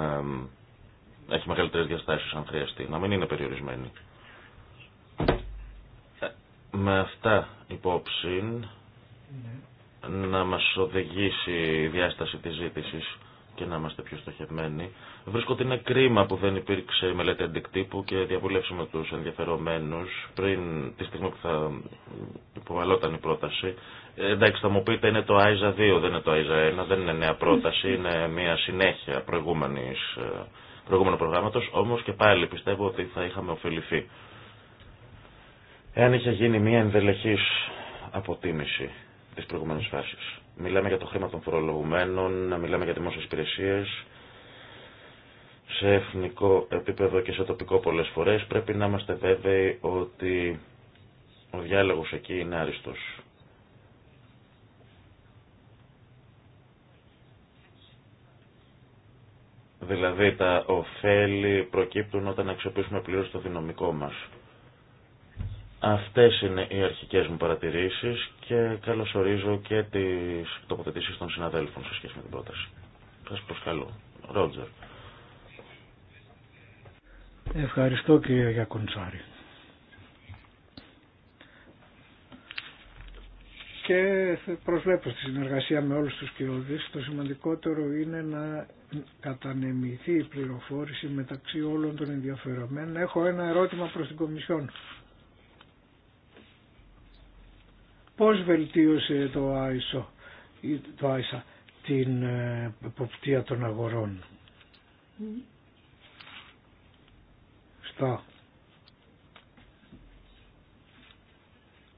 έχει μεγαλύτερε διαστάσει αν χρειαστεί, να μην είναι περιορισμένη με αυτά υπόψη να μας οδηγήσει η διάσταση της ζήτησης και να είμαστε πιο στοχευμένοι. Βρίσκω ότι είναι κρίμα που δεν υπήρξε η μελέτη αντικτύπου και διαβούλευση με τους ενδιαφερομένους πριν τη στιγμή που θα υποβαλόταν η πρόταση. Ε, εντάξει θα μου πείτε είναι το ΆΙΖΑ 2, δεν είναι το ΆΙΖΑ 1, δεν είναι νέα πρόταση, <laughs> είναι μια συνέχεια προηγούμενης, ε, προηγούμενου προγράμματος, όμως και πάλι πιστεύω ότι θα είχαμε ωφεληθεί Εάν είχε γίνει μια ενδελεχής αποτίμηση τη προηγούμενη φάση. μιλάμε για το χρήμα των φορολογουμένων, μιλάμε για δημόσιε υπηρεσίε σε εθνικό επίπεδο και σε τοπικό πολλέ φορέ πρέπει να είμαστε βέβαιοι ότι ο διάλογο εκεί είναι άριστος. Δηλαδή τα ωφέλη προκύπτουν όταν αξιοποιήσουμε πλήρως το δυναμικό μας. Αυτές είναι οι αρχικές μου παρατηρήσεις και καλωσορίζω και τις τοποθετήσεις των συναδέλφων σε σχέση με την πρόταση. Σας προσκαλώ. Ρότζερ. Ευχαριστώ κύριε Γιακοντσάρη. Και προσβλέπω στη συνεργασία με όλους τους κοιόδης. Το σημαντικότερο είναι να κατανεμηθεί η πληροφόρηση μεταξύ όλων των ενδιαφερομένων. Έχω ένα ερώτημα προς την Κομισιόν. Πώς βελτίωσε το ΆΙΣΟ το άισα την ε, εποπτεία των αγορών. Στα.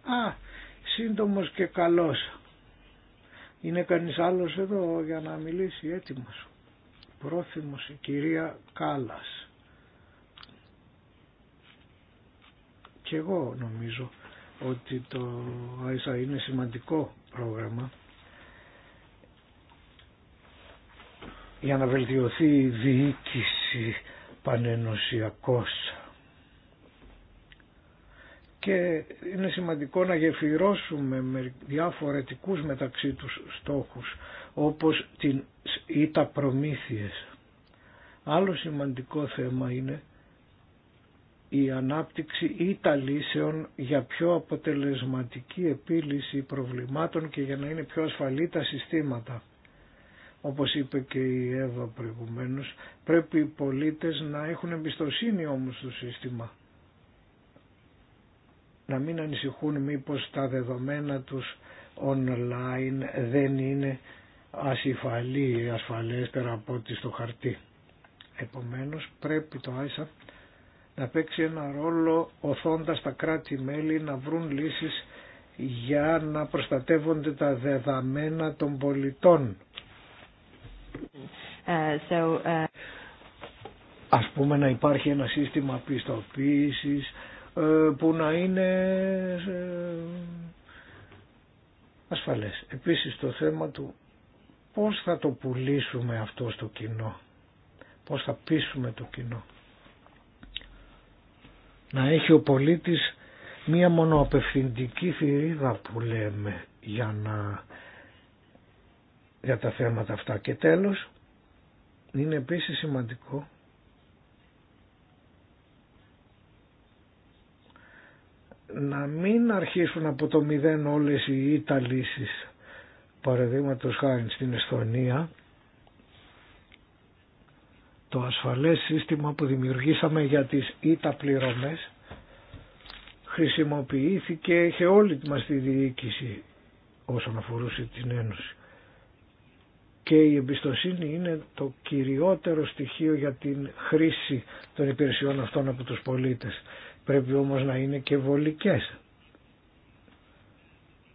Α, σύντομος και καλός. Είναι κανείς άλλος εδώ για να μιλήσει έτοιμος. Πρόθυμος η κυρία Κάλλας. Και εγώ νομίζω ότι το ISA είναι σημαντικό πρόγραμμα για να βελτιωθεί η διοίκηση πανενωσιακός Και είναι σημαντικό να γεφυρώσουμε με διαφορετικούς μεταξύ τους στόχους, όπως την τα προμήθειες. Άλλο σημαντικό θέμα είναι η ανάπτυξη ή τα λύσεων για πιο αποτελεσματική επίλυση προβλημάτων και για να είναι πιο ασφαλή τα συστήματα. Όπως είπε και η Εύα προηγουμένως, πρέπει οι πολίτες να έχουν εμπιστοσύνη όμως στο σύστημα. Να μην ανησυχούν μήπως τα δεδομένα τους online δεν είναι ή ασφαλέστερα από ό,τι στο χαρτί. Επομένως πρέπει το ISA να παίξει ένα ρόλο οθώντας τα κράτη-μέλη να βρουν λύσεις για να προστατεύονται τα δεδαμένα των πολιτών. Uh, so, ε, Ας πούμε να υπάρχει ένα σύστημα πιστοποίησης ε, που να είναι ασφαλές. Επίσης το θέμα του πώς θα το πουλήσουμε αυτό στο κοινό, πώς θα πείσουμε το κοινό να έχει ο πολίτης μία μονοαπευθυντική θηρίδα που λέμε για, να, για τα θέματα αυτά. Και τέλος, είναι επίσης σημαντικό να μην αρχίσουν από το μηδέν όλες οι Ιταλίσεις Παραδείγματος χάρη στην Εσθονία το ασφαλές σύστημα που δημιουργήσαμε για τις ΙΤΑ πληρωμές χρησιμοποιήθηκε σε όλη μας τη διοίκηση όσον αφορούσε την Ένωση. Και η εμπιστοσύνη είναι το κυριότερο στοιχείο για την χρήση των υπηρεσιών αυτών από τους πολίτες. Πρέπει όμως να είναι και βολικές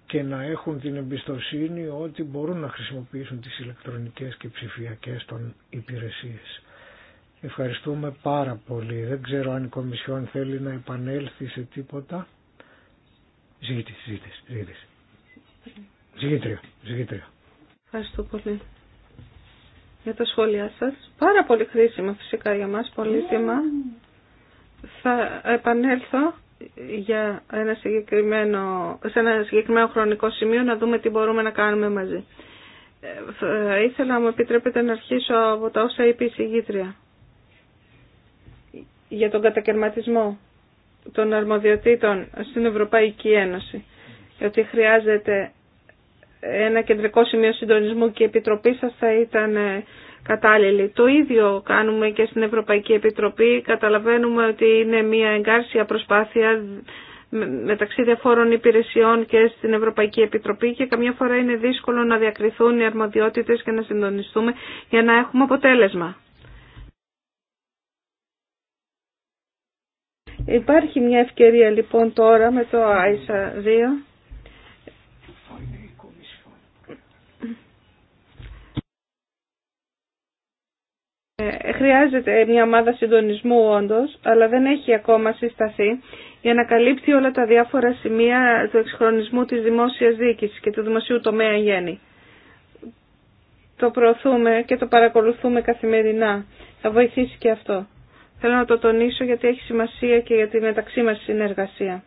και να έχουν την εμπιστοσύνη ότι μπορούν να χρησιμοποιήσουν τις ηλεκτρονικές και ψηφιακές των υπηρεσίες. Ευχαριστούμε πάρα πολύ. Δεν ξέρω αν η Κομισιόν θέλει να επανέλθει σε τίποτα. Ζητή, ζήτη, ζήτη. Ζήτρια, ζήτρια. Ευχαριστώ πολύ για τα σχόλιά σας. Πάρα πολύ χρήσιμα φυσικά για μας, πολύτιμα. Θα επανέλθω για ένα συγκεκριμένο, σε ένα συγκεκριμένο χρονικό σημείο να δούμε τι μπορούμε να κάνουμε μαζί. Ε, ήθελα, μου επιτρέπετε, να αρχίσω από τα όσα είπε η συγκήτρια για τον κατακαιρματισμό των αρμοδιοτήτων στην Ευρωπαϊκή Ένωση. Ότι χρειάζεται ένα κεντρικό σημείο συντονισμού και η Επιτροπή σας θα ήταν ε, κατάλληλη. Το ίδιο κάνουμε και στην Ευρωπαϊκή Επιτροπή. Καταλαβαίνουμε ότι είναι μια εγκάρσια προσπάθεια μεταξύ διαφόρων υπηρεσιών και στην Ευρωπαϊκή Επιτροπή και καμιά φορά είναι δύσκολο να διακριθούν οι αρμοδιότητες και να συντονιστούμε για να έχουμε αποτέλεσμα. Υπάρχει μια ευκαιρία λοιπόν τώρα με το ΆΙΣΑ 2 ε, Χρειάζεται μια ομάδα συντονισμού όντως, αλλά δεν έχει ακόμα συσταθεί για να καλύπτει όλα τα διάφορα σημεία του εξχρονισμού της δημόσιας διοίκησης και του δημοσίου τομέα γέννη. Το προωθούμε και το παρακολουθούμε καθημερινά. Θα βοηθήσει και αυτό. Θέλω να το τονίσω γιατί έχει σημασία και για τη μεταξύ μας συνεργασία.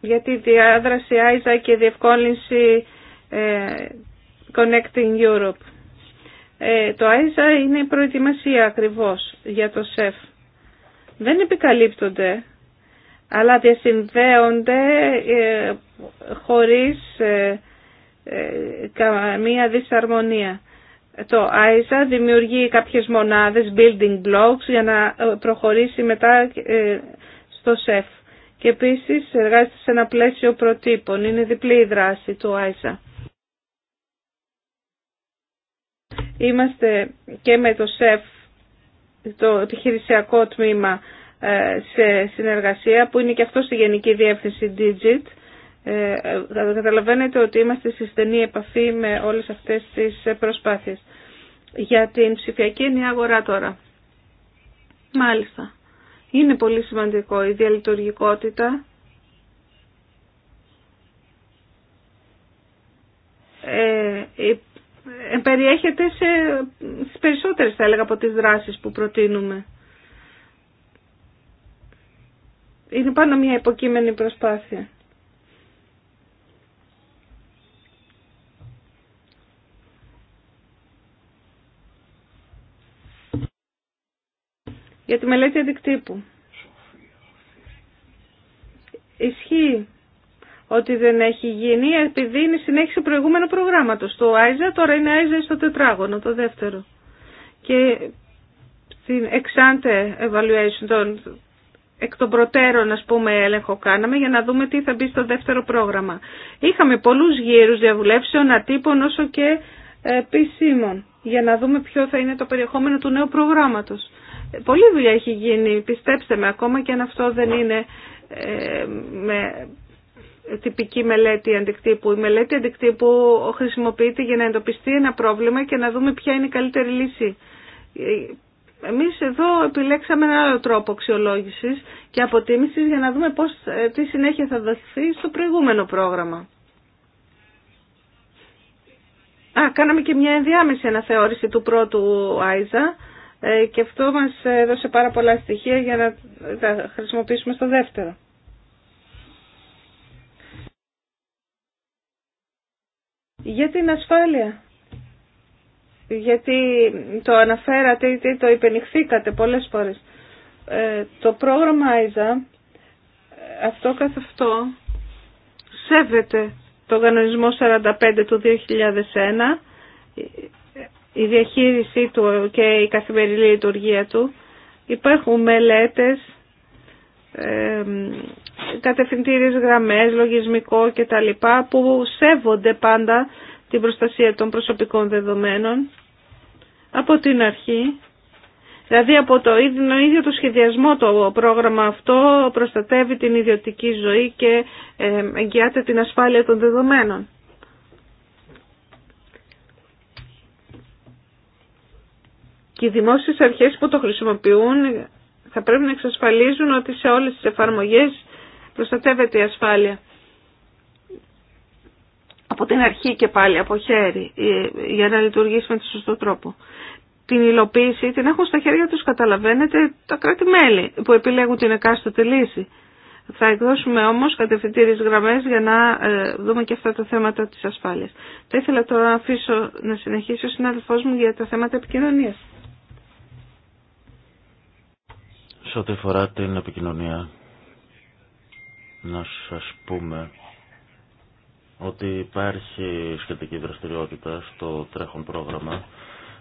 Γιατί η διάδραση ΆΙΖΑ και διευκόλυνση ε, Connecting Europe. Ε, το ΆΙΖΑ είναι η προετοιμασία ακριβώς για το ΣΕΦ. Δεν επικαλύπτονται, αλλά διασυνδέονται ε, χωρίς ε, καμία δυσαρμονία. Το ISA δημιουργεί κάποιες μονάδες, building blocks, για να ε, προχωρήσει μετά ε, στο ΣΕΦ. Και επίσης εργάζεται σε ένα πλαίσιο προτύπων. Είναι διπλή η δράση του ISA. Είμαστε και με το ΣΕΦ, το επιχειρησιακό τμήμα, σε συνεργασία που είναι και αυτό στη Γενική Διεύθυνση Digit ε, ε, καταλαβαίνετε ότι είμαστε σε στενή επαφή με όλες αυτές τις προσπάθειες. Για την ψηφιακή ενιαία αγορά τώρα. Μάλιστα. Είναι πολύ σημαντικό η διαλειτουργικότητα. Ε, ε περιέχεται σε, στις περισσότερες θα έλεγα από τις δράσεις που προτείνουμε. Είναι πάνω μια υποκείμενη προσπάθεια. για τη μελέτη αντικτύπου. Ισχύει ότι δεν έχει γίνει επειδή είναι συνέχιση προηγούμενου προγράμματος. Το ΆΙΖΑ τώρα είναι ΆΙΖΑ στο τετράγωνο, το δεύτερο. Και την εξάντε evaluation των εκ των προτέρων ας πούμε έλεγχο κάναμε για να δούμε τι θα μπει στο δεύτερο πρόγραμμα. Είχαμε πολλούς γύρους διαβουλεύσεων ατύπων όσο και επισήμων για να δούμε ποιο θα είναι το περιεχόμενο του νέου προγράμματος. Πολλή δουλειά έχει γίνει, πιστέψτε με, ακόμα και αν αυτό δεν είναι ε, με τυπική μελέτη αντικτύπου. Η μελέτη αντικτύπου χρησιμοποιείται για να εντοπιστεί ένα πρόβλημα και να δούμε ποια είναι η καλύτερη λύση. Εμείς εδώ επιλέξαμε ένα άλλο τρόπο αξιολόγησης και αποτίμησης για να δούμε πώς, ε, τι συνέχεια θα δοθεί στο προηγούμενο πρόγραμμα. κάναμε και μια ενδιάμεση αναθεώρηση του πρώτου Άιζα ε, και αυτό μας έδωσε πάρα πολλά στοιχεία για να τα χρησιμοποιήσουμε στο δεύτερο. Για την ασφάλεια. Γιατί το αναφέρατε ή το υπενηχθήκατε πολλές φορές. Ε, το πρόγραμμα ΆΙΖΑ, αυτό καθ' αυτό, σέβεται το κανονισμό 45 του 2001 η διαχείρισή του και η καθημερινή λειτουργία του. Υπάρχουν μελέτες, ε, κατευθυντήριες γραμμές, λογισμικό κτλ. που σέβονται πάντα την προστασία των προσωπικών δεδομένων από την αρχή. Δηλαδή από το ίδιο το σχεδιασμό το πρόγραμμα αυτό προστατεύει την ιδιωτική ζωή και εγγυάται την ασφάλεια των δεδομένων. Και οι δημόσιες αρχές που το χρησιμοποιούν θα πρέπει να εξασφαλίζουν ότι σε όλες τις εφαρμογές προστατεύεται η ασφάλεια. Από την αρχή και πάλι, από χέρι, για να λειτουργήσει με τον σωστό τρόπο. Την υλοποίηση την έχουν στα χέρια τους, καταλαβαίνετε, τα κράτη-μέλη που επιλέγουν την εκάστοτε λύση. Θα εκδώσουμε όμως κατευθυντήριες γραμμές για να ε, δούμε και αυτά τα θέματα της ασφάλειας. Θα ήθελα τώρα να αφήσω να συνεχίσει ο συνάδελφός μου για τα θέματα επικοινωνίας. σε ό,τι αφορά την επικοινωνία να σας πούμε ότι υπάρχει σχετική δραστηριότητα στο τρέχον πρόγραμμα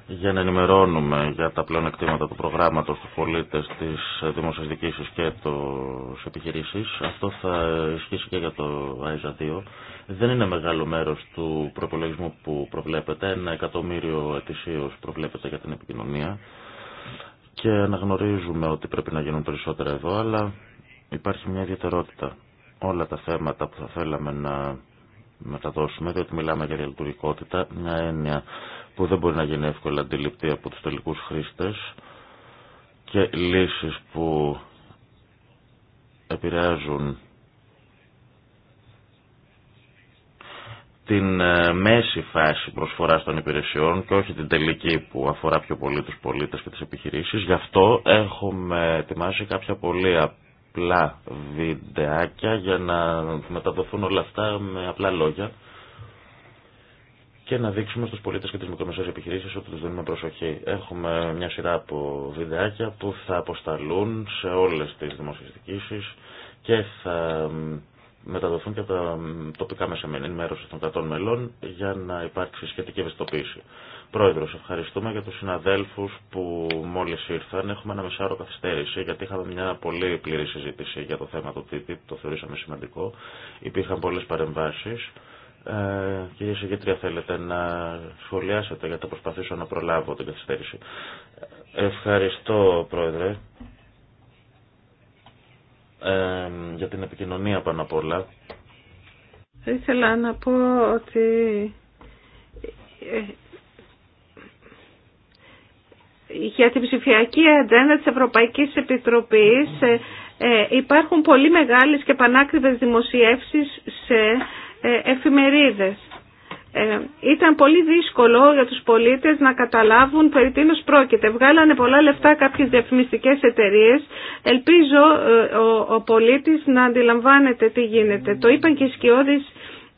για να ενημερώνουμε για τα πλέον του προγράμματος του πολίτες, της δημόσιας και των επιχειρήσεις. Αυτό θα ισχύσει και για το ΆΙΖΑ 2. Δεν είναι μεγάλο μέρος του προπολογισμού που προβλέπεται. Ένα εκατομμύριο ετησίως προβλέπεται για την επικοινωνία και αναγνωρίζουμε ότι πρέπει να γίνουν περισσότερα εδώ, αλλά υπάρχει μια ιδιαιτερότητα. Όλα τα θέματα που θα θέλαμε να μεταδώσουμε, διότι μιλάμε για διαλειτουργικότητα, μια έννοια που δεν μπορεί να γίνει εύκολα αντιληπτή από τους τελικούς χρήστες και λύσεις που επηρεάζουν την ε, μέση φάση προσφοράς των υπηρεσιών και όχι την τελική που αφορά πιο πολύ τους πολίτες και τις επιχειρήσεις. Γι' αυτό έχουμε ετοιμάσει κάποια πολύ απλά βιντεάκια για να μεταδοθούν όλα αυτά με απλά λόγια και να δείξουμε στους πολίτες και τις μικρομεσαίες επιχειρήσεις ότι τους δίνουμε προσοχή. Έχουμε μια σειρά από βιντεάκια που θα αποσταλούν σε όλες τις δημοσιοστικήσεις και θα μεταδοθούν και από τα τοπικά μέσα ενημέρωση των κρατών μελών για να υπάρξει σχετική ευαισθητοποίηση. Πρόεδρος, ευχαριστούμε για τους συναδέλφους που μόλις ήρθαν. Έχουμε ένα μεσάωρο καθυστέρηση γιατί είχαμε μια πολύ πλήρη συζήτηση για το θέμα του TTIP, το θεωρήσαμε σημαντικό. Υπήρχαν πολλές παρεμβάσεις. Ε, κύριε θέλετε να σχολιάσετε για το προσπαθήσω να προλάβω την καθυστέρηση. Ευχαριστώ, Πρόεδρε για την επικοινωνία πάνω απ' όλα. Θα ήθελα να πω ότι ε, για την ψηφιακή ατζέντα της Ευρωπαϊκής Επιτροπής ε, ε, υπάρχουν πολύ μεγάλες και πανάκριβες δημοσιεύσεις σε εφημερίδες. Ε, ήταν πολύ δύσκολο για τους πολίτες να καταλάβουν περί τίνος πρόκειται. Βγάλανε πολλά λεφτά κάποιες διαφημιστικές εταιρείες. Ελπίζω ε, ο, ο πολίτης να αντιλαμβάνεται τι γίνεται. Το είπαν και οι σκιώδεις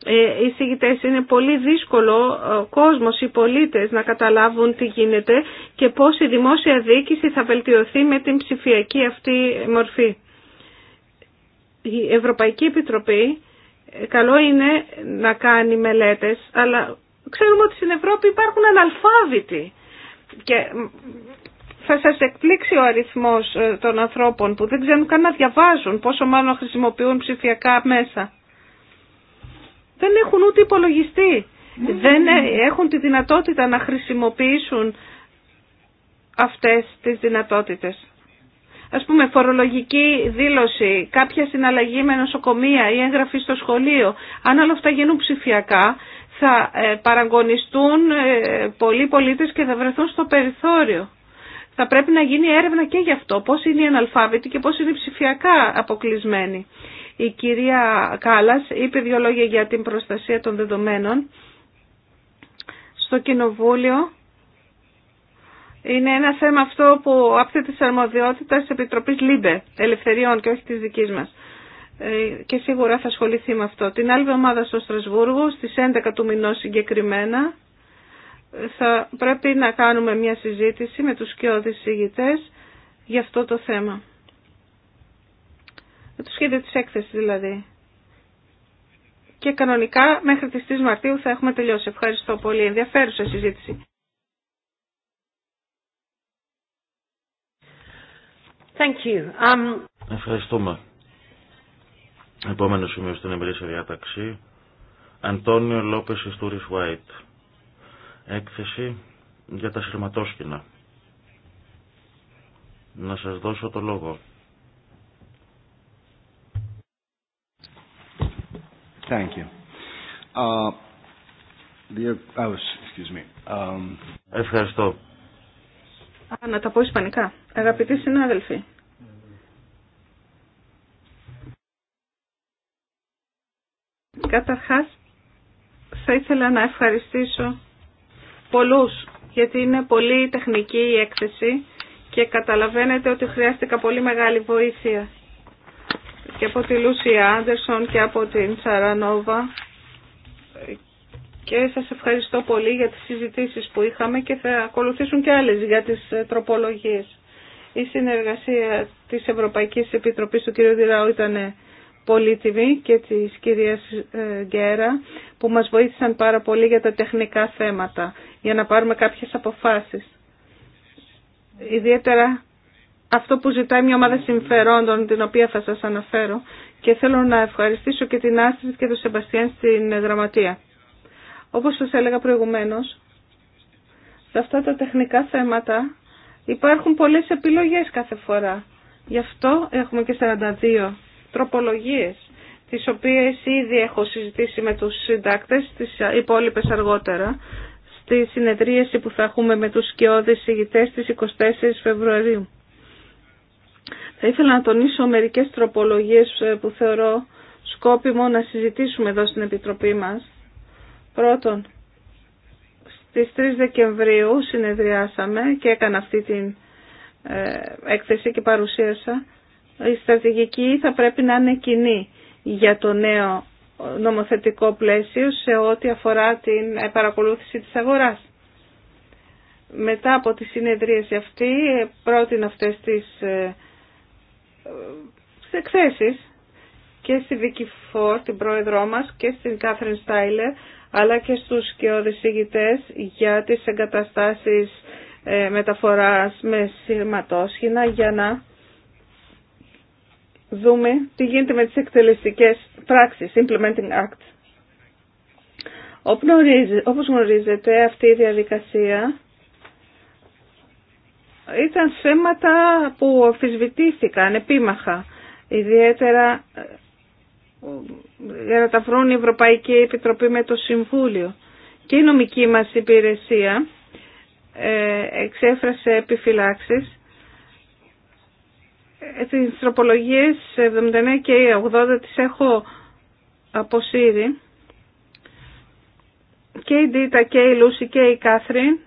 ε, οι Είναι πολύ δύσκολο ο κόσμος, οι πολίτες να καταλάβουν τι γίνεται και πώς η δημόσια διοίκηση θα βελτιωθεί με την ψηφιακή αυτή μορφή. Η Ευρωπαϊκή Επιτροπή καλό είναι να κάνει μελέτες, αλλά ξέρουμε ότι στην Ευρώπη υπάρχουν αναλφάβητοι. Και θα σας εκπλήξει ο αριθμός ε, των ανθρώπων που δεν ξέρουν καν να διαβάζουν, πόσο μάλλον χρησιμοποιούν ψηφιακά μέσα. Δεν έχουν ούτε υπολογιστή. Ναι, ναι, δεν ναι. Ε, έχουν τη δυνατότητα να χρησιμοποιήσουν αυτές τις δυνατότητες ας πούμε, φορολογική δήλωση, κάποια συναλλαγή με νοσοκομεία ή έγγραφη στο σχολείο, αν όλα αυτά γίνουν ψηφιακά, θα ε, παραγωνιστούν ε, πολλοί πολίτες και θα βρεθούν στο περιθώριο. Θα πρέπει να γίνει έρευνα και γι' αυτό, πώς είναι οι αναλφάβητοι και πώς είναι οι ψηφιακά αποκλεισμένοι. Η κυρία Κάλας είπε δύο λόγια για την προστασία των δεδομένων. Στο Κοινοβούλιο είναι ένα θέμα αυτό που άπτε τη αρμοδιότητα της Επιτροπής ΛΥΜΠΕ, ελευθεριών και όχι της δικής μας. Ε, και σίγουρα θα ασχοληθεί με αυτό. Την άλλη εβδομάδα στο Στρασβούργο, στις 11 του μηνός συγκεκριμένα, θα πρέπει να κάνουμε μια συζήτηση με τους σκιώδεις ηγητές για αυτό το θέμα. Με το σχέδιο της έκθεσης δηλαδή. Και κανονικά μέχρι τις 3 Μαρτίου θα έχουμε τελειώσει. Ευχαριστώ πολύ. Ενδιαφέρουσα συζήτηση. Thank you. Um... Ευχαριστούμε. Επόμενο σημείο στην εμπειρία διάταξη. Αντώνιο Λόπες Ιστούρι Βάιτ. Έκθεση για τα σειρματόσκηνα. Να σα δώσω το λόγο. Thank you. Uh, oh, um, Ευχαριστώ. Α, να τα πω ισπανικά. Αγαπητοί συνάδελφοι, καταρχάς θα ήθελα να ευχαριστήσω πολλούς γιατί είναι πολύ τεχνική η έκθεση και καταλαβαίνετε ότι χρειάστηκα πολύ μεγάλη βοήθεια και από τη Λούσια Άντερσον και από την Σαρανόβα και σας ευχαριστώ πολύ για τις συζητήσεις που είχαμε και θα ακολουθήσουν και άλλες για τις τροπολογίες. Η συνεργασία της Ευρωπαϊκής Επιτροπής του κ. Δηλάου ήταν πολύτιμη και της κυρίας ε, Γκέρα που μας βοήθησαν πάρα πολύ για τα τεχνικά θέματα για να πάρουμε κάποιες αποφάσεις. Ιδιαίτερα αυτό που ζητάει μια ομάδα συμφερόντων την οποία θα σας αναφέρω και θέλω να ευχαριστήσω και την Άστρη και τον Σεμπαστιάν στην γραμματεία. Όπως σας έλεγα προηγουμένως, σε αυτά τα τεχνικά θέματα Υπάρχουν πολλές επιλογές κάθε φορά. Γι' αυτό έχουμε και 42 τροπολογίες, τις οποίες ήδη έχω συζητήσει με τους συντάκτες, τις υπόλοιπες αργότερα, στη συνεδρίαση που θα έχουμε με τους σκιώδες συγητές στις 24 Φεβρουαρίου. Θα ήθελα να τονίσω μερικές τροπολογίες ε, που θεωρώ σκόπιμο να συζητήσουμε εδώ στην Επιτροπή μας. Πρώτον, στις 3 Δεκεμβρίου συνεδριάσαμε και έκανα αυτή την ε, έκθεση και παρουσίασα. Η στρατηγική θα πρέπει να είναι κοινή για το νέο νομοθετικό πλαίσιο σε ό,τι αφορά την παρακολούθηση της αγοράς. Μετά από τη συνεδρίαση αυτή πρότεινα αυτές τις ε, ε, εκθέσεις και στη Βίκη Φόρ, την πρόεδρό μας, και στην Κάθριν Στάιλερ, αλλά και στους και οδησίγητες για τις εγκαταστάσεις ε, μεταφοράς με σειρματόσχηνα για να δούμε τι γίνεται με τις εκτελεστικές πράξεις, implementing act. Όπως γνωρίζετε αυτή η διαδικασία ήταν θέματα που αμφισβητήθηκαν επίμαχα, ιδιαίτερα ε, για να τα βρουν η Ευρωπαϊκή Επιτροπή με το Συμβούλιο. Και η νομική μας υπηρεσία ε, εξέφρασε επιφυλάξεις ε, τις τροπολογίες 79 και 80 τις έχω αποσύρει και η Ντίτα και η Λούση και η Κάθριν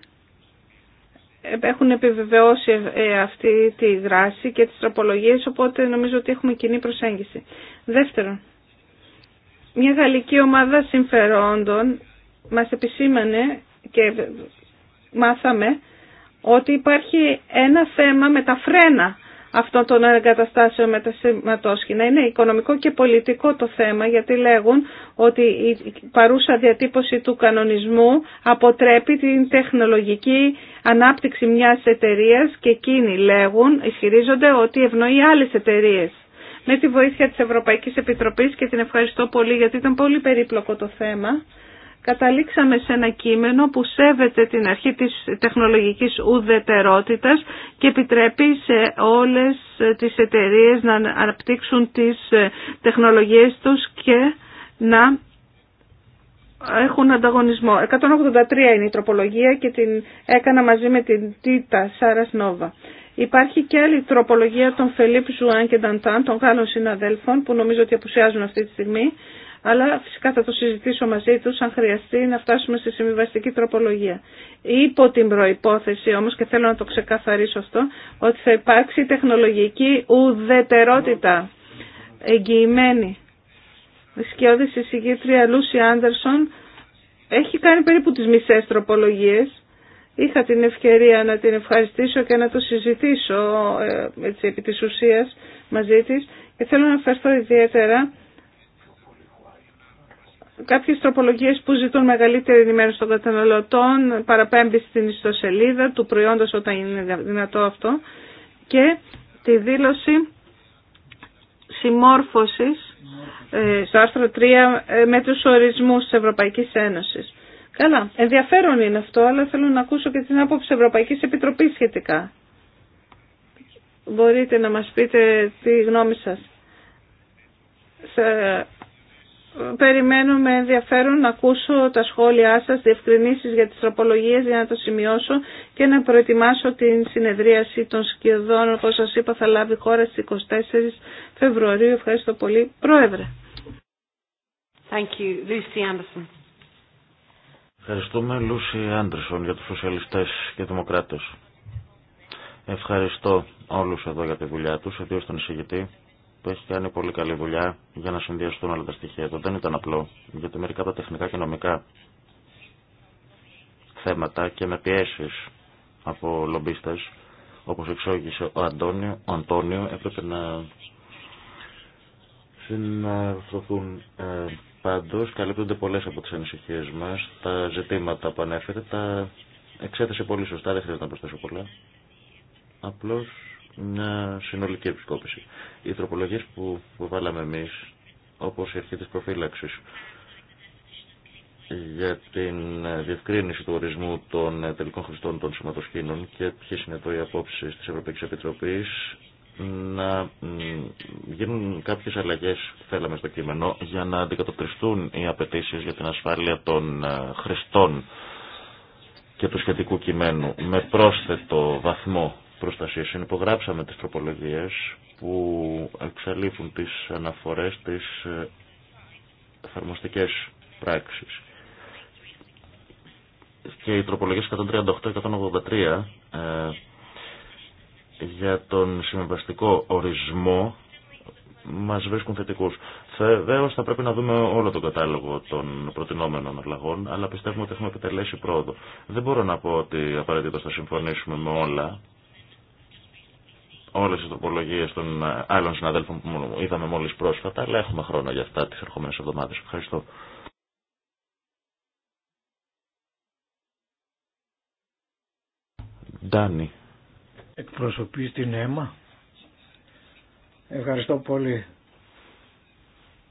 ε, έχουν επιβεβαιώσει αυτή τη δράση και τις τροπολογίες οπότε νομίζω ότι έχουμε κοινή προσέγγιση. Δεύτερον, μια γαλλική ομάδα συμφερόντων μας επισήμανε και μάθαμε ότι υπάρχει ένα θέμα με τα φρένα αυτών των εγκαταστάσεων με τα σηματόσχηνα. Είναι οικονομικό και πολιτικό το θέμα γιατί λέγουν ότι η παρούσα διατύπωση του κανονισμού αποτρέπει την τεχνολογική ανάπτυξη μιας εταιρείας και εκείνοι λέγουν, ισχυρίζονται ότι ευνοεί άλλες εταιρείες με τη βοήθεια της Ευρωπαϊκής Επιτροπής και την ευχαριστώ πολύ γιατί ήταν πολύ περίπλοκο το θέμα. Καταλήξαμε σε ένα κείμενο που σέβεται την αρχή της τεχνολογικής ουδετερότητας και επιτρέπει σε όλες τις εταιρείες να αναπτύξουν τις τεχνολογίες τους και να έχουν ανταγωνισμό. 183 είναι η τροπολογία και την έκανα μαζί με την Τίτα Σάρας Νόβα. Υπάρχει και άλλη τροπολογία των Φελίπ Ζουάν και Νταντάν, των Γάλλων συναδέλφων, που νομίζω ότι απουσιάζουν αυτή τη στιγμή, αλλά φυσικά θα το συζητήσω μαζί τους αν χρειαστεί να φτάσουμε στη συμβιβαστική τροπολογία. Υπό την προϋπόθεση όμως, και θέλω να το ξεκαθαρίσω αυτό, ότι θα υπάρξει τεχνολογική ουδετερότητα εγγυημένη. Η σκιώδηση συγκήτρια Λούση Άντερσον έχει κάνει περίπου τις μισές τροπολογίες Είχα την ευκαιρία να την ευχαριστήσω και να το συζητήσω ε, έτσι, επί της ουσίας μαζί της και θέλω να ευχαριστώ ιδιαίτερα κάποιες τροπολογίες που ζητούν μεγαλύτερη ενημέρωση των καταναλωτών, παραπέμπει στην ιστοσελίδα του προϊόντος όταν είναι δυνατό αυτό και τη δήλωση συμμόρφωσης ε, στο άρθρο 3 ε, με τους ορισμούς της Ευρωπαϊκής Ένωσης. Καλά, ενδιαφέρον είναι αυτό, αλλά θέλω να ακούσω και την άποψη Ευρωπαϊκής επιτροπή σχετικά. Μπορείτε να μας πείτε τη γνώμη σας. Σε... Περιμένω ενδιαφέρον να ακούσω τα σχόλιά σας, διευκρινήσεις για τις τροπολογίες για να το σημειώσω και να προετοιμάσω την συνεδρίαση των σκιωδών, όπως σας είπα θα λάβει χώρα στις 24 Φεβρουαρίου. Ευχαριστώ πολύ. Πρόεδρε. Thank you. Lucy Anderson. Ευχαριστούμε Λούση Άντρισον για τους σοσιαλιστές και δημοκράτες. Ευχαριστώ όλους εδώ για τη δουλειά τους, ιδίως τον εισηγητή που έχει κάνει πολύ καλή δουλειά για να συνδυαστούν όλα τα στοιχεία του. Δεν ήταν απλό, γιατί μερικά τα τεχνικά και νομικά θέματα και με πιέσεις από λομπίστες, όπως εξόγησε ο Αντώνιο, Αντώνιο έπρεπε να συναρθρωθούν ε, Πάντως καλύπτονται πολλές από τις ανησυχίες μας. Τα ζητήματα που ανέφερε τα εξέθεσε πολύ σωστά, δεν χρειάζεται να προσθέσω πολλά. Απλώς μια συνολική επισκόπηση. Οι τροπολογίες που, βάλαμε εμείς, όπως η αρχή της προφύλαξης, για την διευκρίνηση του ορισμού των τελικών χρηστών των σωματοσκήνων και ποιε είναι εδώ οι απόψει τη Ευρωπαϊκή Επιτροπή να γίνουν κάποιες αλλαγές θέλαμε στο κείμενο για να αντικατοπτριστούν οι απαιτήσει για την ασφάλεια των ε, χρηστών και του σχετικού κειμένου με πρόσθετο βαθμό προστασίας. Συνυπογράψαμε τις τροπολογίες που εξαλείφουν τις αναφορές της ε, εφαρμοστικές πράξεις. Και οι τροπολογίες 138-183 για τον συμβαστικό ορισμό μας βρίσκουν θετικούς. Βεβαίω θα πρέπει να δούμε όλο τον κατάλογο των προτινόμενων αλλαγών, αλλά πιστεύουμε ότι έχουμε επιτελέσει πρόοδο. Δεν μπορώ να πω ότι απαραίτητο θα συμφωνήσουμε με όλα, όλε τι τροπολογίε των άλλων συναδέλφων που είδαμε μόλι πρόσφατα, αλλά έχουμε χρόνο για αυτά τι ερχόμενε εβδομάδε. Ευχαριστώ. Ντάνι εκπροσωπεί την αίμα. Ευχαριστώ πολύ.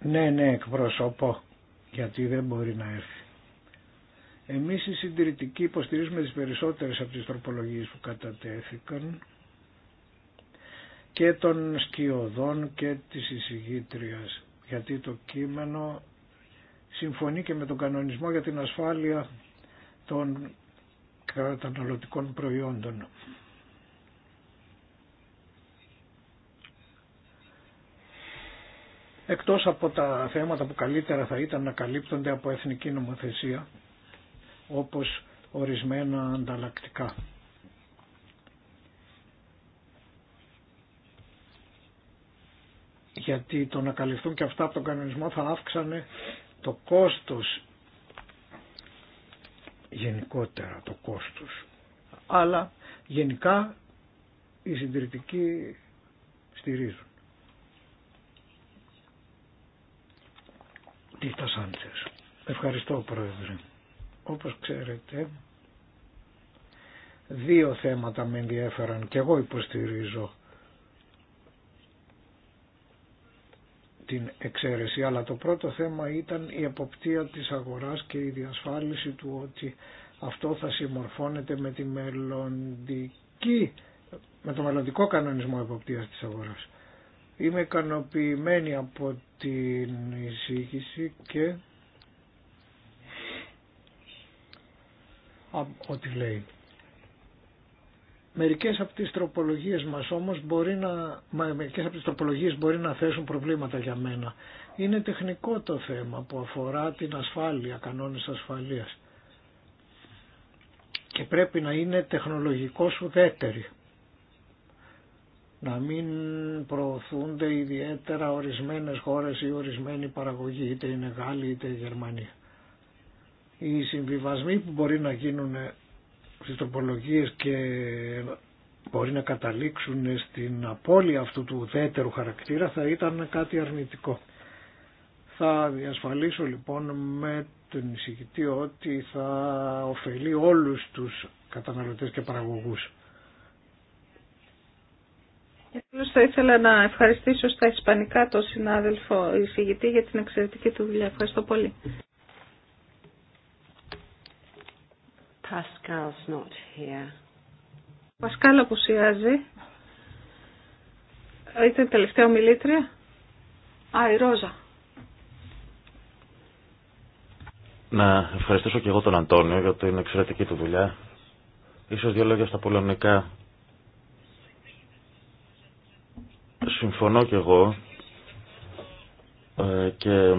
Ναι, ναι, εκπροσωπώ, γιατί δεν μπορεί να έρθει. Εμείς οι συντηρητικοί υποστηρίζουμε τις περισσότερες από τις τροπολογίες που κατατέθηκαν και των σκιωδών και της εισηγήτριας, γιατί το κείμενο συμφωνεί και με τον κανονισμό για την ασφάλεια των καταναλωτικών προϊόντων. εκτός από τα θέματα που καλύτερα θα ήταν να καλύπτονται από εθνική νομοθεσία, όπως ορισμένα ανταλλακτικά. Γιατί το να καλυφθούν και αυτά από τον κανονισμό θα αύξανε το κόστος γενικότερα το κόστος. Αλλά γενικά οι συντηρητικοί στηρίζουν. Ευχαριστώ Πρόεδρε. Όπως ξέρετε, δύο θέματα με ενδιέφεραν και εγώ υποστηρίζω την εξαίρεση, αλλά το πρώτο θέμα ήταν η εποπτεία της αγοράς και η διασφάλιση του ότι αυτό θα συμμορφώνεται με, τη μελλοντική, με το μελλοντικό κανονισμό εποπτείας της αγοράς. Είμαι ικανοποιημένη από την εισήγηση και ό,τι λέει. Μερικές από τις τροπολογίες μας όμως μπορεί να, μερικές από τις τροπολογίες μπορεί να θέσουν προβλήματα για μένα. Είναι τεχνικό το θέμα που αφορά την ασφάλεια, κανόνες ασφαλείας. Και πρέπει να είναι τεχνολογικός ουδέτεροι να μην προωθούνται ιδιαίτερα ορισμένες χώρες ή ορισμένη παραγωγή, είτε είναι Γάλλοι είτε η Γερμανία. Οι συμβιβασμοί που μπορεί να γίνουν στις τροπολογίες και μπορεί να καταλήξουν στην απώλεια αυτού του δέτερου χαρακτήρα θα ήταν κάτι αρνητικό. Θα διασφαλίσω λοιπόν με τον εισηγητή ότι θα ωφελεί όλους τους καταναλωτές και παραγωγούς. Επίσης θα ήθελα να ευχαριστήσω στα ισπανικά τον συνάδελφο εισηγητή για την εξαιρετική του δουλειά. Ευχαριστώ πολύ. Πασκάλ απουσιάζει. Ήταν η τελευταία ομιλήτρια. Α, η Ρόζα. Να ευχαριστήσω και εγώ τον Αντώνιο για την εξαιρετική του δουλειά. Ίσως δύο λόγια στα πολωνικά Συμφωνώ κι εγώ ε, και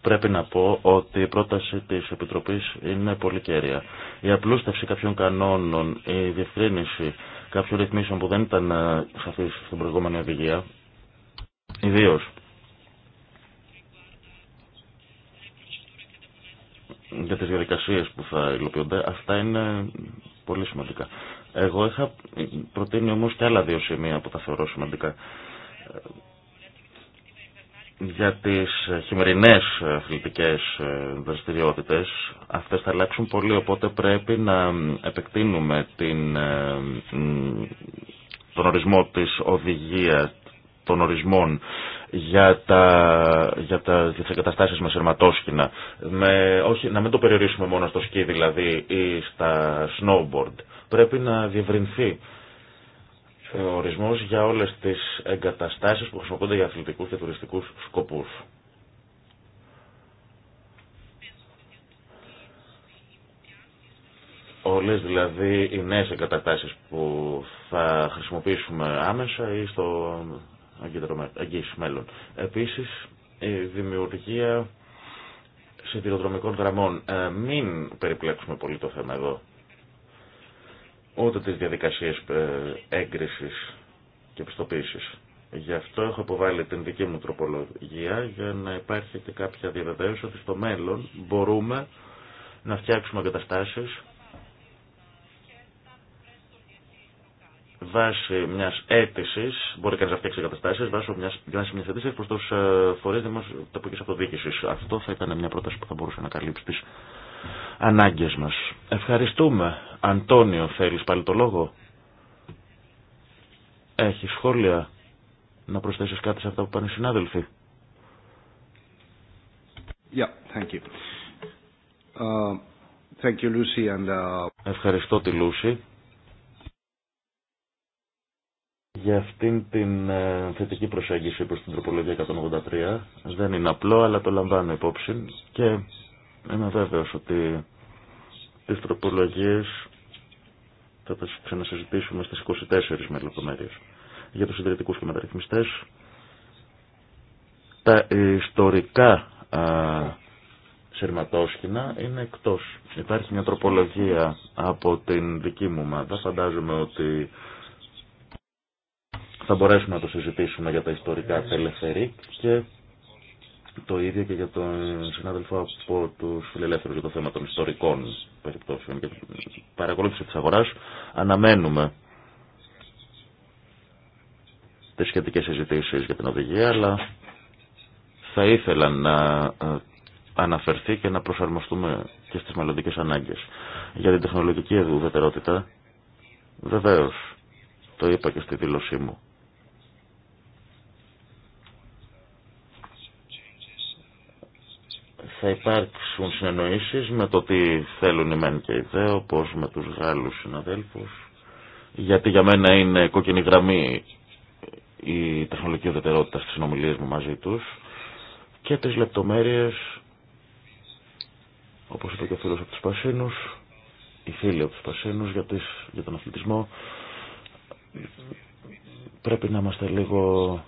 πρέπει να πω ότι η πρόταση της Επιτροπής είναι πολύ κέρια. Η απλούστευση κάποιων κανόνων, η διευκρίνηση κάποιων ρυθμίσεων που δεν ήταν ε, σαφής στην προηγούμενη οδηγία, ιδίω. για τις διαδικασίες που θα υλοποιούνται, αυτά είναι πολύ σημαντικά. Εγώ είχα προτείνει όμως και άλλα δύο σημεία που τα θεωρώ σημαντικά. Για τις χειμερινές αθλητικές δραστηριότητες, αυτές θα αλλάξουν πολύ, οπότε πρέπει να επεκτείνουμε την, τον ορισμό της οδηγίας των ορισμών για, τα, για, τα, για τις εγκαταστάσεις με σερματόσκηνα. Με, όχι, να μην το περιορίσουμε μόνο στο σκι δηλαδή ή στα snowboard. Πρέπει να διευρυνθεί ο ορισμός για όλες τις εγκαταστάσεις που χρησιμοποιούνται για αθλητικούς και τουριστικούς σκοπούς. Όλες δηλαδή οι νέες εγκαταστάσεις που θα χρησιμοποιήσουμε άμεσα ή στο αγγίς μέλλον. Επίσης η στο αγγισιο μελλον σιδηροδρομικών γραμμών. Ε, μην περιπλέξουμε πολύ το θέμα εδώ ούτε τις διαδικασίες ε, έγκρισης και πιστοποίησης. Γι' αυτό έχω αποβάλει την δική μου τροπολογία για να υπάρχει και κάποια διαβεβαίωση ότι στο μέλλον μπορούμε να φτιάξουμε καταστάσεις βάσει μια αίτηση, μπορεί κανεί να φτιάξει εγκαταστάσει, βάσει μια μιας αίτηση προ του ε, φορεί τοπική αυτοδιοίκηση. Αυτό θα ήταν μια πρόταση που θα μπορούσε να καλύψει τι ανάγκες μας. Ευχαριστούμε. Αντώνιο, θέλεις πάλι το λόγο. Έχει σχόλια να προσθέσεις κάτι σε αυτά που πάνε οι συνάδελφοι. Yeah, thank you. Uh, uh, Ευχαριστώ τη Λούση για αυτήν την ε, θετική προσέγγιση προς την τροπολογία 183. Δεν είναι απλό, αλλά το λαμβάνω υπόψη και Είμαι βέβαιο ότι τι τροπολογίε θα τι ξανασυζητήσουμε στι 24 με λεπτομέρειε. Για του συντηρητικού και μεταρρυθμιστές, τα ιστορικά α, είναι εκτό. Υπάρχει μια τροπολογία από την δική μου ομάδα. Φαντάζομαι ότι θα μπορέσουμε να το συζητήσουμε για τα ιστορικά απελευθερή και το ίδιο και για τον συνάδελφο από του φιλελεύθερου για το θέμα των ιστορικών περιπτώσεων και παρακολούθηση τη αγορά. Αναμένουμε τι σχετικέ συζητήσει για την οδηγία, αλλά θα ήθελα να ε, αναφερθεί και να προσαρμοστούμε και στις μελλοντικέ ανάγκες. Για την τεχνολογική ουδετερότητα, βεβαίω, το είπα και στη δήλωσή μου. θα υπάρξουν συνεννοήσεις με το τι θέλουν οι μεν και οι δε, όπως με τους Γάλλους συναδέλφους, γιατί για μένα είναι κόκκινη γραμμή η τεχνολογική οδετερότητα στις συνομιλίες μου μαζί τους και τις λεπτομέρειες, όπως είπε και ο φίλος από τους Πασίνους, οι φίλοι από τους Πασίνους για, για τον αθλητισμό, πρέπει να είμαστε λίγο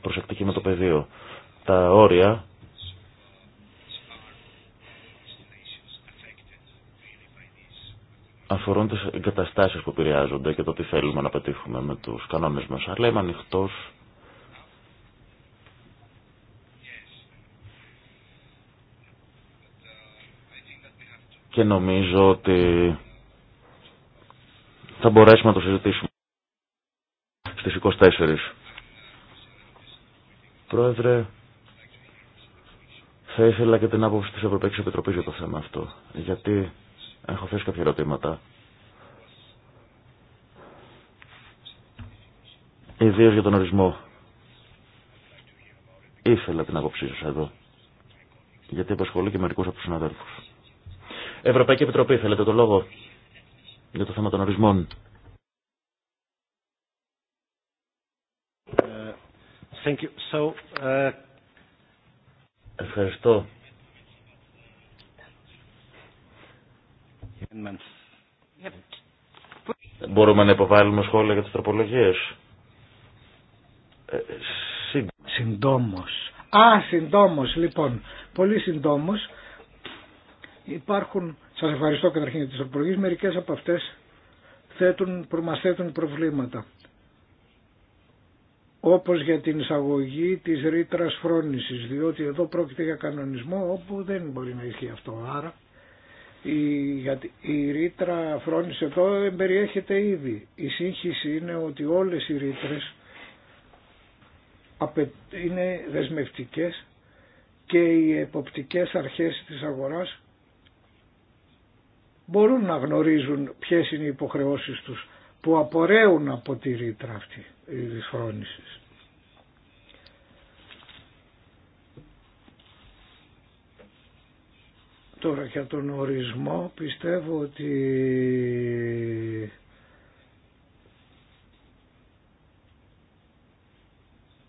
προσεκτικοί με το πεδίο. Τα όρια αφορούν τι εγκαταστάσει που επηρεάζονται και το τι θέλουμε να πετύχουμε με τους κανόνες μας. Αλλά είμαι ανοιχτό. Και νομίζω ότι θα μπορέσουμε να το συζητήσουμε στις 24. Πρόεδρε, θα ήθελα και την άποψη της Ευρωπαϊκής Επιτροπής για το θέμα αυτό. Γιατί Έχω θέσει κάποια ερωτήματα. Ιδίω για τον ορισμό. Ήθελα την άποψή σα εδώ. Γιατί απασχολεί και μερικού από του συναδέλφου. Ευρωπαϊκή Επιτροπή, θέλετε το λόγο για το θέμα των ορισμών. Ε, so, uh... Ευχαριστώ. Μπορούμε να υποβάλουμε σχόλια για τις τροπολογίες. Ε, Συντόμως. Α, συντόμως, λοιπόν. Πολύ συντόμως. Υπάρχουν, σας ευχαριστώ καταρχήν για τις τροπολογίες, μερικές από αυτές θέτουν, μας θέτουν προβλήματα. Όπως για την εισαγωγή της ρήτρας φρόνησης, διότι εδώ πρόκειται για κανονισμό όπου δεν μπορεί να ισχύει αυτό. Άρα η, γιατί η ρήτρα φρόνηση εδώ εμπεριέχεται ήδη. Η σύγχυση είναι ότι όλες οι ρήτρες είναι δεσμευτικές και οι εποπτικές αρχές της αγοράς μπορούν να γνωρίζουν ποιες είναι οι υποχρεώσεις τους που απορρέουν από τη ρήτρα αυτή της φρόνησης. Τώρα για τον ορισμό πιστεύω ότι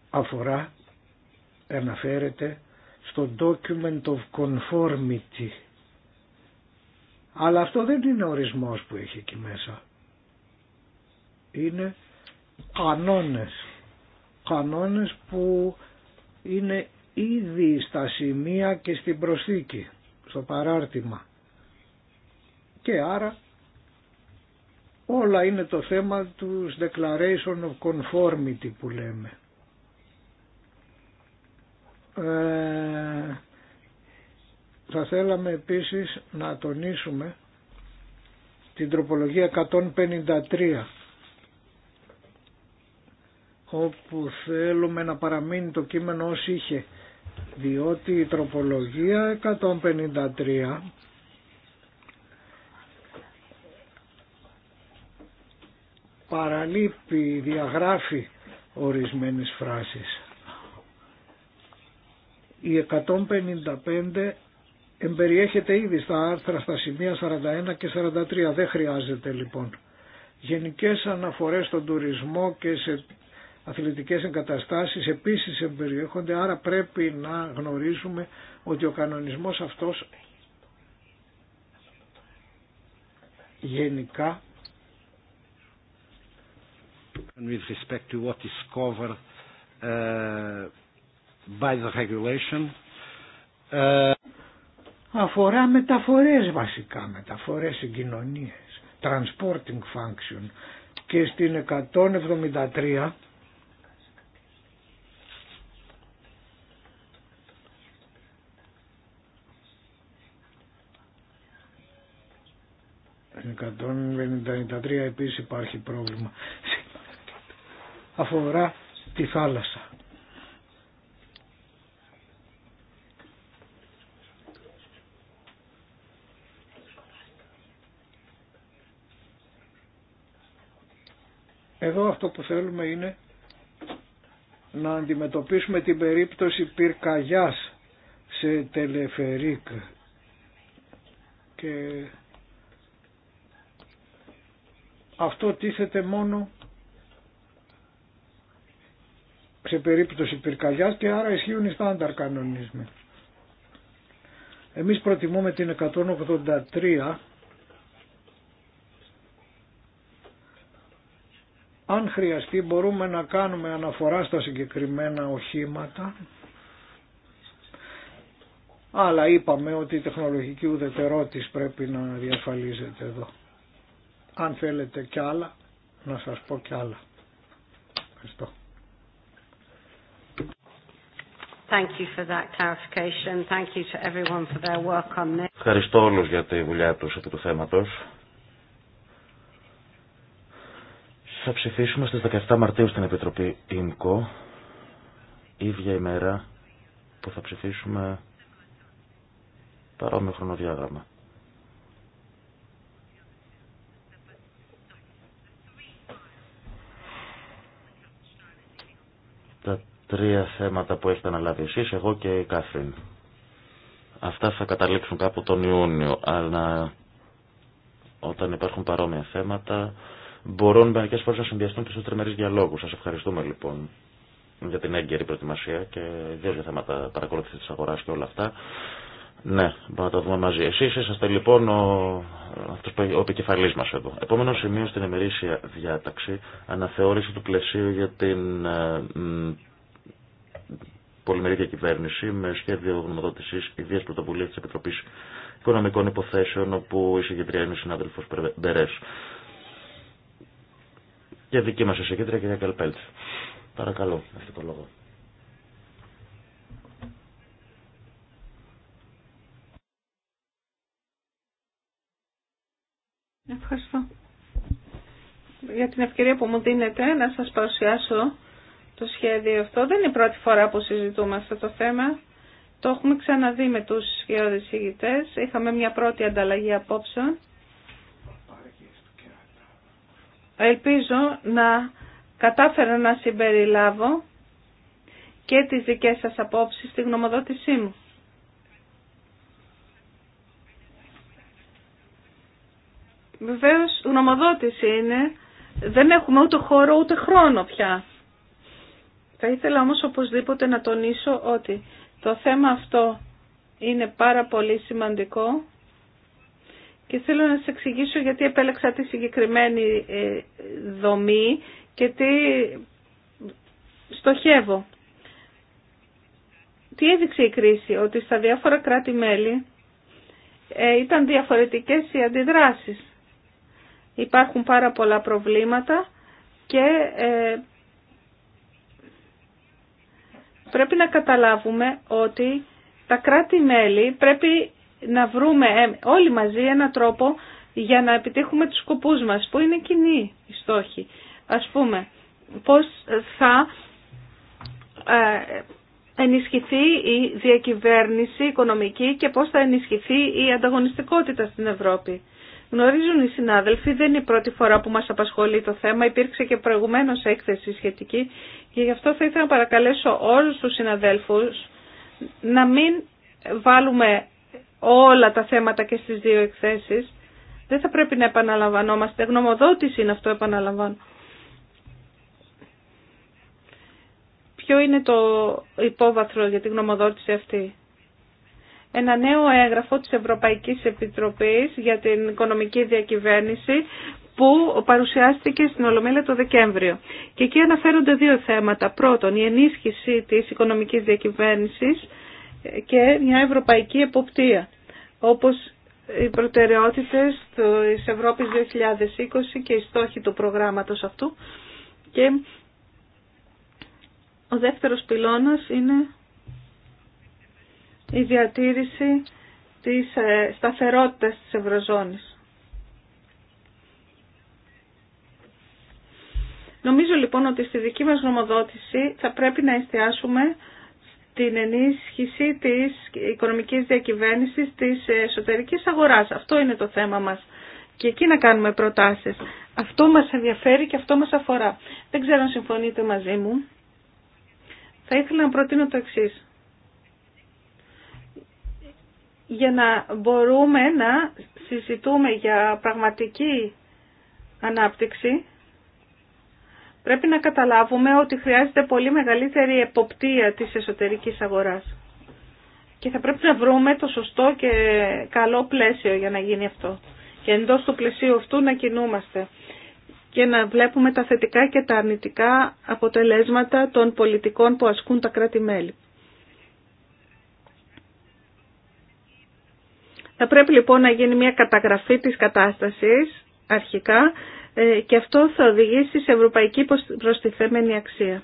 αφορά, αναφέρεται στο document of conformity. Αλλά αυτό δεν είναι ορισμός που έχει εκεί μέσα. Είναι κανόνες. Κανόνες που είναι ήδη στα σημεία και στην προσθήκη στο παράρτημα. Και άρα όλα είναι το θέμα του declaration of conformity που λέμε. Ε, θα θέλαμε επίσης να τονίσουμε την τροπολογία 153 όπου θέλουμε να παραμείνει το κείμενο ως είχε διότι η τροπολογία 153 παραλείπει, διαγράφει ορισμένες φράσεις. Η 155 εμπεριέχεται ήδη στα άρθρα στα σημεία 41 και 43, δεν χρειάζεται λοιπόν. Γενικές αναφορές στον τουρισμό και σε αθλητικές εγκαταστάσεις επίσης εμπεριέχονται, άρα πρέπει να γνωρίζουμε ότι ο κανονισμός αυτός γενικά respect to what is covered uh, by the regulation uh, αφορά μεταφορές βασικά, μεταφορές συγκοινωνίες, transporting function και στην 173 στην επίσης υπάρχει πρόβλημα. Αφορά τη θάλασσα. Εδώ αυτό που θέλουμε είναι να αντιμετωπίσουμε την περίπτωση πυρκαγιάς σε τελεφερίκ και αυτό τίθεται μόνο σε περίπτωση πυρκαγιάς και άρα ισχύουν οι στάνταρ κανονισμοί. Εμείς προτιμούμε την 183 Αν χρειαστεί μπορούμε να κάνουμε αναφορά στα συγκεκριμένα οχήματα αλλά είπαμε ότι η τεχνολογική ουδετερότης πρέπει να διαφαλίζεται εδώ. Αν θέλετε κι άλλα, να σας πω κι άλλα. Ευχαριστώ. Thank you for that clarification. Thank you to everyone for their work on this. Ευχαριστώ όλους για τη δουλειά τους επί του θέματος. Θα ψηφίσουμε στις 17 Μαρτίου στην Επιτροπή ΙΜΚΟ, ίδια ημέρα που θα ψηφίσουμε παρόμοιο χρονοδιάγραμμα. τα τρία θέματα που έχετε αναλάβει εσείς, εγώ και η Κάθριν. Αυτά θα καταλήξουν κάπου τον Ιούνιο, αλλά όταν υπάρχουν παρόμοια θέματα μπορούν μερικές φορές να συνδυαστούν και στους τριμερείς διαλόγους. Σας ευχαριστούμε λοιπόν για την έγκαιρη προετοιμασία και ιδίω για θέματα παρακολουθήσης τη αγορά και όλα αυτά. Ναι, μπορούμε να το δούμε μαζί. Εσείς είσαστε λοιπόν ο, ο επικεφαλής μας εδώ. Επόμενο σημείο στην εμερήσια διάταξη, αναθεώρηση του πλαισίου για την ε, διακυβέρνηση με σχέδιο γνωμοδότησης ιδίας πρωτοβουλίας της Επιτροπής Οικονομικών Υποθέσεων, όπου η συγκεντρία είναι ο συνάδελφος Μπερές. Και δική μας εισηγήτρια, κυρία Καλπέλτ. Παρακαλώ, αυτό το λόγο. Ευχαριστώ για την ευκαιρία που μου δίνετε να σας παρουσιάσω το σχέδιο αυτό. Δεν είναι η πρώτη φορά που συζητούμε αυτό το θέμα. Το έχουμε ξαναδεί με τους σχεδόν ηγητές. Είχαμε μια πρώτη ανταλλαγή απόψεων. Ελπίζω να κατάφερα να συμπεριλάβω και τις δικές σας απόψεις στη γνωμοδότησή μου. Βεβαίω γνωμοδότηση είναι. Δεν έχουμε ούτε χώρο ούτε χρόνο πια. Θα ήθελα όμως οπωσδήποτε να τονίσω ότι το θέμα αυτό είναι πάρα πολύ σημαντικό και θέλω να σας εξηγήσω γιατί επέλεξα τη συγκεκριμένη ε, δομή και τι στοχεύω. Τι έδειξε η κρίση, ότι στα διάφορα κράτη-μέλη ε, ήταν διαφορετικές οι αντιδράσεις. Υπάρχουν πάρα πολλά προβλήματα και ε, πρέπει να καταλάβουμε ότι τα κράτη-μέλη πρέπει να βρούμε ε, όλοι μαζί έναν τρόπο για να επιτύχουμε τους σκοπούς μας, που είναι κοινοί οι στόχοι. Ας πούμε, πώς θα ε, ενισχυθεί η διακυβέρνηση οικονομική και πώς θα ενισχυθεί η ανταγωνιστικότητα στην Ευρώπη. Γνωρίζουν οι συνάδελφοι, δεν είναι η πρώτη φορά που μας απασχολεί το θέμα, υπήρξε και προηγουμένως έκθεση σχετική και γι' αυτό θα ήθελα να παρακαλέσω όλους τους συναδέλφους να μην βάλουμε όλα τα θέματα και στις δύο εκθέσεις. Δεν θα πρέπει να επαναλαμβανόμαστε, γνωμοδότηση είναι αυτό επαναλαμβάνω. Ποιο είναι το υπόβαθρο για την γνωμοδότηση αυτή ένα νέο έγγραφο της Ευρωπαϊκής Επιτροπής για την οικονομική διακυβέρνηση που παρουσιάστηκε στην Ολομέλεια το Δεκέμβριο. Και εκεί αναφέρονται δύο θέματα. Πρώτον, η ενίσχυση της οικονομικής διακυβέρνησης και μια ευρωπαϊκή εποπτεία, όπως οι προτεραιότητες της Ευρώπης 2020 και οι στόχοι του προγράμματος αυτού. Και ο δεύτερος πυλώνας είναι η διατήρηση της ε, σταθερότητας της Ευρωζώνης. Νομίζω λοιπόν ότι στη δική μας γνωμοδότηση θα πρέπει να εστιάσουμε την ενίσχυση της οικονομικής διακυβέρνησης της εσωτερικής αγοράς. Αυτό είναι το θέμα μας. Και εκεί να κάνουμε προτάσεις. Αυτό μας ενδιαφέρει και αυτό μας αφορά. Δεν ξέρω αν συμφωνείτε μαζί μου. Θα ήθελα να προτείνω το εξής για να μπορούμε να συζητούμε για πραγματική ανάπτυξη, πρέπει να καταλάβουμε ότι χρειάζεται πολύ μεγαλύτερη εποπτεία της εσωτερικής αγοράς. Και θα πρέπει να βρούμε το σωστό και καλό πλαίσιο για να γίνει αυτό. Και εντός του πλαισίου αυτού να κινούμαστε και να βλέπουμε τα θετικά και τα αρνητικά αποτελέσματα των πολιτικών που ασκούν τα κράτη-μέλη. Θα πρέπει λοιπόν να γίνει μια καταγραφή της κατάστασης αρχικά ε, και αυτό θα οδηγήσει σε ευρωπαϊκή προστιθέμενη αξία.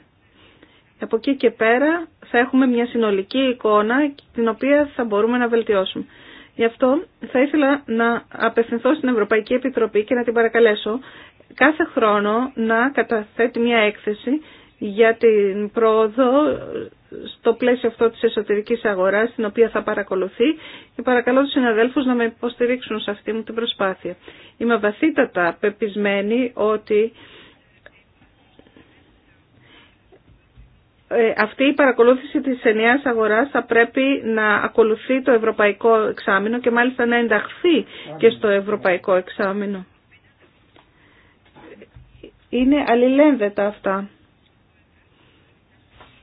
Από εκεί και πέρα θα έχουμε μια συνολική εικόνα την οποία θα μπορούμε να βελτιώσουμε. Γι' αυτό θα ήθελα να απευθυνθώ στην Ευρωπαϊκή Επιτροπή και να την παρακαλέσω κάθε χρόνο να καταθέτει μια έκθεση για την πρόοδο στο πλαίσιο αυτό της εσωτερικής αγοράς, την οποία θα παρακολουθεί και παρακαλώ τους συναδέλφους να με υποστηρίξουν σε αυτή μου την προσπάθεια. Είμαι βαθύτατα πεπισμένη ότι ε, αυτή η παρακολούθηση της ενιαίας αγοράς θα πρέπει να ακολουθεί το ευρωπαϊκό εξάμεινο και μάλιστα να ενταχθεί και στο ευρωπαϊκό εξάμεινο. Είναι αλληλένδετα αυτά.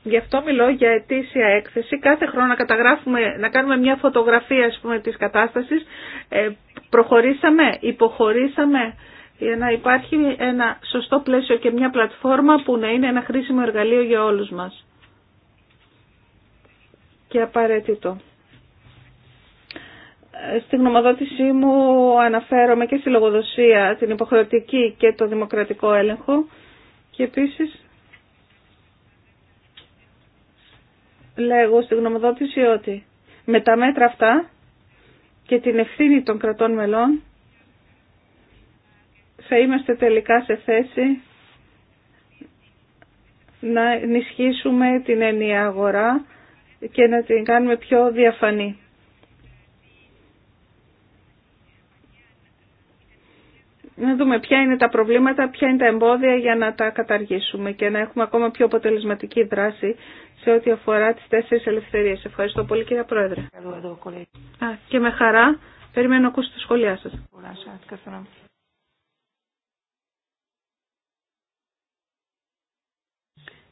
Γι' αυτό μιλώ για ετήσια έκθεση. Κάθε χρόνο να καταγράφουμε, να κάνουμε μια φωτογραφία ας πούμε, της κατάστασης. Ε, προχωρήσαμε, υποχωρήσαμε για να υπάρχει ένα σωστό πλαίσιο και μια πλατφόρμα που να είναι ένα χρήσιμο εργαλείο για όλους μας. Και απαραίτητο. Ε, στην γνωμοδότησή μου αναφέρομαι και στη λογοδοσία, την υποχρεωτική και το δημοκρατικό έλεγχο και επίσης λέγω στη γνωμοδότηση ότι με τα μέτρα αυτά και την ευθύνη των κρατών μελών θα είμαστε τελικά σε θέση να ενισχύσουμε την ενιαία αγορά και να την κάνουμε πιο διαφανή. να δούμε ποια είναι τα προβλήματα, ποια είναι τα εμπόδια για να τα καταργήσουμε και να έχουμε ακόμα πιο αποτελεσματική δράση σε ό,τι αφορά τις τέσσερις ελευθερίες. Ευχαριστώ πολύ κύριε Πρόεδρε. Α, και με χαρά περιμένω να ακούσω τα σχόλιά σας.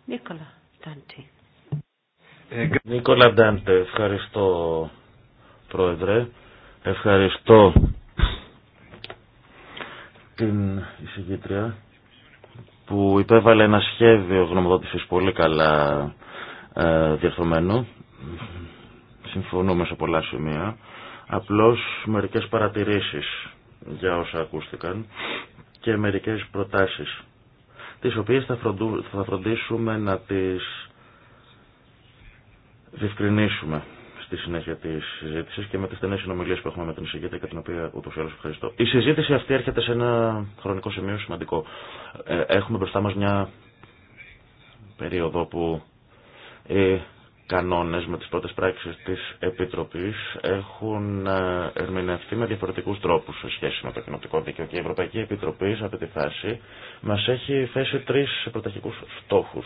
Νίκολα Ντάντη. Ε, Νίκολα Ντάντε, ευχαριστώ Πρόεδρε. Ευχαριστώ την εισηγήτρια που υπέβαλε ένα σχέδιο γνωμοδότησης πολύ καλά ε, Συμφωνούμε σε πολλά σημεία. Απλώς μερικές παρατηρήσεις για όσα ακούστηκαν και μερικές προτάσεις τις οποίες θα, φροντίσουμε να τις διευκρινίσουμε στη συνέχεια τη συζήτηση και με τι στενέ συνομιλίε που έχουμε με την εισηγήτρια και την οποία ούτω ή άλλω ευχαριστώ. Η συζήτηση αυτή έρχεται σε ένα χρονικό σημείο σημαντικό. Ε, έχουμε μπροστά μα μια περίοδο που οι κανόνε με τι πρώτε πράξει τη επίτροπή έχουν ε, ερμηνευτεί με διαφορετικού τρόπου σε σχέση με το κοινοτικό δίκαιο και η Ευρωπαϊκή Επιτροπή σε αυτή τη φάση μα έχει θέσει τρει πρωταρχικού στόχου.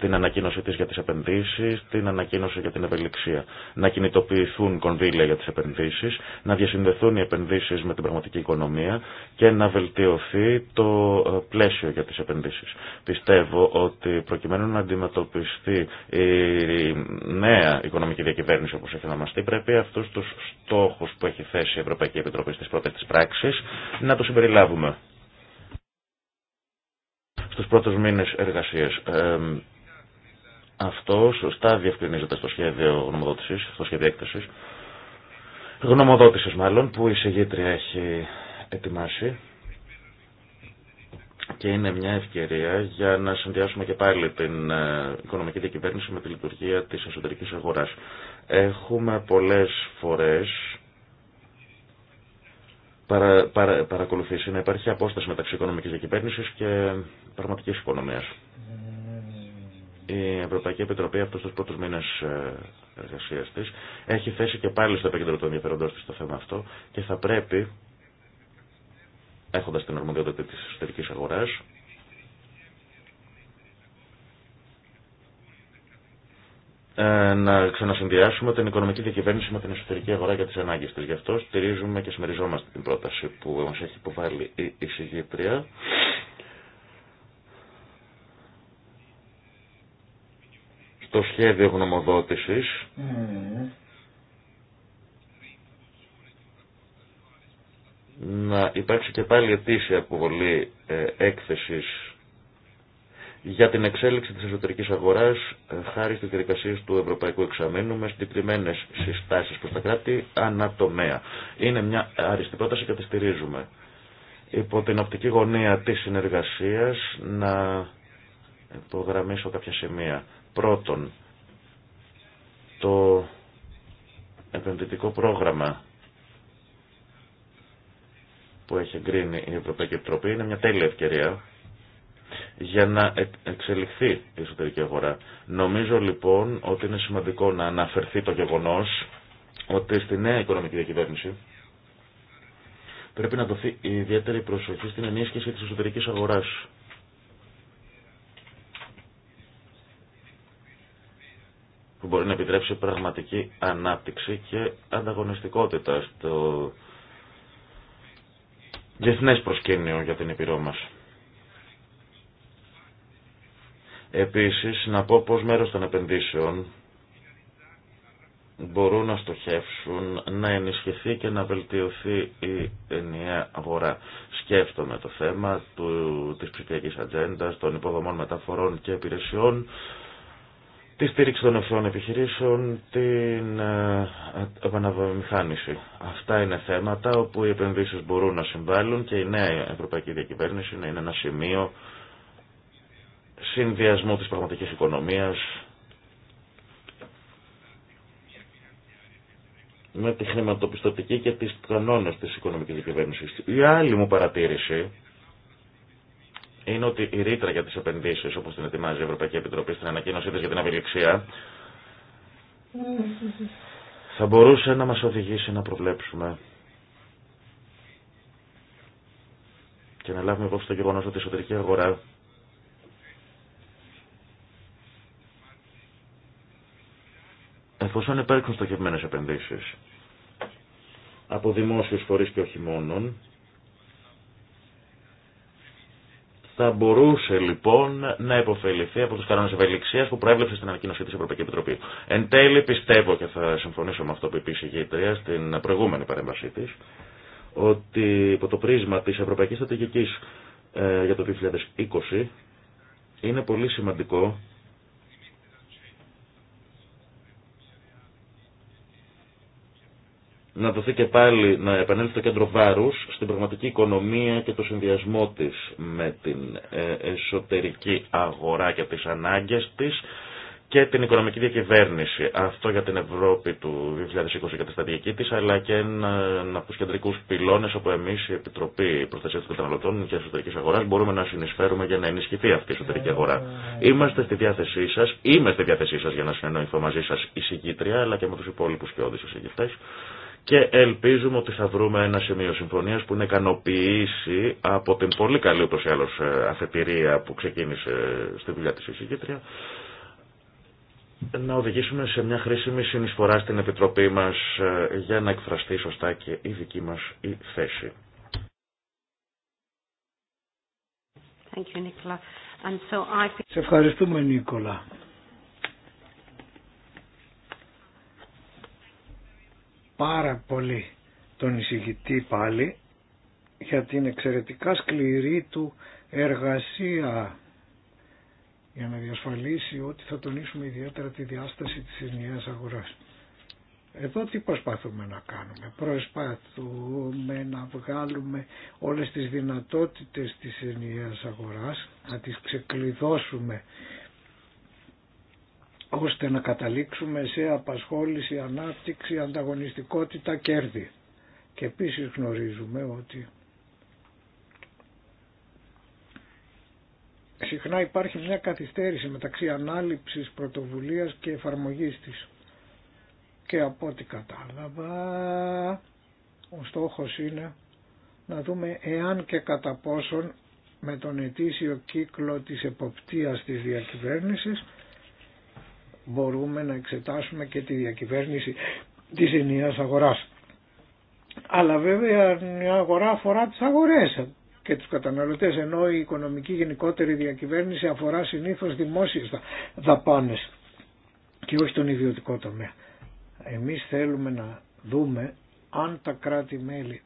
Την ανακοίνωση της για τις επενδύσεις, την ανακοίνωση για την ευελιξία. Να κινητοποιηθούν κονδύλια για τις επενδύσεις, να διασυνδεθούν οι επενδύσεις με την πραγματική οικονομία και να βελτιωθεί το ε, πλαίσιο για τις επενδύσεις. Πιστεύω ότι προκειμένου να αντιμετωπιστεί η νέα οικονομική διακυβέρνηση όπως έχει ονομαστεί, πρέπει αυτούς τους στόχους που έχει θέσει η Ευρωπαϊκή Επιτροπή στις πρώτες τη πράξη να τους συμπεριλάβουμε στους πρώτους μήνες εργασίας. Αυτό σωστά διευκρινίζεται στο σχέδιο γνωμοδότησης, στο σχέδιο έκθεσης. Γνωμοδότησης μάλλον, που η συγγήτρια έχει ετοιμάσει και είναι μια ευκαιρία για να συνδυάσουμε και πάλι την ε, οικονομική διακυβέρνηση με τη λειτουργία της εσωτερικής αγοράς. Έχουμε πολλές φορές παρα, παρα, παρακολουθήσει να υπάρχει απόσταση μεταξύ οικονομικής διακυβέρνησης και πραγματικής οικονομίας. Ε, η Ευρωπαϊκή Επιτροπή αυτού του πρώτου μήνε εργασία τη έχει θέσει και πάλι στο επίκεντρο των ενδιαφέροντό τη το θέμα αυτό και θα πρέπει, έχοντα την αρμοδιότητα τη εσωτερική αγορά, ε, να ξανασυνδυάσουμε την οικονομική διακυβέρνηση με την εσωτερική αγορά για τι ανάγκε τη. Γι' αυτό στηρίζουμε και συμμεριζόμαστε την πρόταση που μα έχει υποβάλει η το σχέδιο γνωμοδότησης. Να υπάρξει και πάλι ετήσια αποβολή ε, έκθεσης για την εξέλιξη της εσωτερικής αγοράς ε, χάρη στις διαδικασίες του Ευρωπαϊκού Εξαμένου με συγκεκριμένε συστάσεις προς τα κράτη ανατομέα. Είναι μια αριστή πρόταση και τη στηρίζουμε. Υπό την οπτική γωνία της συνεργασίας να υπογραμμίσω κάποια σημεία. Πρώτον, το επενδυτικό πρόγραμμα που έχει εγκρίνει η Ευρωπαϊκή Επιτροπή είναι μια τέλεια ευκαιρία για να ε, εξελιχθεί η εσωτερική αγορά. Νομίζω λοιπόν ότι είναι σημαντικό να αναφερθεί το γεγονός ότι στη νέα οικονομική διακυβέρνηση πρέπει να δοθεί ιδιαίτερη προσοχή στην ενίσχυση της εσωτερικής αγοράς που μπορεί να επιτρέψει πραγματική ανάπτυξη και ανταγωνιστικότητα στο διεθνές προσκήνιο για την Επιρό μας. Επίσης, να πω πως μέρος των επενδύσεων μπορούν να στοχεύσουν να ενισχυθεί και να βελτιωθεί η ενιαία αγορά. Σκέφτομαι το θέμα του, της ψηφιακής ατζέντα, των υποδομών μεταφορών και υπηρεσιών, τη στήριξη των ευθύνων επιχειρήσεων, την ε, επαναμηχανήση. Αυτά είναι θέματα όπου οι επενδύσεις μπορούν να συμβάλλουν και η νέα ευρωπαϊκή διακυβέρνηση να είναι ένα σημείο συνδυασμού της πραγματικής οικονομίας με τη χρηματοπιστωτική και τις κανόνες της οικονομικής διακυβέρνησης. Η άλλη μου παρατήρηση είναι ότι η ρήτρα για τι επενδύσει, όπω την ετοιμάζει η Ευρωπαϊκή Επιτροπή στην ανακοίνωσή τη για την απελευθερία, θα μπορούσε να μα οδηγήσει να προβλέψουμε και να λάβουμε υπόψη το γεγονό ότι η εσωτερική αγορά εφόσον υπάρχουν στοχευμένε επενδύσει από δημόσιου φορεί και όχι μόνον, θα μπορούσε λοιπόν να υποφεληθεί από του κανόνε ευελιξία που προέβλεψε στην ανακοίνωσή τη Ευρωπαϊκή Επιτροπή. Εν τέλει, πιστεύω και θα συμφωνήσω με αυτό που είπε η συγγήτρια στην προηγούμενη παρέμβασή τη, ότι υπό το πρίσμα τη Ευρωπαϊκή Στρατηγική ε, για το 2020 είναι πολύ σημαντικό να δοθεί και πάλι να επανέλθει το κέντρο βάρους στην πραγματική οικονομία και το συνδυασμό της με την ε, εσωτερική αγορά και τις ανάγκες της και την οικονομική διακυβέρνηση. Αυτό για την Ευρώπη του 2020 και τη στρατηγική τη, αλλά και ένα από του κεντρικού πυλώνε όπου εμεί η Επιτροπή Προστασία των Καταναλωτών και Εσωτερική Αγορά μπορούμε να συνεισφέρουμε για να ενισχυθεί αυτή η εσωτερική αγορά. Είμαστε στη διάθεσή σα, είμαι στη διάθεσή σα για να συνεννοηθώ μαζί σα η συγκήτρια, αλλά και με του υπόλοιπου και και ελπίζουμε ότι θα βρούμε ένα σημείο συμφωνίας που να ικανοποιήσει από την πολύ καλή ούτως ή άλλως ε, αφετηρία που ξεκίνησε στη δουλειά της εισηγήτρια να οδηγήσουμε σε μια χρήσιμη συνεισφορά στην Επιτροπή μας ε, για να εκφραστεί σωστά και η δική μας η θέση. Σε ευχαριστούμε Νίκολα. πάρα πολύ τον εισηγητή πάλι για την εξαιρετικά σκληρή του εργασία για να διασφαλίσει ότι θα τονίσουμε ιδιαίτερα τη διάσταση της ενιαίας αγοράς. Εδώ τι προσπαθούμε να κάνουμε. Προσπαθούμε να βγάλουμε όλες τις δυνατότητες της ενιαίας αγοράς, να τις ξεκλειδώσουμε ώστε να καταλήξουμε σε απασχόληση, ανάπτυξη, ανταγωνιστικότητα, κέρδη. Και επίσης γνωρίζουμε ότι συχνά υπάρχει μια καθυστέρηση μεταξύ ανάληψης πρωτοβουλίας και εφαρμογής της. Και από ό,τι κατάλαβα, ο στόχος είναι να δούμε εάν και κατά πόσον με τον ετήσιο κύκλο της εποπτείας της διακυβέρνησης μπορούμε να εξετάσουμε και τη διακυβέρνηση της ενιαίας αγοράς. Αλλά βέβαια η αγορά αφορά τις αγορές και τους καταναλωτές, ενώ η οικονομική γενικότερη διακυβέρνηση αφορά συνήθως δημόσιες δαπάνες και όχι τον ιδιωτικό τομέα. Εμείς θέλουμε να δούμε αν τα κράτη-μέλη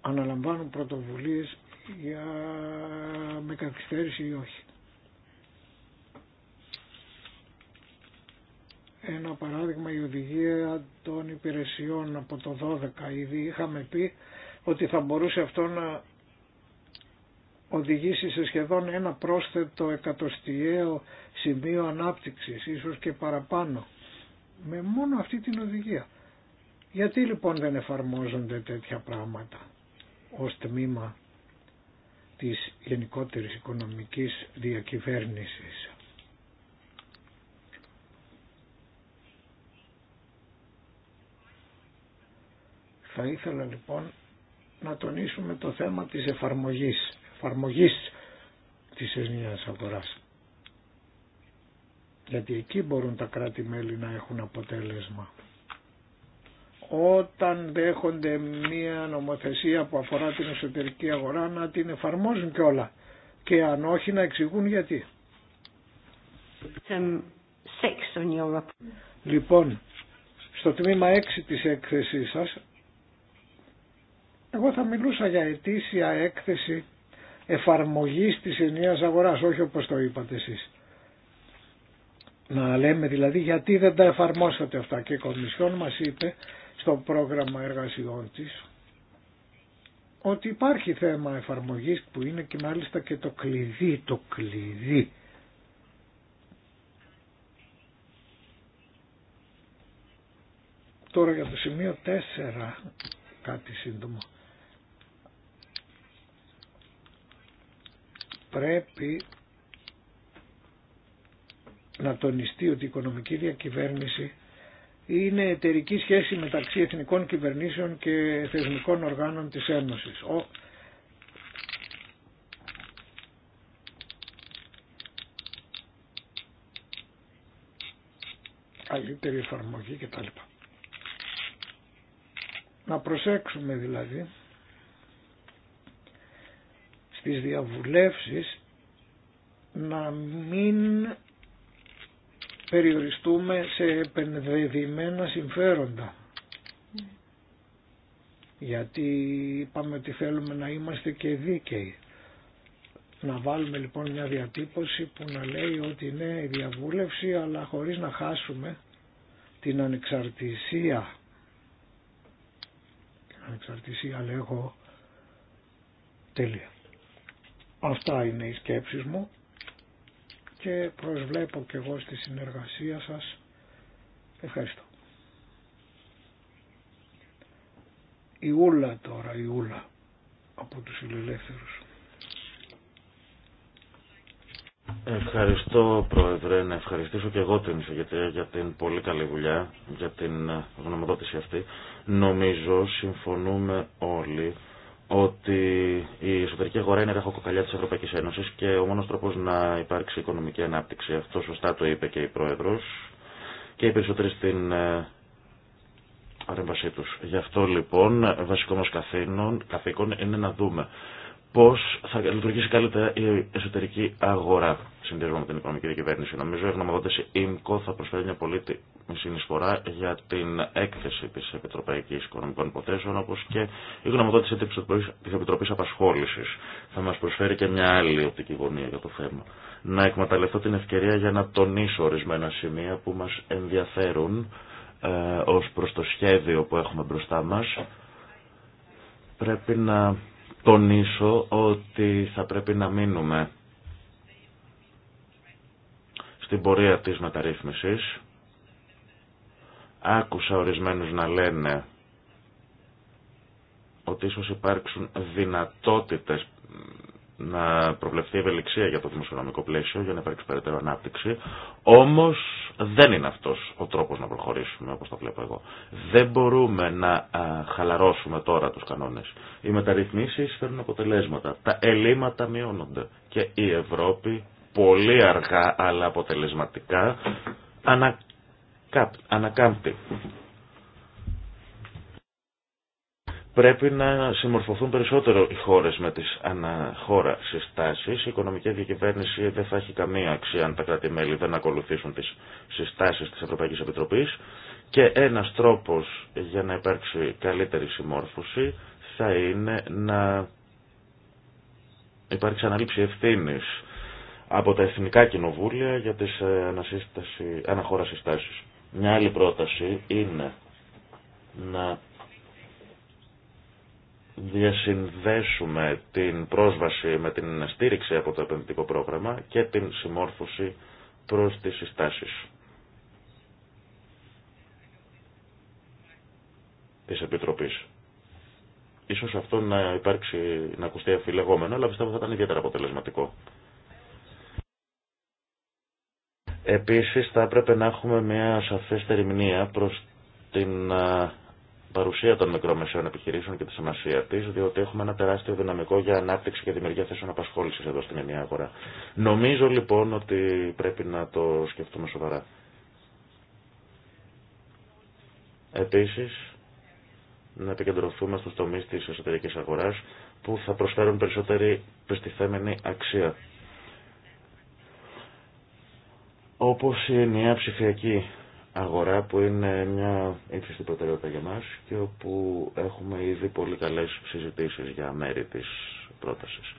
αναλαμβάνουν πρωτοβουλίες για... με καθυστέρηση ή όχι. Ένα παράδειγμα η οδηγία των υπηρεσιών από το 12 ήδη είχαμε πει ότι θα μπορούσε αυτό να οδηγήσει σε σχεδόν ένα πρόσθετο εκατοστιαίο σημείο ανάπτυξης, ίσως και παραπάνω, με μόνο αυτή την οδηγία. Γιατί λοιπόν δεν εφαρμόζονται τέτοια πράγματα ως τμήμα της γενικότερης οικονομικής διακυβέρνησης. Θα ήθελα λοιπόν να τονίσουμε το θέμα της εφαρμογής, εφαρμογής της ενιαίας αγοράς. Γιατί εκεί μπορούν τα κράτη-μέλη να έχουν αποτέλεσμα. Όταν δέχονται μία νομοθεσία που αφορά την εσωτερική αγορά να την εφαρμόζουν και όλα. Και αν όχι να εξηγούν γιατί. Λοιπόν, στο τμήμα 6 της έκθεσής σας εγώ θα μιλούσα για ετήσια έκθεση εφαρμογής της ενιαίας αγοράς, όχι όπως το είπατε εσείς. Να λέμε δηλαδή γιατί δεν τα εφαρμόσατε αυτά και η Κομισιόν μας είπε στο πρόγραμμα εργασιών της ότι υπάρχει θέμα εφαρμογής που είναι και μάλιστα και το κλειδί, το κλειδί. Τώρα για το σημείο 4 κάτι σύντομο. πρέπει να τονιστεί ότι η οικονομική διακυβέρνηση είναι εταιρική σχέση μεταξύ εθνικών κυβερνήσεων και θεσμικών οργάνων της Ένωσης. Ο... Καλύτερη εφαρμογή κτλ. Να προσέξουμε δηλαδή στις διαβουλεύσεις να μην περιοριστούμε σε επενδεδημένα συμφέροντα. Γιατί είπαμε ότι θέλουμε να είμαστε και δίκαιοι. Να βάλουμε λοιπόν μια διατύπωση που να λέει ότι είναι η διαβούλευση αλλά χωρίς να χάσουμε την ανεξαρτησία. Την ανεξαρτησία λέγω τέλεια. Αυτά είναι οι σκέψεις μου και προσβλέπω και εγώ στη συνεργασία σας. Ευχαριστώ. Η Ούλα τώρα, η Ούλα από τους Ελεύθερους. Ευχαριστώ Πρόεδρε, να ευχαριστήσω και εγώ την Ισογετρία για την πολύ καλή δουλειά, για την γνωμοδότηση αυτή. Νομίζω συμφωνούμε όλοι ότι η εσωτερική αγορά είναι ραχοκοκαλιά της Ευρωπαϊκής Ένωσης και ο μόνος τρόπος να υπάρξει οικονομική ανάπτυξη. Αυτό σωστά το είπε και η Πρόεδρος και οι περισσότεροι στην ε, παρέμβασή τους. Γι' αυτό λοιπόν βασικό μας καθήκον είναι να δούμε Πώ θα λειτουργήσει καλύτερα η εσωτερική αγορά συνδυασμό με την οικονομική διακυβέρνηση. Νομίζω η γνωμοδότηση ΙΜΚΟ θα προσφέρει μια πολύτιμη συνεισφορά για την έκθεση τη Επιτροπαϊκής Οικονομικών Υποθέσεων όπω και η γνωμοδότηση τη Επιτροπή απασχόληση. Θα μα προσφέρει και μια άλλη οπτική γωνία για το θέμα. Να εκμεταλλευτώ την ευκαιρία για να τονίσω ορισμένα σημεία που μα ενδιαφέρουν ε, ως το σχέδιο που έχουμε μπροστά μα Πρέπει να τονίσω ότι θα πρέπει να μείνουμε στην πορεία της μεταρρύθμισης. Άκουσα ορισμένους να λένε ότι ίσως υπάρξουν δυνατότητες να προβλεφθεί ευελιξία για το δημοσιονομικό πλαίσιο, για να υπάρξει περαιτέρω ανάπτυξη. Όμω δεν είναι αυτό ο τρόπο να προχωρήσουμε, όπω το βλέπω εγώ. Δεν μπορούμε να χαλαρώσουμε τώρα του κανόνε. Οι μεταρρυθμίσει φέρνουν αποτελέσματα. Τα ελλείμματα μειώνονται. Και η Ευρώπη πολύ αργά αλλά αποτελεσματικά ανακάμπτει. Πρέπει να συμμορφωθούν περισσότερο οι χώρε με τι αναχώρα συστάσει. Η οικονομική διακυβέρνηση δεν θα έχει καμία αξία αν τα κράτη-μέλη δεν ακολουθήσουν τι συστάσει τη Ευρωπαϊκή Επιτροπή. Και ένα τρόπο για να υπάρξει καλύτερη συμμόρφωση θα είναι να υπάρξει αναλήψη ευθύνη από τα εθνικά κοινοβούλια για τι αναχώρα συστάσει. Μια άλλη πρόταση είναι να διασυνδέσουμε την πρόσβαση με την στήριξη από το επενδυτικό πρόγραμμα και την συμμόρφωση προς τις συστάσεις. της Επιτροπής. Ίσως αυτό να υπάρξει, να ακουστεί αφιλεγόμενο, αλλά πιστεύω θα ήταν ιδιαίτερα αποτελεσματικό. Επίσης θα έπρεπε να έχουμε μια σαφέστερη μνήμα προς την παρουσία των μικρομεσαίων επιχειρήσεων και τη σημασία τη, διότι έχουμε ένα τεράστιο δυναμικό για ανάπτυξη και δημιουργία θέσεων απασχόληση εδώ στην ενιαία αγορά. Νομίζω λοιπόν ότι πρέπει να το σκεφτούμε σοβαρά. Επίση, να επικεντρωθούμε στου τομεί τη εσωτερική αγορά που θα προσφέρουν περισσότερη πιστιθέμενη αξία. Όπω η ενιαία ψηφιακή αγορά που είναι μια ύψιστη προτεραιότητα για μας και όπου έχουμε ήδη πολύ καλές συζητήσεις για μέρη της πρότασης.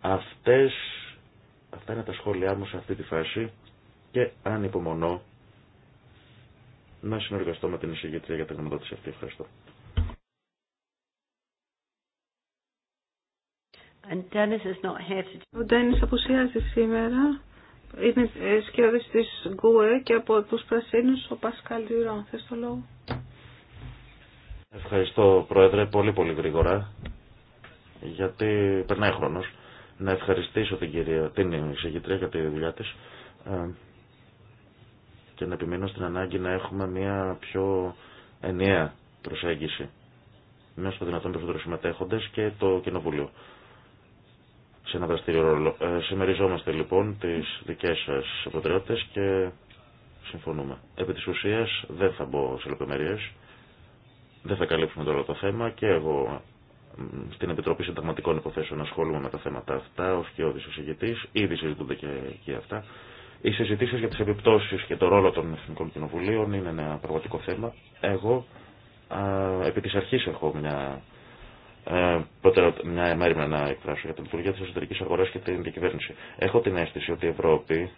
Αυτές, αυτά είναι τα σχόλιά μου σε αυτή τη φάση και αν υπομονώ να συνεργαστώ με την εισηγήτρια για την γνωμοδότηση αυτή. Ευχαριστώ. Ο Ντένις αποσιάζει σήμερα. Είναι σκιώδης της Γκουε και από τους Πρασίνους ο Πασκάλ Τιουραν. Θες το λόγο. Ευχαριστώ Πρόεδρε πολύ πολύ γρήγορα γιατί περνάει χρόνος να ευχαριστήσω την κυρία την εισηγητρία για τη δουλειά της ε, και να επιμείνω στην ανάγκη να έχουμε μια πιο ενιαία προσέγγιση μέσα στο δυνατόν περισσότερο συμμετέχοντες και το Κοινοβουλίο σε ένα δραστήριο ρόλο. Ε, λοιπόν τις δικές σας προτεραιότητες και συμφωνούμε. Επί της ουσίας δεν θα μπω σε λεπτομέρειες, δεν θα καλύψουμε τώρα το θέμα και εγώ στην Επιτροπή Συνταγματικών Υποθέσεων ασχολούμαι με τα θέματα αυτά, Ο και ο εισηγητής, ήδη συζητούνται και, και αυτά. Οι συζητήσει για τις επιπτώσεις και το ρόλο των Εθνικών Κοινοβουλίων είναι ένα πραγματικό θέμα. Εγώ α, επί της αρχής έχω μια ε, Πρώτα μια μέρη να εκφράσω για την λειτουργία τη εσωτερική αγορά και την διακυβέρνηση. Έχω την αίσθηση ότι η Ευρώπη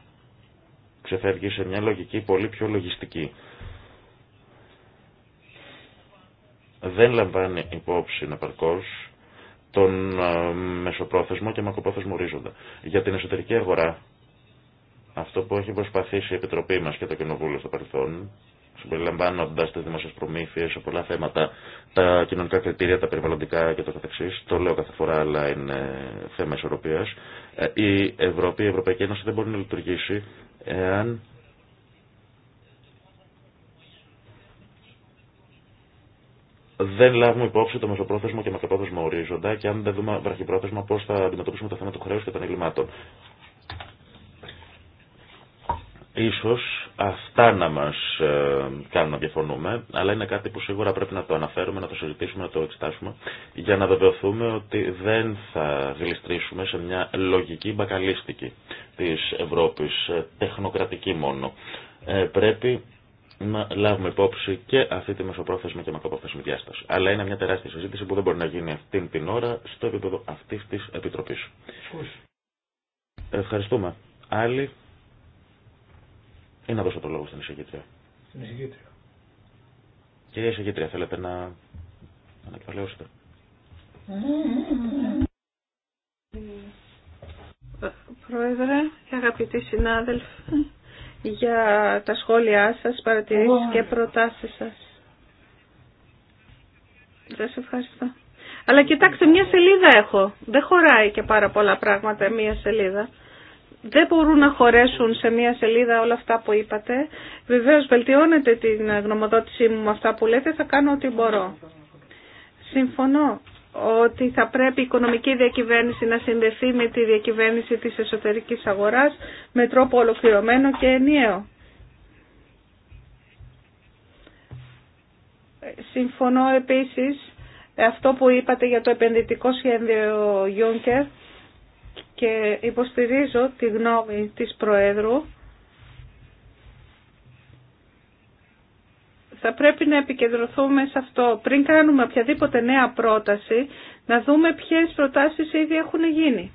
ξεφεύγει σε μια λογική πολύ πιο λογιστική. Δεν λαμβάνει υπόψη να επαρκώ τον ε, μεσοπρόθεσμο και μακροπρόθεσμο ορίζοντα. Για την εσωτερική αγορά, αυτό που έχει προσπαθήσει η Επιτροπή μας και το Κοινοβούλιο στο παρελθόν συμπεριλαμβάνοντα τι δημόσιε προμήθειε σε πολλά θέματα, τα κοινωνικά κριτήρια, τα περιβαλλοντικά και το καθεξής. Το λέω κάθε φορά, αλλά είναι θέμα ισορροπία. Ε, η Ευρώπη, η Ευρωπαϊκή Ένωση δεν μπορεί να λειτουργήσει εάν δεν λάβουμε υπόψη το μεσοπρόθεσμο και μακροπρόθεσμο ορίζοντα και αν δεν δούμε βραχυπρόθεσμα πώ θα αντιμετωπίσουμε το θέμα του χρέου και των εγκλημάτων. Ίσως αυτά να μας ε, κάνουν να διαφωνούμε, αλλά είναι κάτι που σίγουρα πρέπει να το αναφέρουμε, να το συζητήσουμε, να το εξετάσουμε, για να βεβαιωθούμε ότι δεν θα γλιστρήσουμε σε μια λογική μπακαλίστικη της Ευρώπης, ε, τεχνοκρατική μόνο. Ε, πρέπει να λάβουμε υπόψη και αυτή τη μεσοπρόθεσμη και μακροπρόθεσμη διάσταση. Αλλά είναι μια τεράστια συζήτηση που δεν μπορεί να γίνει αυτή την ώρα στο επίπεδο αυτή τη Επιτροπή. Ευχαριστούμε. Άλλοι ή ε, να δώσω το λόγο στην εισηγήτρια. Στην εισηγήτρια. Κυρία εισηγήτρια, θέλετε να ανακεφαλαιώσετε. Πρόεδρε και αγαπητοί συνάδελφοι, για τα σχόλιά σας, παρατηρήσεις και προτάσεις σας. Σας ευχαριστώ. Αλλά κοιτάξτε, μια σελίδα έχω. Δεν χωράει και πάρα πολλά πράγματα μια σελίδα δεν μπορούν να χωρέσουν σε μία σελίδα όλα αυτά που είπατε. Βεβαίως βελτιώνετε την γνωμοδότησή μου με αυτά που λέτε, θα κάνω ό,τι μπορώ. Συμφωνώ ότι θα πρέπει η οικονομική διακυβέρνηση να συνδεθεί με τη διακυβέρνηση της εσωτερικής αγοράς με τρόπο ολοκληρωμένο και ενιαίο. Συμφωνώ επίσης αυτό που είπατε για το επενδυτικό σχέδιο Juncker και υποστηρίζω τη γνώμη της Προέδρου. Θα πρέπει να επικεντρωθούμε σε αυτό. Πριν κάνουμε οποιαδήποτε νέα πρόταση, να δούμε ποιες προτάσεις ήδη έχουν γίνει.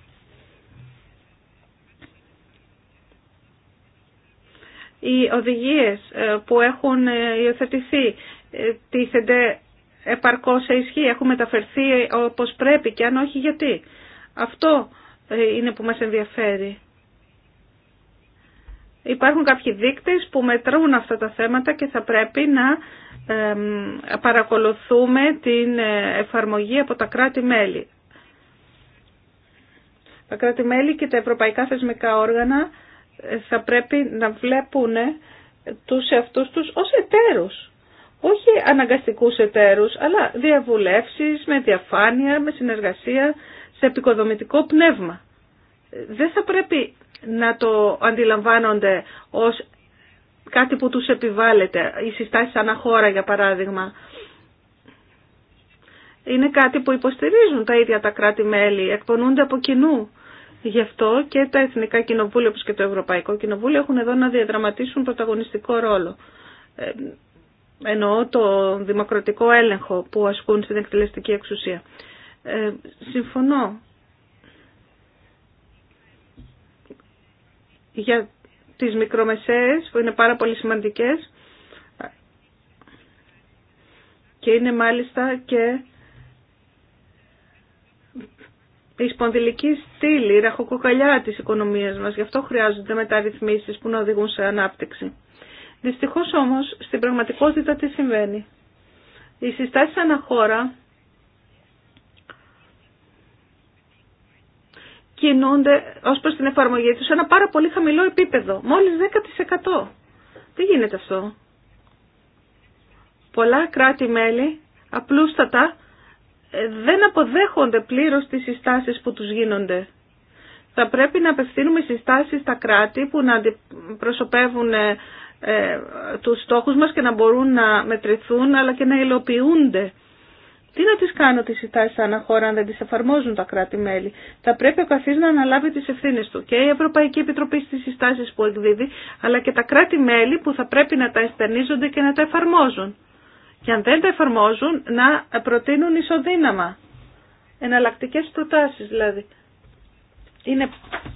Οι οδηγίες ε, που έχουν ε, υιοθετηθεί ε, τίθενται επαρκώς σε ισχύ, έχουν μεταφερθεί όπως πρέπει και αν όχι γιατί. Αυτό ε, είναι που μας ενδιαφέρει. Υπάρχουν κάποιοι δείκτες που μετρούν αυτά τα θέματα και θα πρέπει να παρακολουθούμε την ε, εφαρμογή από τα κράτη-μέλη. Τα κράτη-μέλη και τα ευρωπαϊκά θεσμικά όργανα ε, θα πρέπει να βλέπουν τους εαυτούς τους ως εταίρους. Όχι αναγκαστικούς εταίρους, αλλά διαβουλεύσεις με διαφάνεια, με συνεργασία σε επικοδομητικό πνεύμα. Δεν θα πρέπει να το αντιλαμβάνονται ως κάτι που τους επιβάλλεται. Οι συστάσεις χώρα, για παράδειγμα, είναι κάτι που υποστηρίζουν τα ίδια τα κράτη-μέλη, εκπονούνται από κοινού. Γι' αυτό και τα Εθνικά Κοινοβούλια, όπως και το Ευρωπαϊκό Κοινοβούλιο, έχουν εδώ να διαδραματίσουν πρωταγωνιστικό ρόλο. Ε, εννοώ το δημοκρατικό έλεγχο που ασκούν στην εκτελεστική εξουσία. Ε, συμφωνώ για τις μικρομεσαίες που είναι πάρα πολύ σημαντικές και είναι μάλιστα και η σπονδυλική στήλη, η ραχοκοκαλιά της οικονομίας μας. Γι' αυτό χρειάζονται μεταρρυθμίσεις που να οδηγούν σε ανάπτυξη. Δυστυχώς όμως στην πραγματικότητα τι συμβαίνει. Οι συστάσεις αναχώρα κινούνται ω προ την εφαρμογή του σε ένα πάρα πολύ χαμηλό επίπεδο, μόλις 10%. Τι γίνεται αυτό. Πολλά κράτη-μέλη απλούστατα ε, δεν αποδέχονται πλήρως τις συστάσεις που τους γίνονται. Θα πρέπει να απευθύνουμε συστάσεις στα κράτη που να αντιπροσωπεύουν ε, ε, τους στόχους μας και να μπορούν να μετρηθούν αλλά και να υλοποιούνται τι να τις κάνω τις συστάσεις ανά χώρα αν δεν τις εφαρμόζουν τα κράτη-μέλη. Θα πρέπει ο καθής να αναλάβει τις ευθύνες του και η Ευρωπαϊκή Επιτροπή στις συστάσεις που εκδίδει, αλλά και τα κράτη-μέλη που θα πρέπει να τα εστερνίζονται και να τα εφαρμόζουν. Και αν δεν τα εφαρμόζουν, να προτείνουν ισοδύναμα. Εναλλακτικέ προτάσεις δηλαδή. Είναι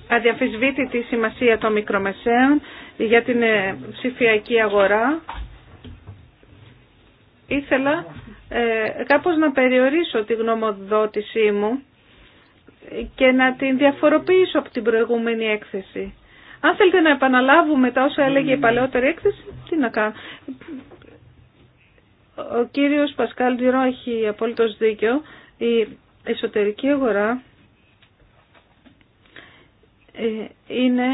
αδιαφυσβήτητη η σημασία των μικρομεσαίων για την ε, ψηφιακή αγορά. Ήθελα ε, κάπως να περιορίσω τη γνωμοδότησή μου και να την διαφοροποιήσω από την προηγούμενη έκθεση. Αν θέλετε να επαναλάβουμε τα όσα έλεγε η παλαιότερη έκθεση, τι να κάνω. Ο κύριος Πασκάλ Τζιρό έχει απόλυτος δίκιο. Η εσωτερική αγορά ε, είναι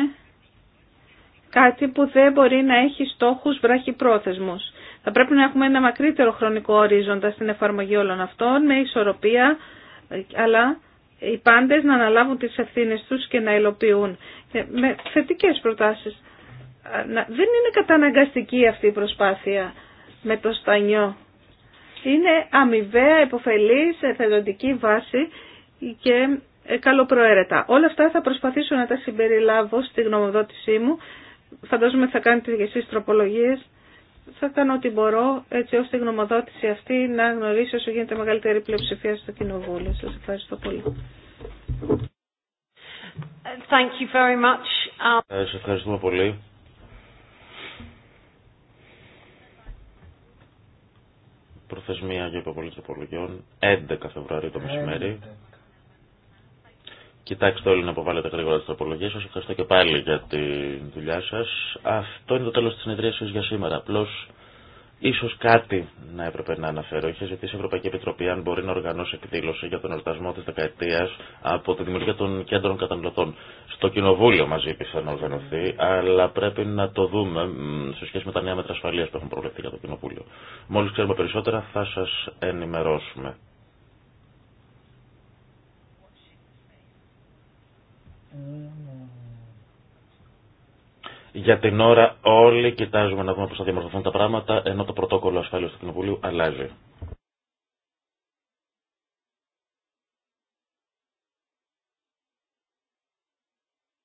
κάτι που δεν μπορεί να έχει στόχους βραχυπρόθεσμους. Θα πρέπει να έχουμε ένα μακρύτερο χρονικό ορίζοντα στην εφαρμογή όλων αυτών, με ισορροπία, αλλά οι πάντες να αναλάβουν τις ευθύνες τους και να υλοποιούν. Ε, με θετικές προτάσεις. Δεν είναι καταναγκαστική αυτή η προσπάθεια με το στανιό. Είναι αμοιβαία, υποφελής, εθελοντική βάση και ε, καλοπροαίρετα. Όλα αυτά θα προσπαθήσω να τα συμπεριλάβω στη γνωμοδότησή μου. Φαντάζομαι θα κάνετε και εσείς τροπολογίες θα κάνω ό,τι μπορώ έτσι ώστε η γνωμοδότηση αυτή να γνωρίσει όσο γίνεται μεγαλύτερη πλειοψηφία στο κοινοβούλιο. Σας ευχαριστώ πολύ. Thank you very much. Ε, σας ευχαριστούμε πολύ. Προθεσμία για υποβολή τροπολογιών 11 Φεβρουαρίου το μεσημέρι. Κοιτάξτε όλοι να αποβάλλετε γρήγορα τι τροπολογίες. σα. Ευχαριστώ και πάλι για τη δουλειά σα. Αυτό είναι το τέλο τη συνεδρίασης για σήμερα. Απλώς ίσω κάτι να έπρεπε να αναφέρω. Είχε ζητήσει η Ευρωπαϊκή Επιτροπή αν μπορεί να οργανώσει εκδήλωση για τον εορτασμό τη δεκαετία από τη δημιουργία των κέντρων καταναλωτών. Στο Κοινοβούλιο μαζί ήρθε να οργανωθεί, αλλά πρέπει να το δούμε σε σχέση με τα νέα μέτρα ασφαλεία που έχουν προβλεφθεί για το Κοινοβούλιο. Μόλι ξέρουμε περισσότερα θα σα ενημερώσουμε. Για την ώρα όλοι κοιτάζουμε να δούμε πώς θα διαμορφωθούν τα πράγματα, ενώ το πρωτόκολλο ασφάλειας του Κοινοβουλίου αλλάζει.